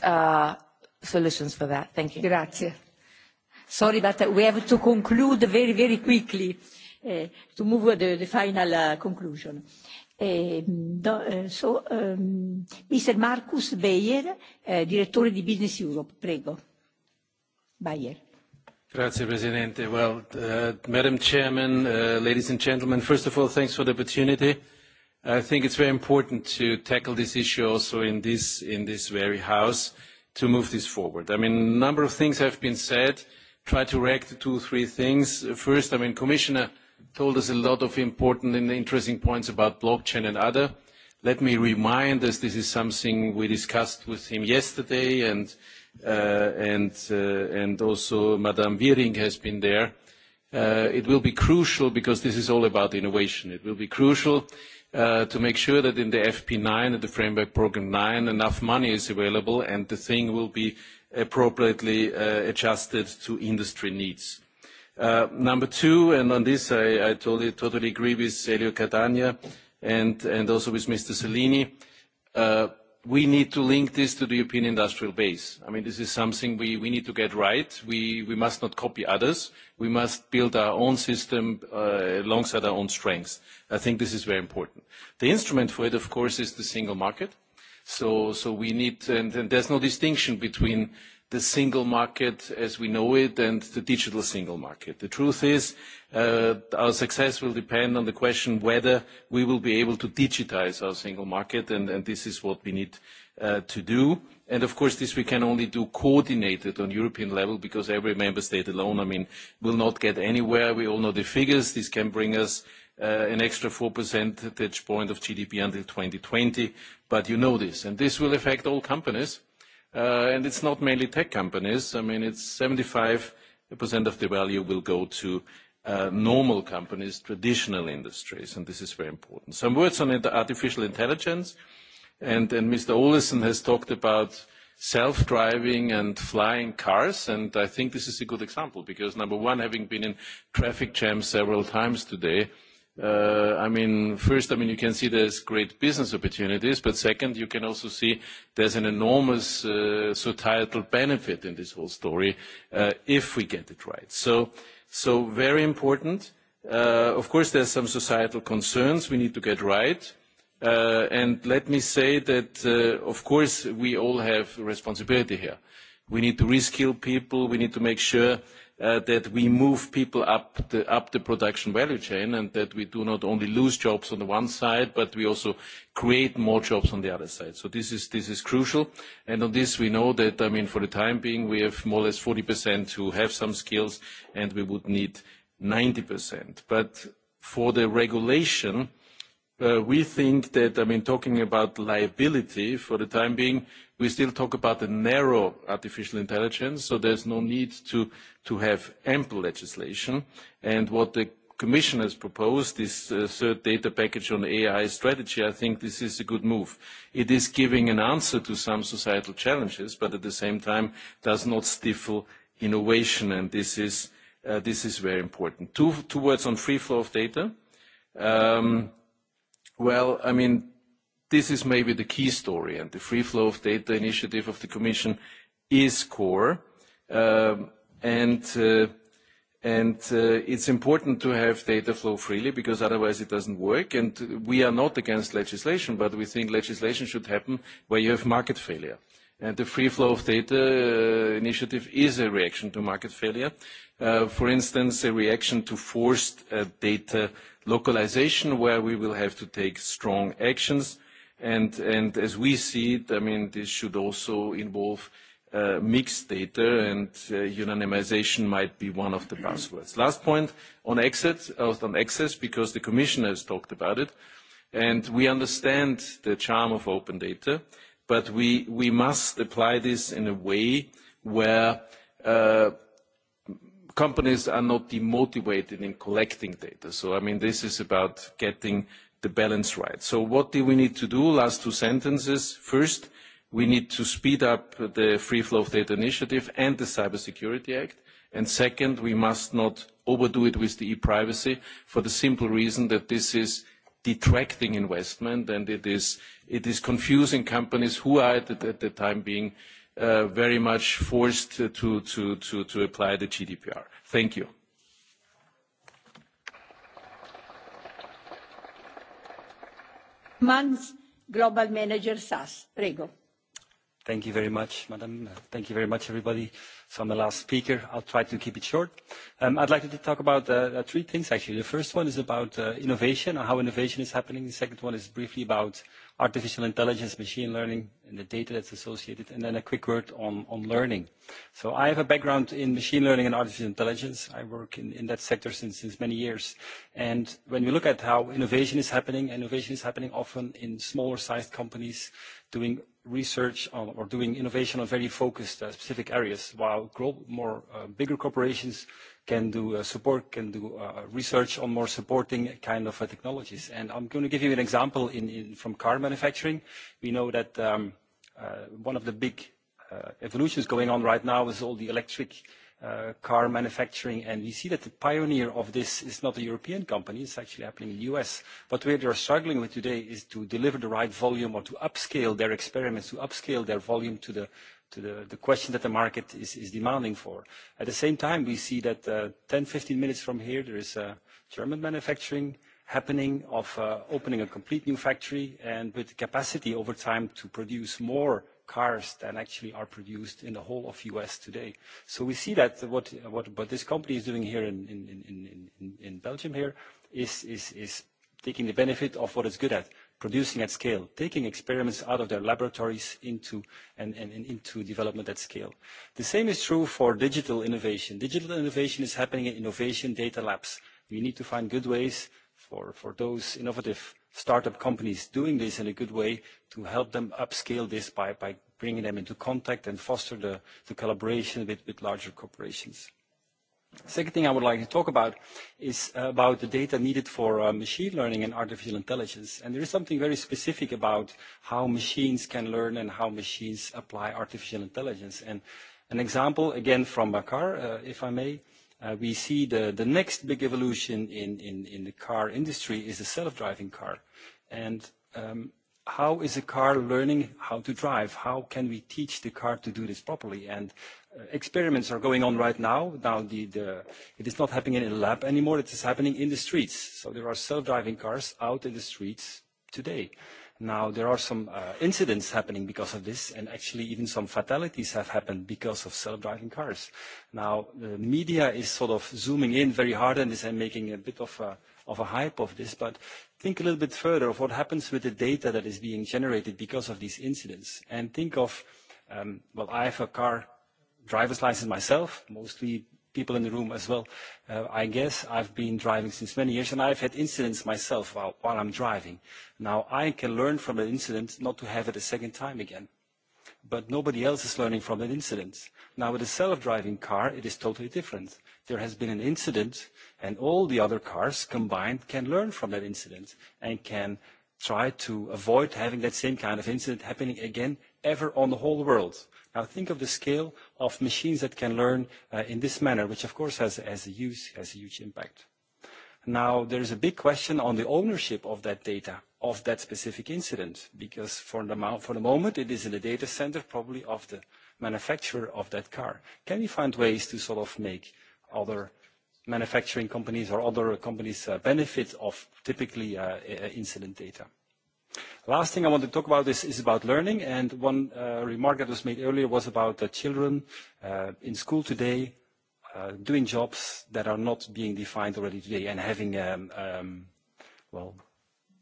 [SPEAKER 28] solutions for that. Thank you. Grazie. Sorry, but we have to conclude
[SPEAKER 10] very, very quickly to move to the final conclusion. So, Mr. Markus Bayer, Director di Business Europe, prego. Bayer.
[SPEAKER 29] Grazie, Presidente. Well, Madam Chairman, ladies and gentlemen, first of all, thanks for the opportunity. I think it's very important to tackle this issue also in this in this very house to move this forward. I mean, a number of things have been said. Try to react to two, or three things. First, I mean, Commissioner told us a lot of important and interesting points about blockchain and other. Let me remind us this is something we discussed with him yesterday and also Madame Wiering has been there. It will be crucial because this is all about innovation. It will be crucial to make sure that in the FP9 and the Framework Programme 9 enough money is available and the thing will be appropriately adjusted to industry needs. Number two, and on this I totally agree with Elio Catania and also with Mr. Cellini, we need to link this to the European industrial base. I mean, this is something we need to get right. We must not copy others. We must build our own system alongside our own strengths. I think this is very important. The instrument for it, of course, is the single market. So we need, and there's no distinction between the single market as we know it and the digital single market. The truth is our success will depend on the question whether we will be able to digitize our single market, and this is what we need to do. And of course, this we can only do coordinated on European level because every member state alone, I mean, will not get anywhere. We all know the figures. This can bring us an extra 4 percentage point of GDP until 2020, but you know this. And this will affect all companies And it's not mainly tech companies. I mean, it's 75% of the value will go to normal companies, traditional industries, and this is very important. Some words on artificial intelligence, and Mr. Olesen has talked about self-driving and flying cars, and I think this is a good example because, number one, having been in traffic jams several times today, I mean, first, I mean, you can see there's great business opportunities, but second, you can also see there's an enormous societal benefit in this whole story if we get it right. So, so very important. Of course, there's some societal concerns we need to get right. And let me say that, of course, we all have responsibility here. We need to reskill people. We need to make sure that we move people up the production value chain and that we do not only lose jobs on the one side, but we also create more jobs on the other side. So this is crucial. And on this, we know that, I mean, for the time being, we have more or less 40% who have some skills, and we would need 90%. But for the regulation, we think that, I mean, talking about liability, for the time being, we still talk about the narrow artificial intelligence, so there's no need to have ample legislation. And what the Commission has proposed, this third data package on AI strategy, I think this is a good move. It is giving an answer to some societal challenges, but at the same time does not stifle innovation, and this is very important. Two words on free flow of data. Well, I mean, This is maybe the key story, and the free flow of data initiative of the Commission is core. And it's important to have data flow freely because otherwise it doesn't work. And we are not against legislation, but we think legislation should happen where you have market failure. And the free flow of data initiative is a reaction to market failure. For instance, a reaction to forced data localization where we will have to take strong actions And as we see it, I mean, this should also involve mixed data, and unanimization might be one of the buzzwords. Last point on exit, on access, because the Commissioner has talked about it, and we understand the charm of open data, but we we must apply this in a way where companies are not demotivated in collecting data. So, I mean, this is about getting the balance right. So what do we need to do? Last two sentences. First, we need to speed up the Free Flow of Data Initiative and the Cybersecurity Act. And second, we must not overdo it with the e-privacy for the simple reason that this is detracting investment and it is confusing companies who are at the time being very much forced to apply the GDPR. Thank you.
[SPEAKER 10] Manns, Global
[SPEAKER 30] Thank you very much, Madam. Thank you very much, everybody. So I'm the last speaker. I'll try to keep it short. I'd like to talk about three things, actually. The first one is about innovation and how innovation is happening. The second one is briefly about artificial intelligence, machine learning, and the data that's associated, and then a quick word on learning. So I have a background in machine learning and artificial intelligence. I work in that sector since many years. And when we look at how innovation is happening, innovation is happening often in smaller-sized companies doing research on or doing innovation on very focused specific areas, while more bigger corporations can do support, can do research on more supporting kind of technologies. And I'm going to give you an example from car manufacturing. We know that one of the big evolutions going on right now is all the electric car manufacturing, and we see that the pioneer of this is not a European company, it's actually happening in the U.S. But where are struggling with today is to deliver the right volume or to upscale their experiments, to upscale their volume to the to the, the question that the market is, is demanding for. At the same time, we see that 10, 15 minutes from here, there is a German manufacturing happening of opening a complete new factory and with capacity over time to produce more cars than actually are produced in the whole of U.S. today. So we see that what, what, this company is doing here in, in, in, in, in Belgium here is, is, is taking the benefit of what it's good at producing at scale, taking experiments out of their laboratories into and into development at scale. The same is true for digital innovation. Digital innovation is happening in innovation data labs. We need to find good ways for for those innovative startup companies doing this in a good way to help them upscale this by by bringing them into contact and foster the collaboration with larger corporations. Second thing I would like to talk about is about the data needed for machine learning and artificial intelligence. And there is something very specific about how machines can learn and how machines apply artificial intelligence. And an example, again, from car, if I may, we see the, the next big evolution in, in, the car industry is a self-driving car. And how is a car learning how to drive? How can we teach the car to do this properly? And experiments are going on right now. Now, the, the, it is not happening in a lab anymore. It is happening in the streets. So there are self-driving cars out in the streets today. Now, there are some uh, incidents happening because of this, and actually even some fatalities have happened because of self-driving cars. Now, the media is sort of zooming in very hard on this and making a bit of a, of a hype of this, but think a little bit further of what happens with the data that is being generated because of these incidents. And think of, um, well, I have a car driver's license myself, mostly people in the room as well. I guess I've been driving since many years, and I've had incidents myself while I'm driving. Now, I can learn from an incident not to have it a second time again. But nobody else is learning from that incident. Now, with a self-driving car, it is totally different. There has been an incident, and all the other cars combined can learn from that incident and can try to avoid having that same kind of incident happening again ever on the whole world. Now think of the scale of machines that can learn in this manner, which of course has a huge impact. Now, there is a big question on the ownership of that data, of that specific incident, because for the moment it is in the data center probably of the manufacturer of that car. Can we find ways to sort of make other manufacturing companies or other companies benefit of typically incident data? Last thing I want to talk about is about learning, and one remark that was made earlier was about the children in school today doing jobs that are not being defined already today and having, well,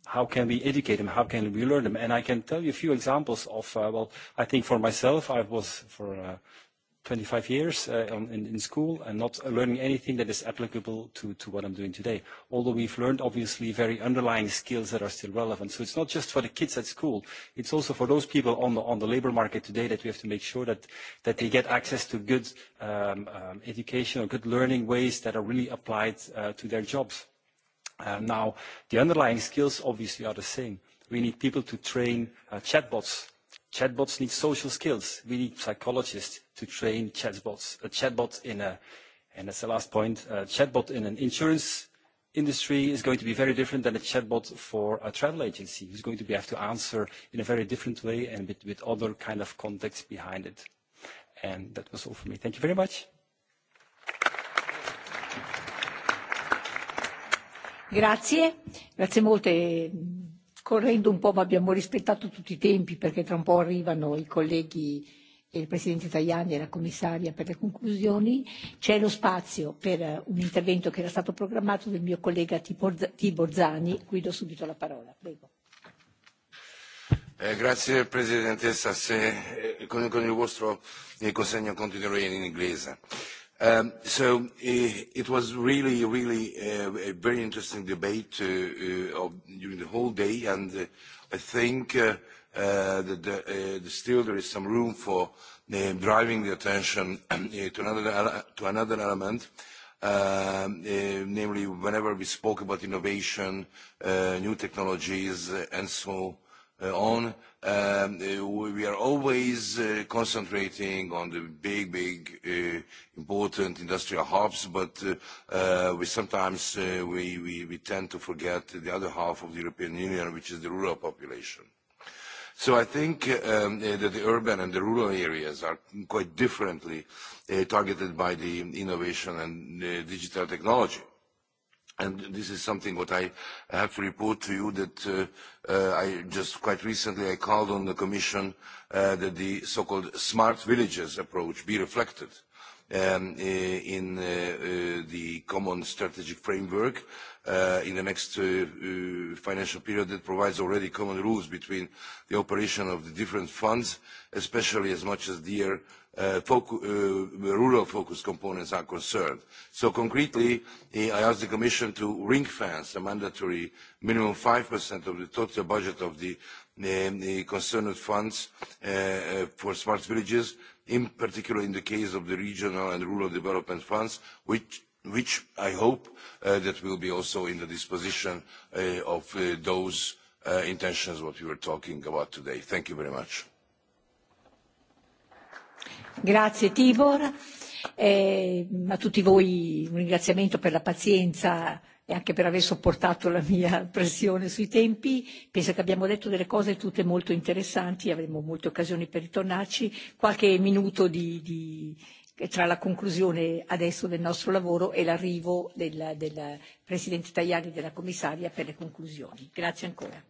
[SPEAKER 30] how can we educate them? How can we learn them? And I can tell you a few examples of, well, I think for myself, I was for 25 years in school and not learning anything that is applicable to what I'm doing today. Although we've learned, obviously, very underlying skills that are still relevant. So it's not just for the kids at school. It's also for those people on the labor market today that we have to make sure that they get access to good education or good learning ways that are really applied to their jobs. Now, the underlying skills, obviously, are the same. We need people to train chatbots Chatbots need social skills. We need psychologists to train chatbots. A chatbot in a, and that's the last point, a chatbot in an insurance industry is going to be very different than a chatbot for a travel agency, who's going to be, have to answer in a very different way and with, other kind of context behind it. And that was all for me. Thank you very much.
[SPEAKER 10] Grazie, grazie molte Scorrendo un po', ma abbiamo rispettato tutti i tempi perché tra un po' arrivano i colleghi e il Presidente Tajani e la Commissaria per le conclusioni, c'è lo spazio per un intervento che era stato programmato del mio collega Tibor Zani, cui do subito la parola. Prego.
[SPEAKER 31] Grazie Presidentessa, se con il vostro consegno continuerò in inglese. So it was really, really a very interesting debate during the whole day, and I think that still there is some room for driving the attention to another element, namely whenever we spoke about innovation, new technologies, and so on We are always concentrating on the big, big, important industrial hubs, but we sometimes we we tend to forget the other half of the European Union, which is the rural population. So I think that the urban and the rural areas are quite differently targeted by the innovation and digital technology. And this is something what I have to report to you that I just quite recently I called on the Commission that the so-called smart villages approach be reflected in the common strategic framework in the next financial period that provides already common rules between the operation of the different funds, especially as much as the dear rural focus components are concerned. So concretely, I ask the Commission to ring fence a mandatory minimum 5% of the total budget of the concerned funds for smart villages, in particular in the case of the regional and rural development funds, which which I hope that will be also in the disposition of those intentions what we were talking about today. Thank you very much.
[SPEAKER 10] Grazie Tibor, a tutti voi un ringraziamento per la pazienza e anche per aver sopportato la mia pressione sui tempi. Penso che abbiamo detto delle cose tutte molto interessanti, avremo molte occasioni per ritornarci. Qualche minuto di tra la conclusione adesso del nostro lavoro e l'arrivo del Presidente Tajani e della Commissaria per le conclusioni. Grazie ancora.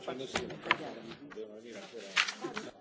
[SPEAKER 7] venire ancora.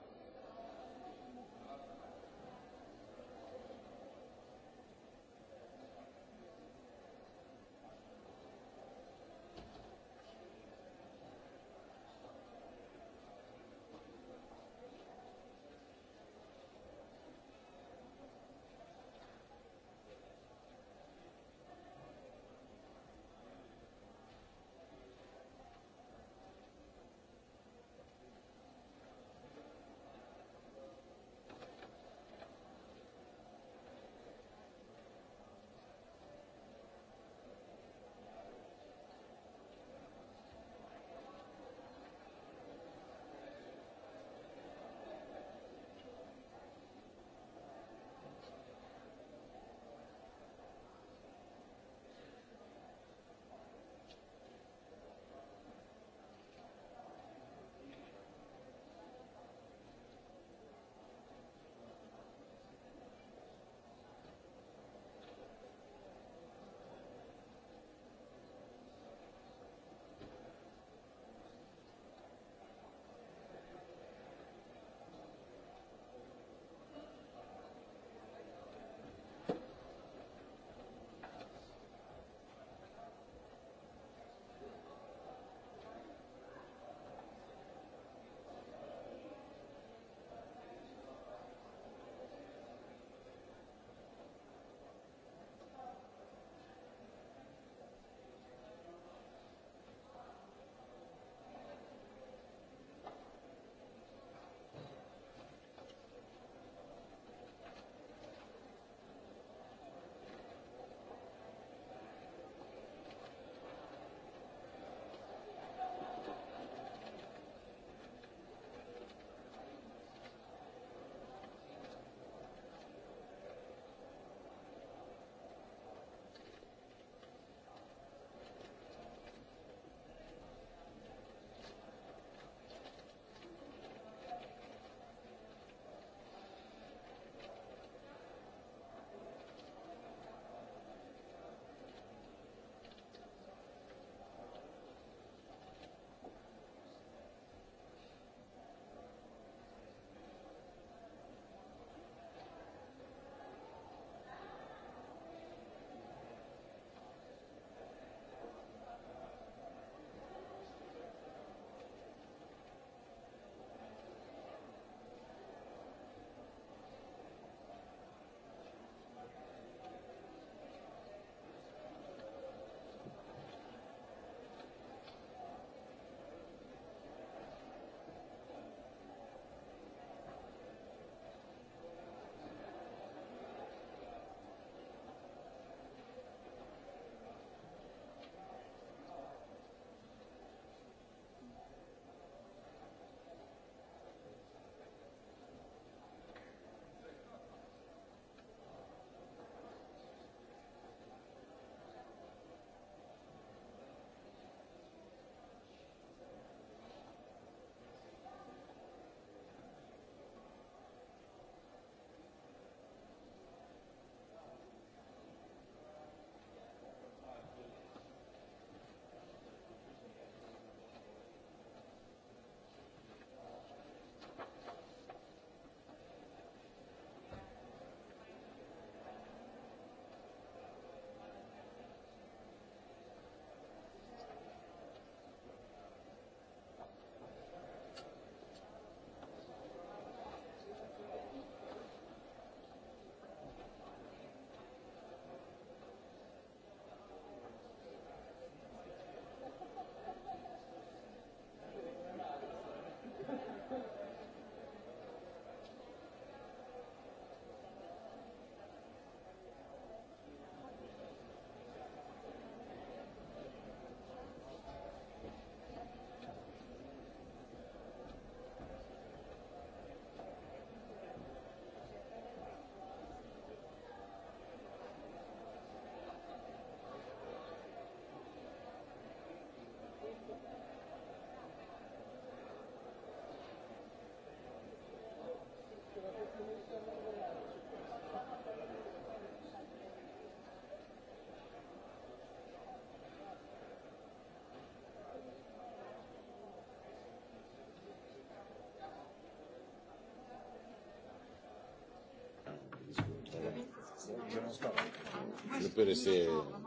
[SPEAKER 2] Υπότιτλοι AUTHORWAVE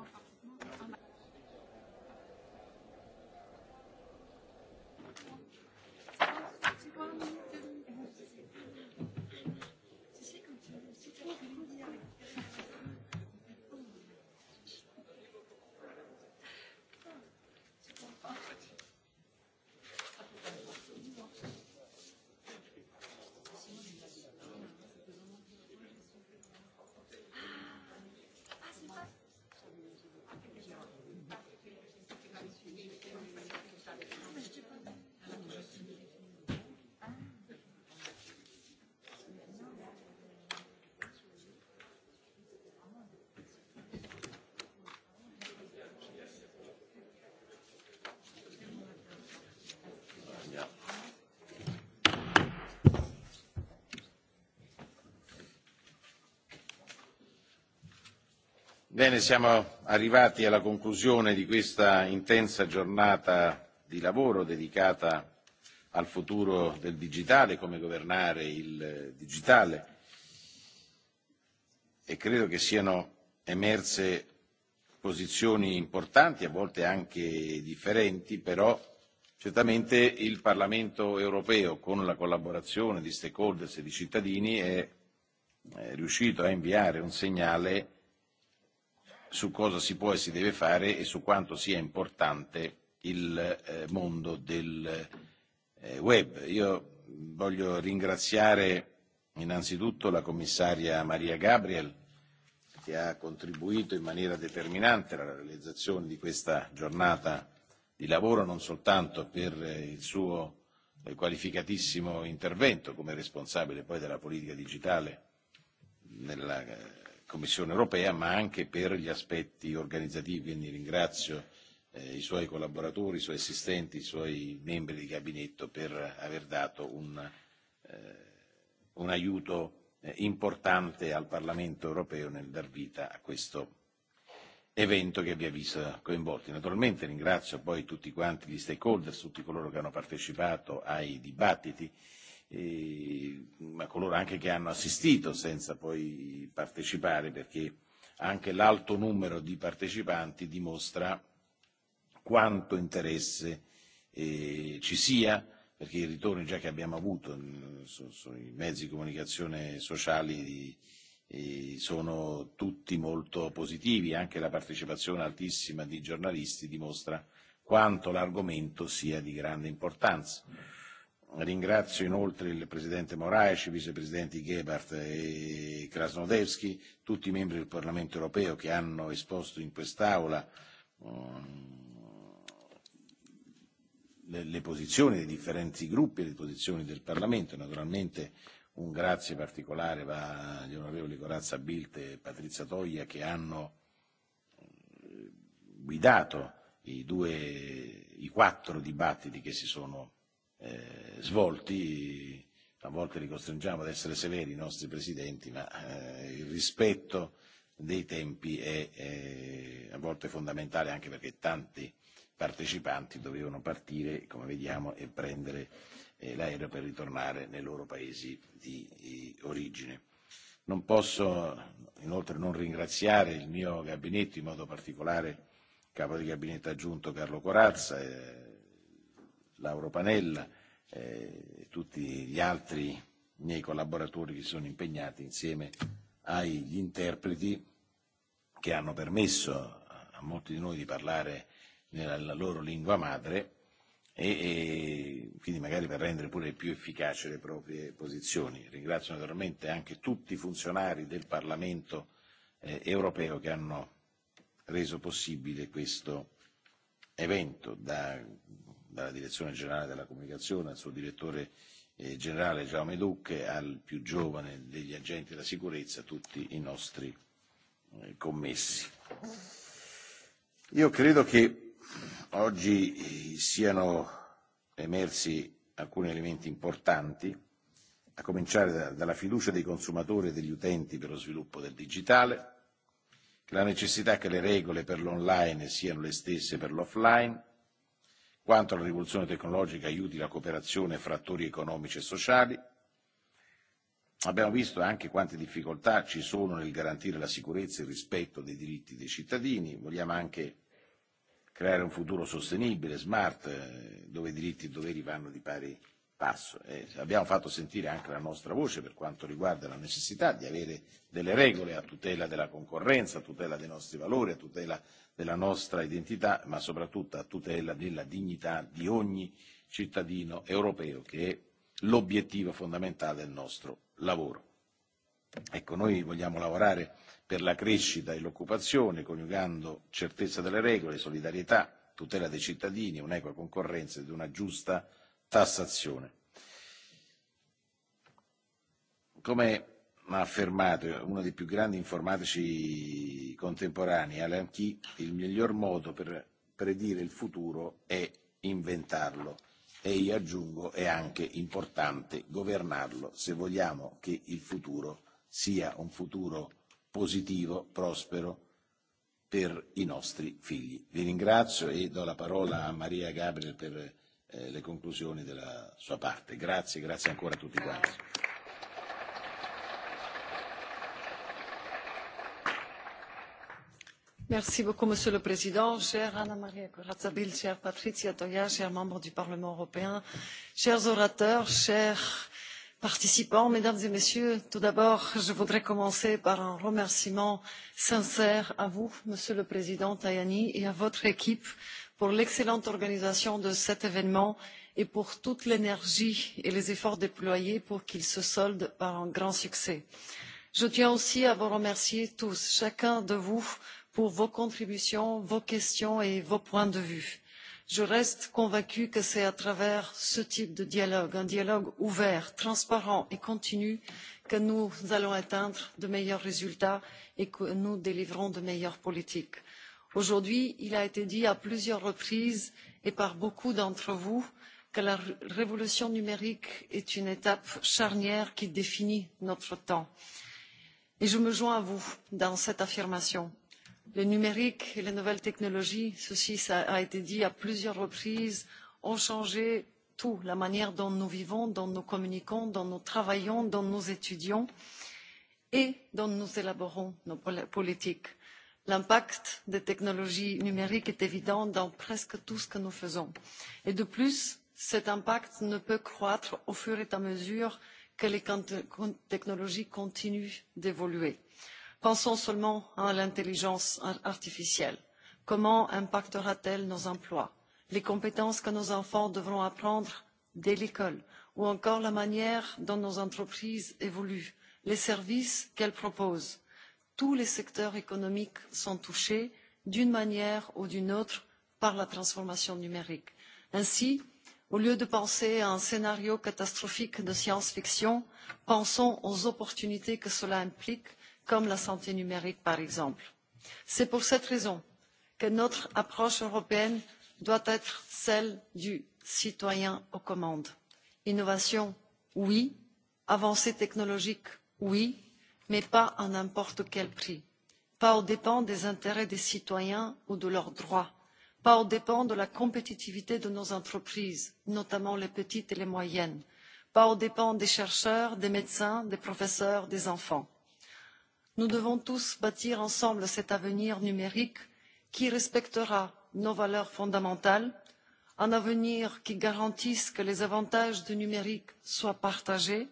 [SPEAKER 2] Bene, siamo arrivati alla conclusione di questa intensa giornata di lavoro dedicata al futuro del digitale, come governare il digitale e credo che siano emerse posizioni importanti, a volte anche differenti, però certamente il Parlamento europeo, con la collaborazione di stakeholders e di cittadini, è riuscito a inviare un segnale su cosa si può e si deve fare e su quanto sia importante il mondo del web. Io voglio ringraziare innanzitutto la commissaria Maria Gabriel che ha contribuito in maniera determinante alla realizzazione di questa giornata di lavoro non soltanto per il suo qualificatissimo intervento come responsabile poi della politica digitale nella Commissione europea, ma anche per gli aspetti organizzativi. Quindi ringrazio i suoi collaboratori, i suoi assistenti, i suoi membri di gabinetto per aver dato un, aiuto importante al Parlamento europeo nel dar vita a questo evento che vi visto coinvolti. Naturalmente ringrazio poi tutti quanti gli stakeholders, tutti coloro che hanno partecipato ai dibattiti ma coloro anche che hanno assistito senza poi partecipare perché anche l'alto numero di partecipanti dimostra quanto interesse ci sia perché i ritorni già che abbiamo avuto sui mezzi di comunicazione sociali sono tutti molto positivi anche la partecipazione altissima di giornalisti dimostra quanto l'argomento sia di grande importanza Ringrazio inoltre il Presidente Moraes, i Vicepresidenti Gebhardt e Krasnodevski, tutti i membri del Parlamento europeo che hanno esposto in quest'Aula le posizioni dei differenti gruppi e le posizioni del Parlamento. Naturalmente un grazie particolare va agli onorevoli Corazza Bilt e Patrizia Toia che hanno guidato i, i quattro dibattiti che si sono svolti. A volte li costringiamo ad essere severi i nostri presidenti, ma il rispetto dei tempi è a volte fondamentale anche perché tanti partecipanti dovevano partire, come vediamo, e prendere l'aereo per ritornare nei loro paesi di origine. Non posso inoltre non ringraziare il mio gabinetto, in modo particolare il capo di gabinetto aggiunto Carlo Corazza, Lauro Panella e tutti gli altri miei collaboratori che sono impegnati insieme agli interpreti che hanno permesso a molti di noi di parlare nella loro lingua madre e quindi magari per rendere pure più efficaci le proprie posizioni. Ringrazio naturalmente anche tutti i funzionari del Parlamento europeo che hanno reso possibile questo evento, da dalla direzione generale della comunicazione al suo direttore generale Jaume Duc al più giovane degli agenti della sicurezza tutti i nostri commessi. Io credo che oggi siano emersi alcuni elementi importanti, a cominciare dalla fiducia dei consumatori e degli utenti per lo sviluppo del digitale, la necessità che le regole per l'online siano le stesse per l'offline, quanto la rivoluzione tecnologica aiuti la cooperazione fra attori economici e sociali. Abbiamo visto anche quante difficoltà ci sono nel garantire la sicurezza e il rispetto dei diritti dei cittadini. Vogliamo anche creare un futuro sostenibile, smart, dove diritti e doveri vanno di pari passo. Abbiamo fatto sentire anche la nostra voce per quanto riguarda la necessità di avere delle regole a tutela della concorrenza, a tutela dei nostri valori, a tutela della nostra identità, ma soprattutto a tutela della dignità di ogni cittadino europeo, che è l'obiettivo fondamentale del nostro lavoro. Ecco, noi vogliamo lavorare per la crescita e l'occupazione, coniugando certezza delle regole, solidarietà, tutela dei cittadini, un'equa concorrenza ed una giusta tassazione. Come ha affermato uno dei più grandi informatici contemporanei, Alan Key, il miglior modo per predire il futuro è inventarlo e io aggiungo è anche importante governarlo se vogliamo che il futuro sia un futuro positivo, prospero per i nostri figli. Vi ringrazio e do la parola a Maria Gabriel per le conclusioni della sua parte. Grazie, grazie ancora a tutti quanti.
[SPEAKER 3] Merci beaucoup, Monsieur le Président, chère Anna Maria corazza chère Patricia Toia, chers membres du Parlement européen, chers orateurs, chers participants, Mesdames et Messieurs, tout d'abord, je voudrais commencer par un remerciement sincère à vous, Monsieur le Président Tajani, et à votre équipe pour l'excellente organisation de cet événement et pour toute l'énergie et les efforts déployés pour qu'il se solde par un grand succès. Je tiens aussi à vous remercier tous, chacun de vous, pour vos contributions, vos questions et vos points de vue. Je reste convaincue que c'est à travers ce type de dialogue, un dialogue ouvert, transparent et continu, que nous allons atteindre de meilleurs résultats et que nous délivrons de meilleures politiques. Aujourd'hui, il a été dit à plusieurs reprises et par beaucoup d'entre vous que la révolution numérique est une étape charnière qui définit notre temps. Et je me joins à vous dans cette affirmation le numérique et les nouvelles technologies ceci a été dit à plusieurs reprises ont changé tout la manière dont nous vivons dont nous communiquons dont nous travaillons dont nous étudions et dont nous élaborons nos politiques. l'impact des technologies numériques est évident dans presque tout ce que nous faisons et de plus cet impact ne peut croître au fur et à mesure que les technologies continuent d'évoluer. Pensons seulement à l'intelligence artificielle. Comment impactera-t-elle nos emplois, les compétences que nos enfants devront apprendre dès l'école, ou encore la manière dont nos entreprises évoluent, les services qu'elles proposent Tous les secteurs économiques sont touchés, d'une manière ou d'une autre, par la transformation numérique. Ainsi, au lieu de penser à un scénario catastrophique de science-fiction, pensons aux opportunités que cela implique comme la santé numérique par exemple. C'est pour cette raison que notre approche européenne doit être celle du citoyen aux commandes. Innovation, oui, avancée technologique, oui, mais pas à n'importe quel prix, pas aux dépens des intérêts des citoyens ou de leurs droits, pas au dépens de la compétitivité de nos entreprises, notamment les petites et les moyennes, pas aux dépens des chercheurs, des médecins, des professeurs, des enfants nous devons tous bâtir ensemble cet avenir numérique qui respectera nos valeurs fondamentales un avenir qui garantisse que les avantages du numérique soient partagés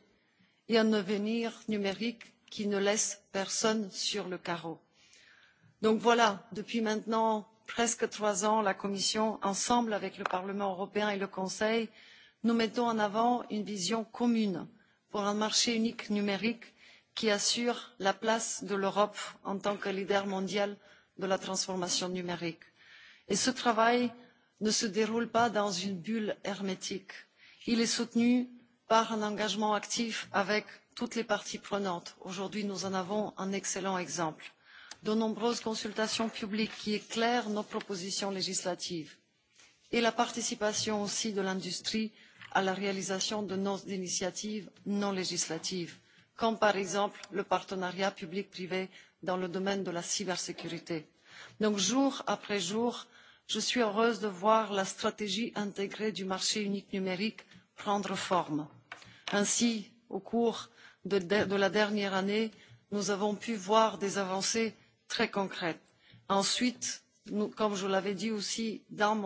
[SPEAKER 3] et un avenir numérique qui ne laisse personne sur le carreau. donc voilà depuis maintenant presque trois ans la commission ensemble avec le parlement européen et le conseil nous mettons en avant une vision commune pour un marché unique numérique qui assure la place de l'Europe en tant que leader mondial de la transformation numérique. Et ce travail ne se déroule pas dans une bulle hermétique. Il est soutenu par un engagement actif avec toutes les parties prenantes. Aujourd'hui, nous en avons un excellent exemple. De nombreuses consultations publiques qui éclairent nos propositions législatives et la participation aussi de l'industrie à la réalisation de nos initiatives non législatives comme par exemple le partenariat public privé dans le domaine de la cybersécurité. donc jour après jour je suis heureuse de voir la stratégie intégrée du marché unique numérique prendre forme. ainsi au cours de la dernière année nous avons pu voir des avancées très concrètes. ensuite comme je l'avais dit aussi dans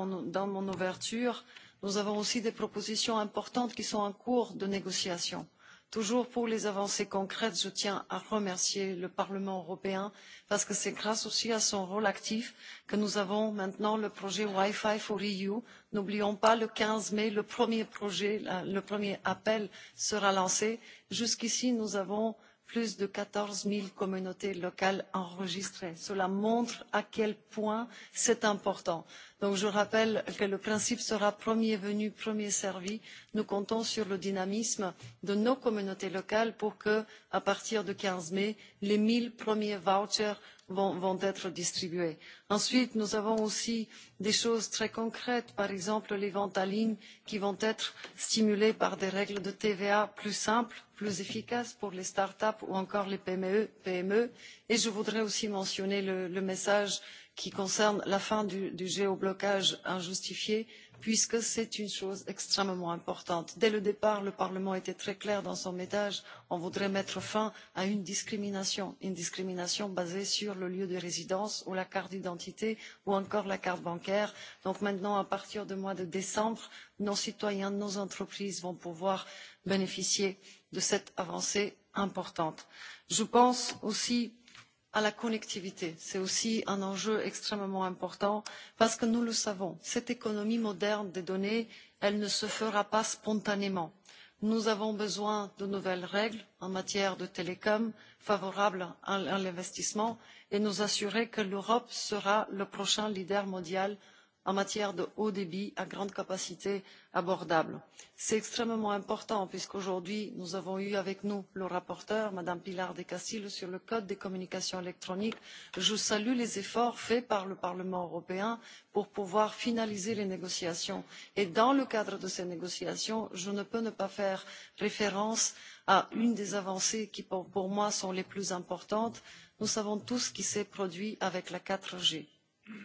[SPEAKER 3] mon ouverture nous avons aussi des propositions importantes qui sont en cours de négociation Toujours pour les avancées concrètes, je tiens à remercier le Parlement européen parce que c'est grâce aussi à son rôle actif que nous avons maintenant le projet WiFI fi EU. N'oublions pas, le 15 mai, le premier projet, le premier appel sera lancé. Jusqu'ici, nous avons plus de 14 communautés locales enregistrées. Cela montre à quel point c'est important. Donc je rappelle que le principe sera premier venu, premier servi. Nous comptons sur le dynamisme de nos communautés locales pour que, à partir du 15 mai, les 1 premiers vouchers vont être distribuées. Ensuite, nous avons aussi des choses très concrètes, par exemple les ventes en ligne qui vont être stimulées par des règles de TVA plus simples, plus efficaces pour les start-up ou encore les PME. Et je voudrais aussi mentionner le message qui concerne la fin du géoblocage injustifié puisque c'est une chose extrêmement importante. Dès le départ, le Parlement était très clair dans son message on voudrait mettre fin à une discrimination, une discrimination basée sur le lieu de résidence ou la carte d'identité ou encore la carte bancaire. Donc maintenant, à partir du mois de décembre, nos citoyens, nos entreprises vont pouvoir bénéficier de cette avancée importante. Je pense aussi à la connectivité. C'est aussi un enjeu extrêmement important parce que nous le savons, cette économie moderne des données, elle ne se fera pas spontanément. Nous avons besoin de nouvelles règles en matière de télécom favorables à l'investissement et nous assurer que l'Europe sera le prochain leader mondial en matière de haut débit à grande capacité abordable. c'est extrêmement important puisqu'aujourd'hui nous avons eu avec nous le rapporteur mme pilar del castillo sur le code des communications électroniques. je salue les efforts faits par le parlement européen pour pouvoir finaliser les négociations et dans le cadre de ces négociations je ne peux ne pas faire référence à une des avancées qui pour moi sont les plus importantes nous savons tous ce qui s'est produit avec la quatre g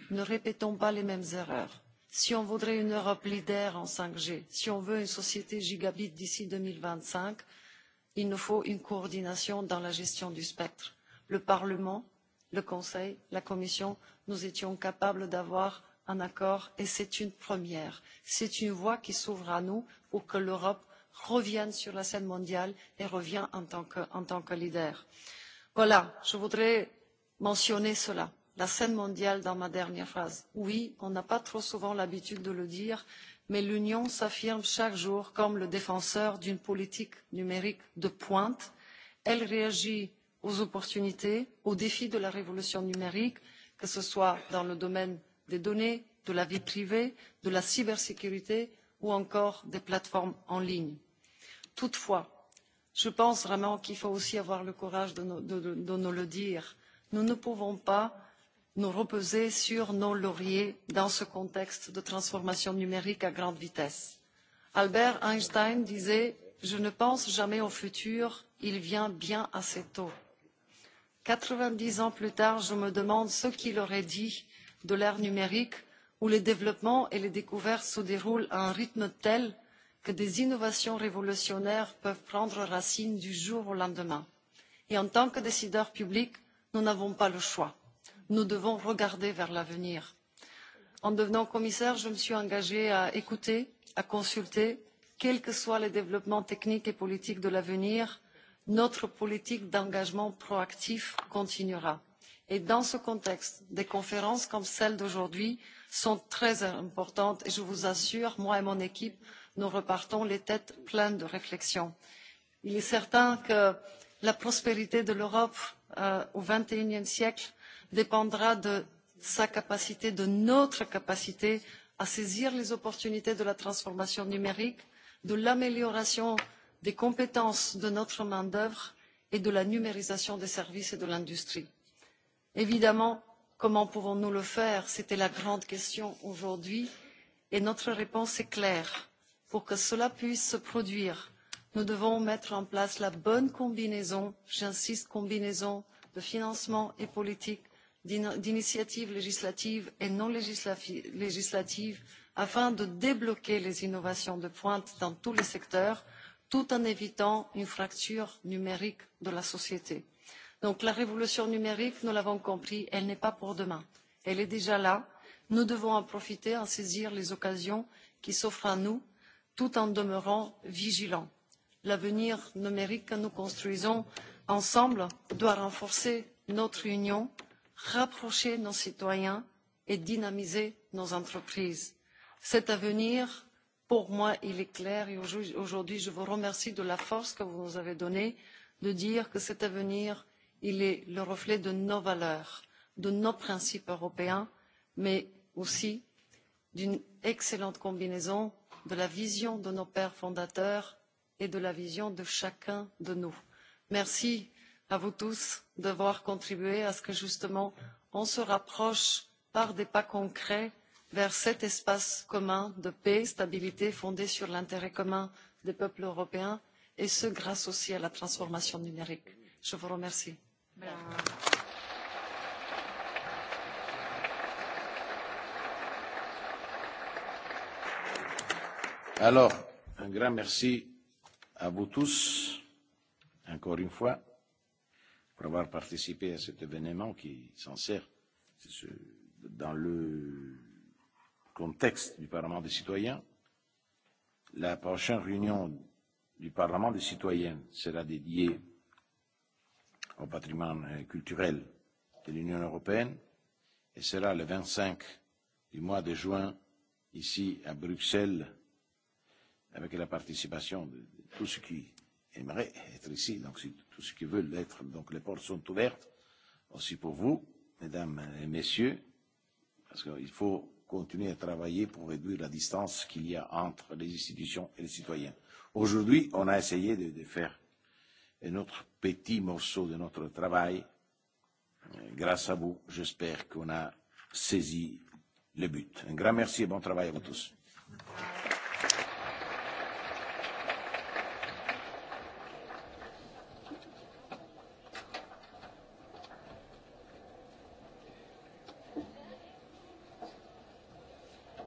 [SPEAKER 3] ne répétons pas les mêmes erreurs. si on voudrait une europe leader en cinq g si on veut une société gigabit d'ici deux mille vingt cinq il nous faut une coordination dans la gestion du spectre. le parlement le conseil la commission nous étions capables d'avoir un accord et c'est une première. c'est une voie qui s'ouvre à nous pour que l'europe revienne sur la scène mondiale et revienne en tant que leader. voilà je voudrais mentionner cela la scène mondiale dans ma dernière phrase. Oui, on n'a pas trop souvent l'habitude de le dire, mais l'Union s'affirme chaque jour comme le défenseur d'une politique numérique de pointe. Elle réagit aux opportunités, aux défis de la révolution numérique, que ce soit dans le domaine des données, de la vie privée, de la cybersécurité ou encore des plateformes en ligne. Toutefois, je pense vraiment qu'il faut aussi avoir le courage de nous le dire. Nous ne pouvons pas nous reposer sur nos lauriers dans ce contexte de transformation numérique à grande vitesse. Albert Einstein disait Je ne pense jamais au futur, il vient bien assez tôt. Quatre vingt dix ans plus tard, je me demande ce qu'il aurait dit de l'ère numérique, où les développements et les découvertes se déroulent à un rythme tel que des innovations révolutionnaires peuvent prendre racine du jour au lendemain. Et en tant que décideurs publics, nous n'avons pas le choix nous devons regarder vers l'avenir. en devenant commissaire je me suis engagée à écouter à consulter quels que soient les développements techniques et politiques de l'avenir notre politique d'engagement proactif continuera. et dans ce contexte des conférences comme celle d'aujourd'hui sont très importantes et je vous assure moi et mon équipe nous repartons les têtes pleines de réflexions. il est certain que la prospérité de l'europe au xxie siècle dépendra de sa capacité, de notre capacité à saisir les opportunités de la transformation numérique, de l'amélioration des compétences de notre main d'œuvre et de la numérisation des services et de l'industrie. Évidemment, comment pouvons nous le faire? C'était la grande question aujourd'hui et notre réponse est claire pour que cela puisse se produire, nous devons mettre en place la bonne combinaison j'insiste combinaison de financement et politique d'initiatives législatives et non législatives afin de débloquer les innovations de pointe dans tous les secteurs tout en évitant une fracture numérique de la société. donc la révolution numérique nous l'avons compris elle n'est pas pour demain elle est déjà là. nous devons en profiter en saisir les occasions qui s'offrent à nous tout en demeurant vigilants. l'avenir numérique que nous construisons ensemble doit renforcer notre union rapprocher nos citoyens et dynamiser nos entreprises. Cet avenir, pour moi, il est clair et aujourd'hui, je vous remercie de la force que vous nous avez donnée de dire que cet avenir, il est le reflet de nos valeurs, de nos principes européens, mais aussi d'une excellente combinaison de la vision de nos pères fondateurs et de la vision de chacun de nous. Merci à vous tous de voir contribuer à ce que justement on se rapproche par des pas concrets vers cet espace commun de paix et de stabilité fondé sur l'intérêt commun des peuples européens et ce grâce aussi à la transformation numérique. je vous remercie.
[SPEAKER 2] alors un grand merci à vous tous encore une fois pour avoir participé à cet événement qui s'en sert dans le contexte du Parlement des citoyens. La prochaine réunion du Parlement des citoyens sera dédiée au patrimoine culturel de l'Union européenne et sera le 25 du mois de juin ici à Bruxelles avec la participation de tout ce qui aimerait être ici. Donc, si tous ceux qui veulent l'être, donc les portes sont ouvertes aussi pour vous, mesdames et messieurs, parce qu'il faut continuer à travailler pour réduire la distance qu'il y a entre les institutions et les citoyens. Aujourd'hui, on a essayé de, de faire autre petit morceau de notre travail. Grâce à vous, j'espère qu'on a saisi le but. Un grand merci et bon travail à vous tous.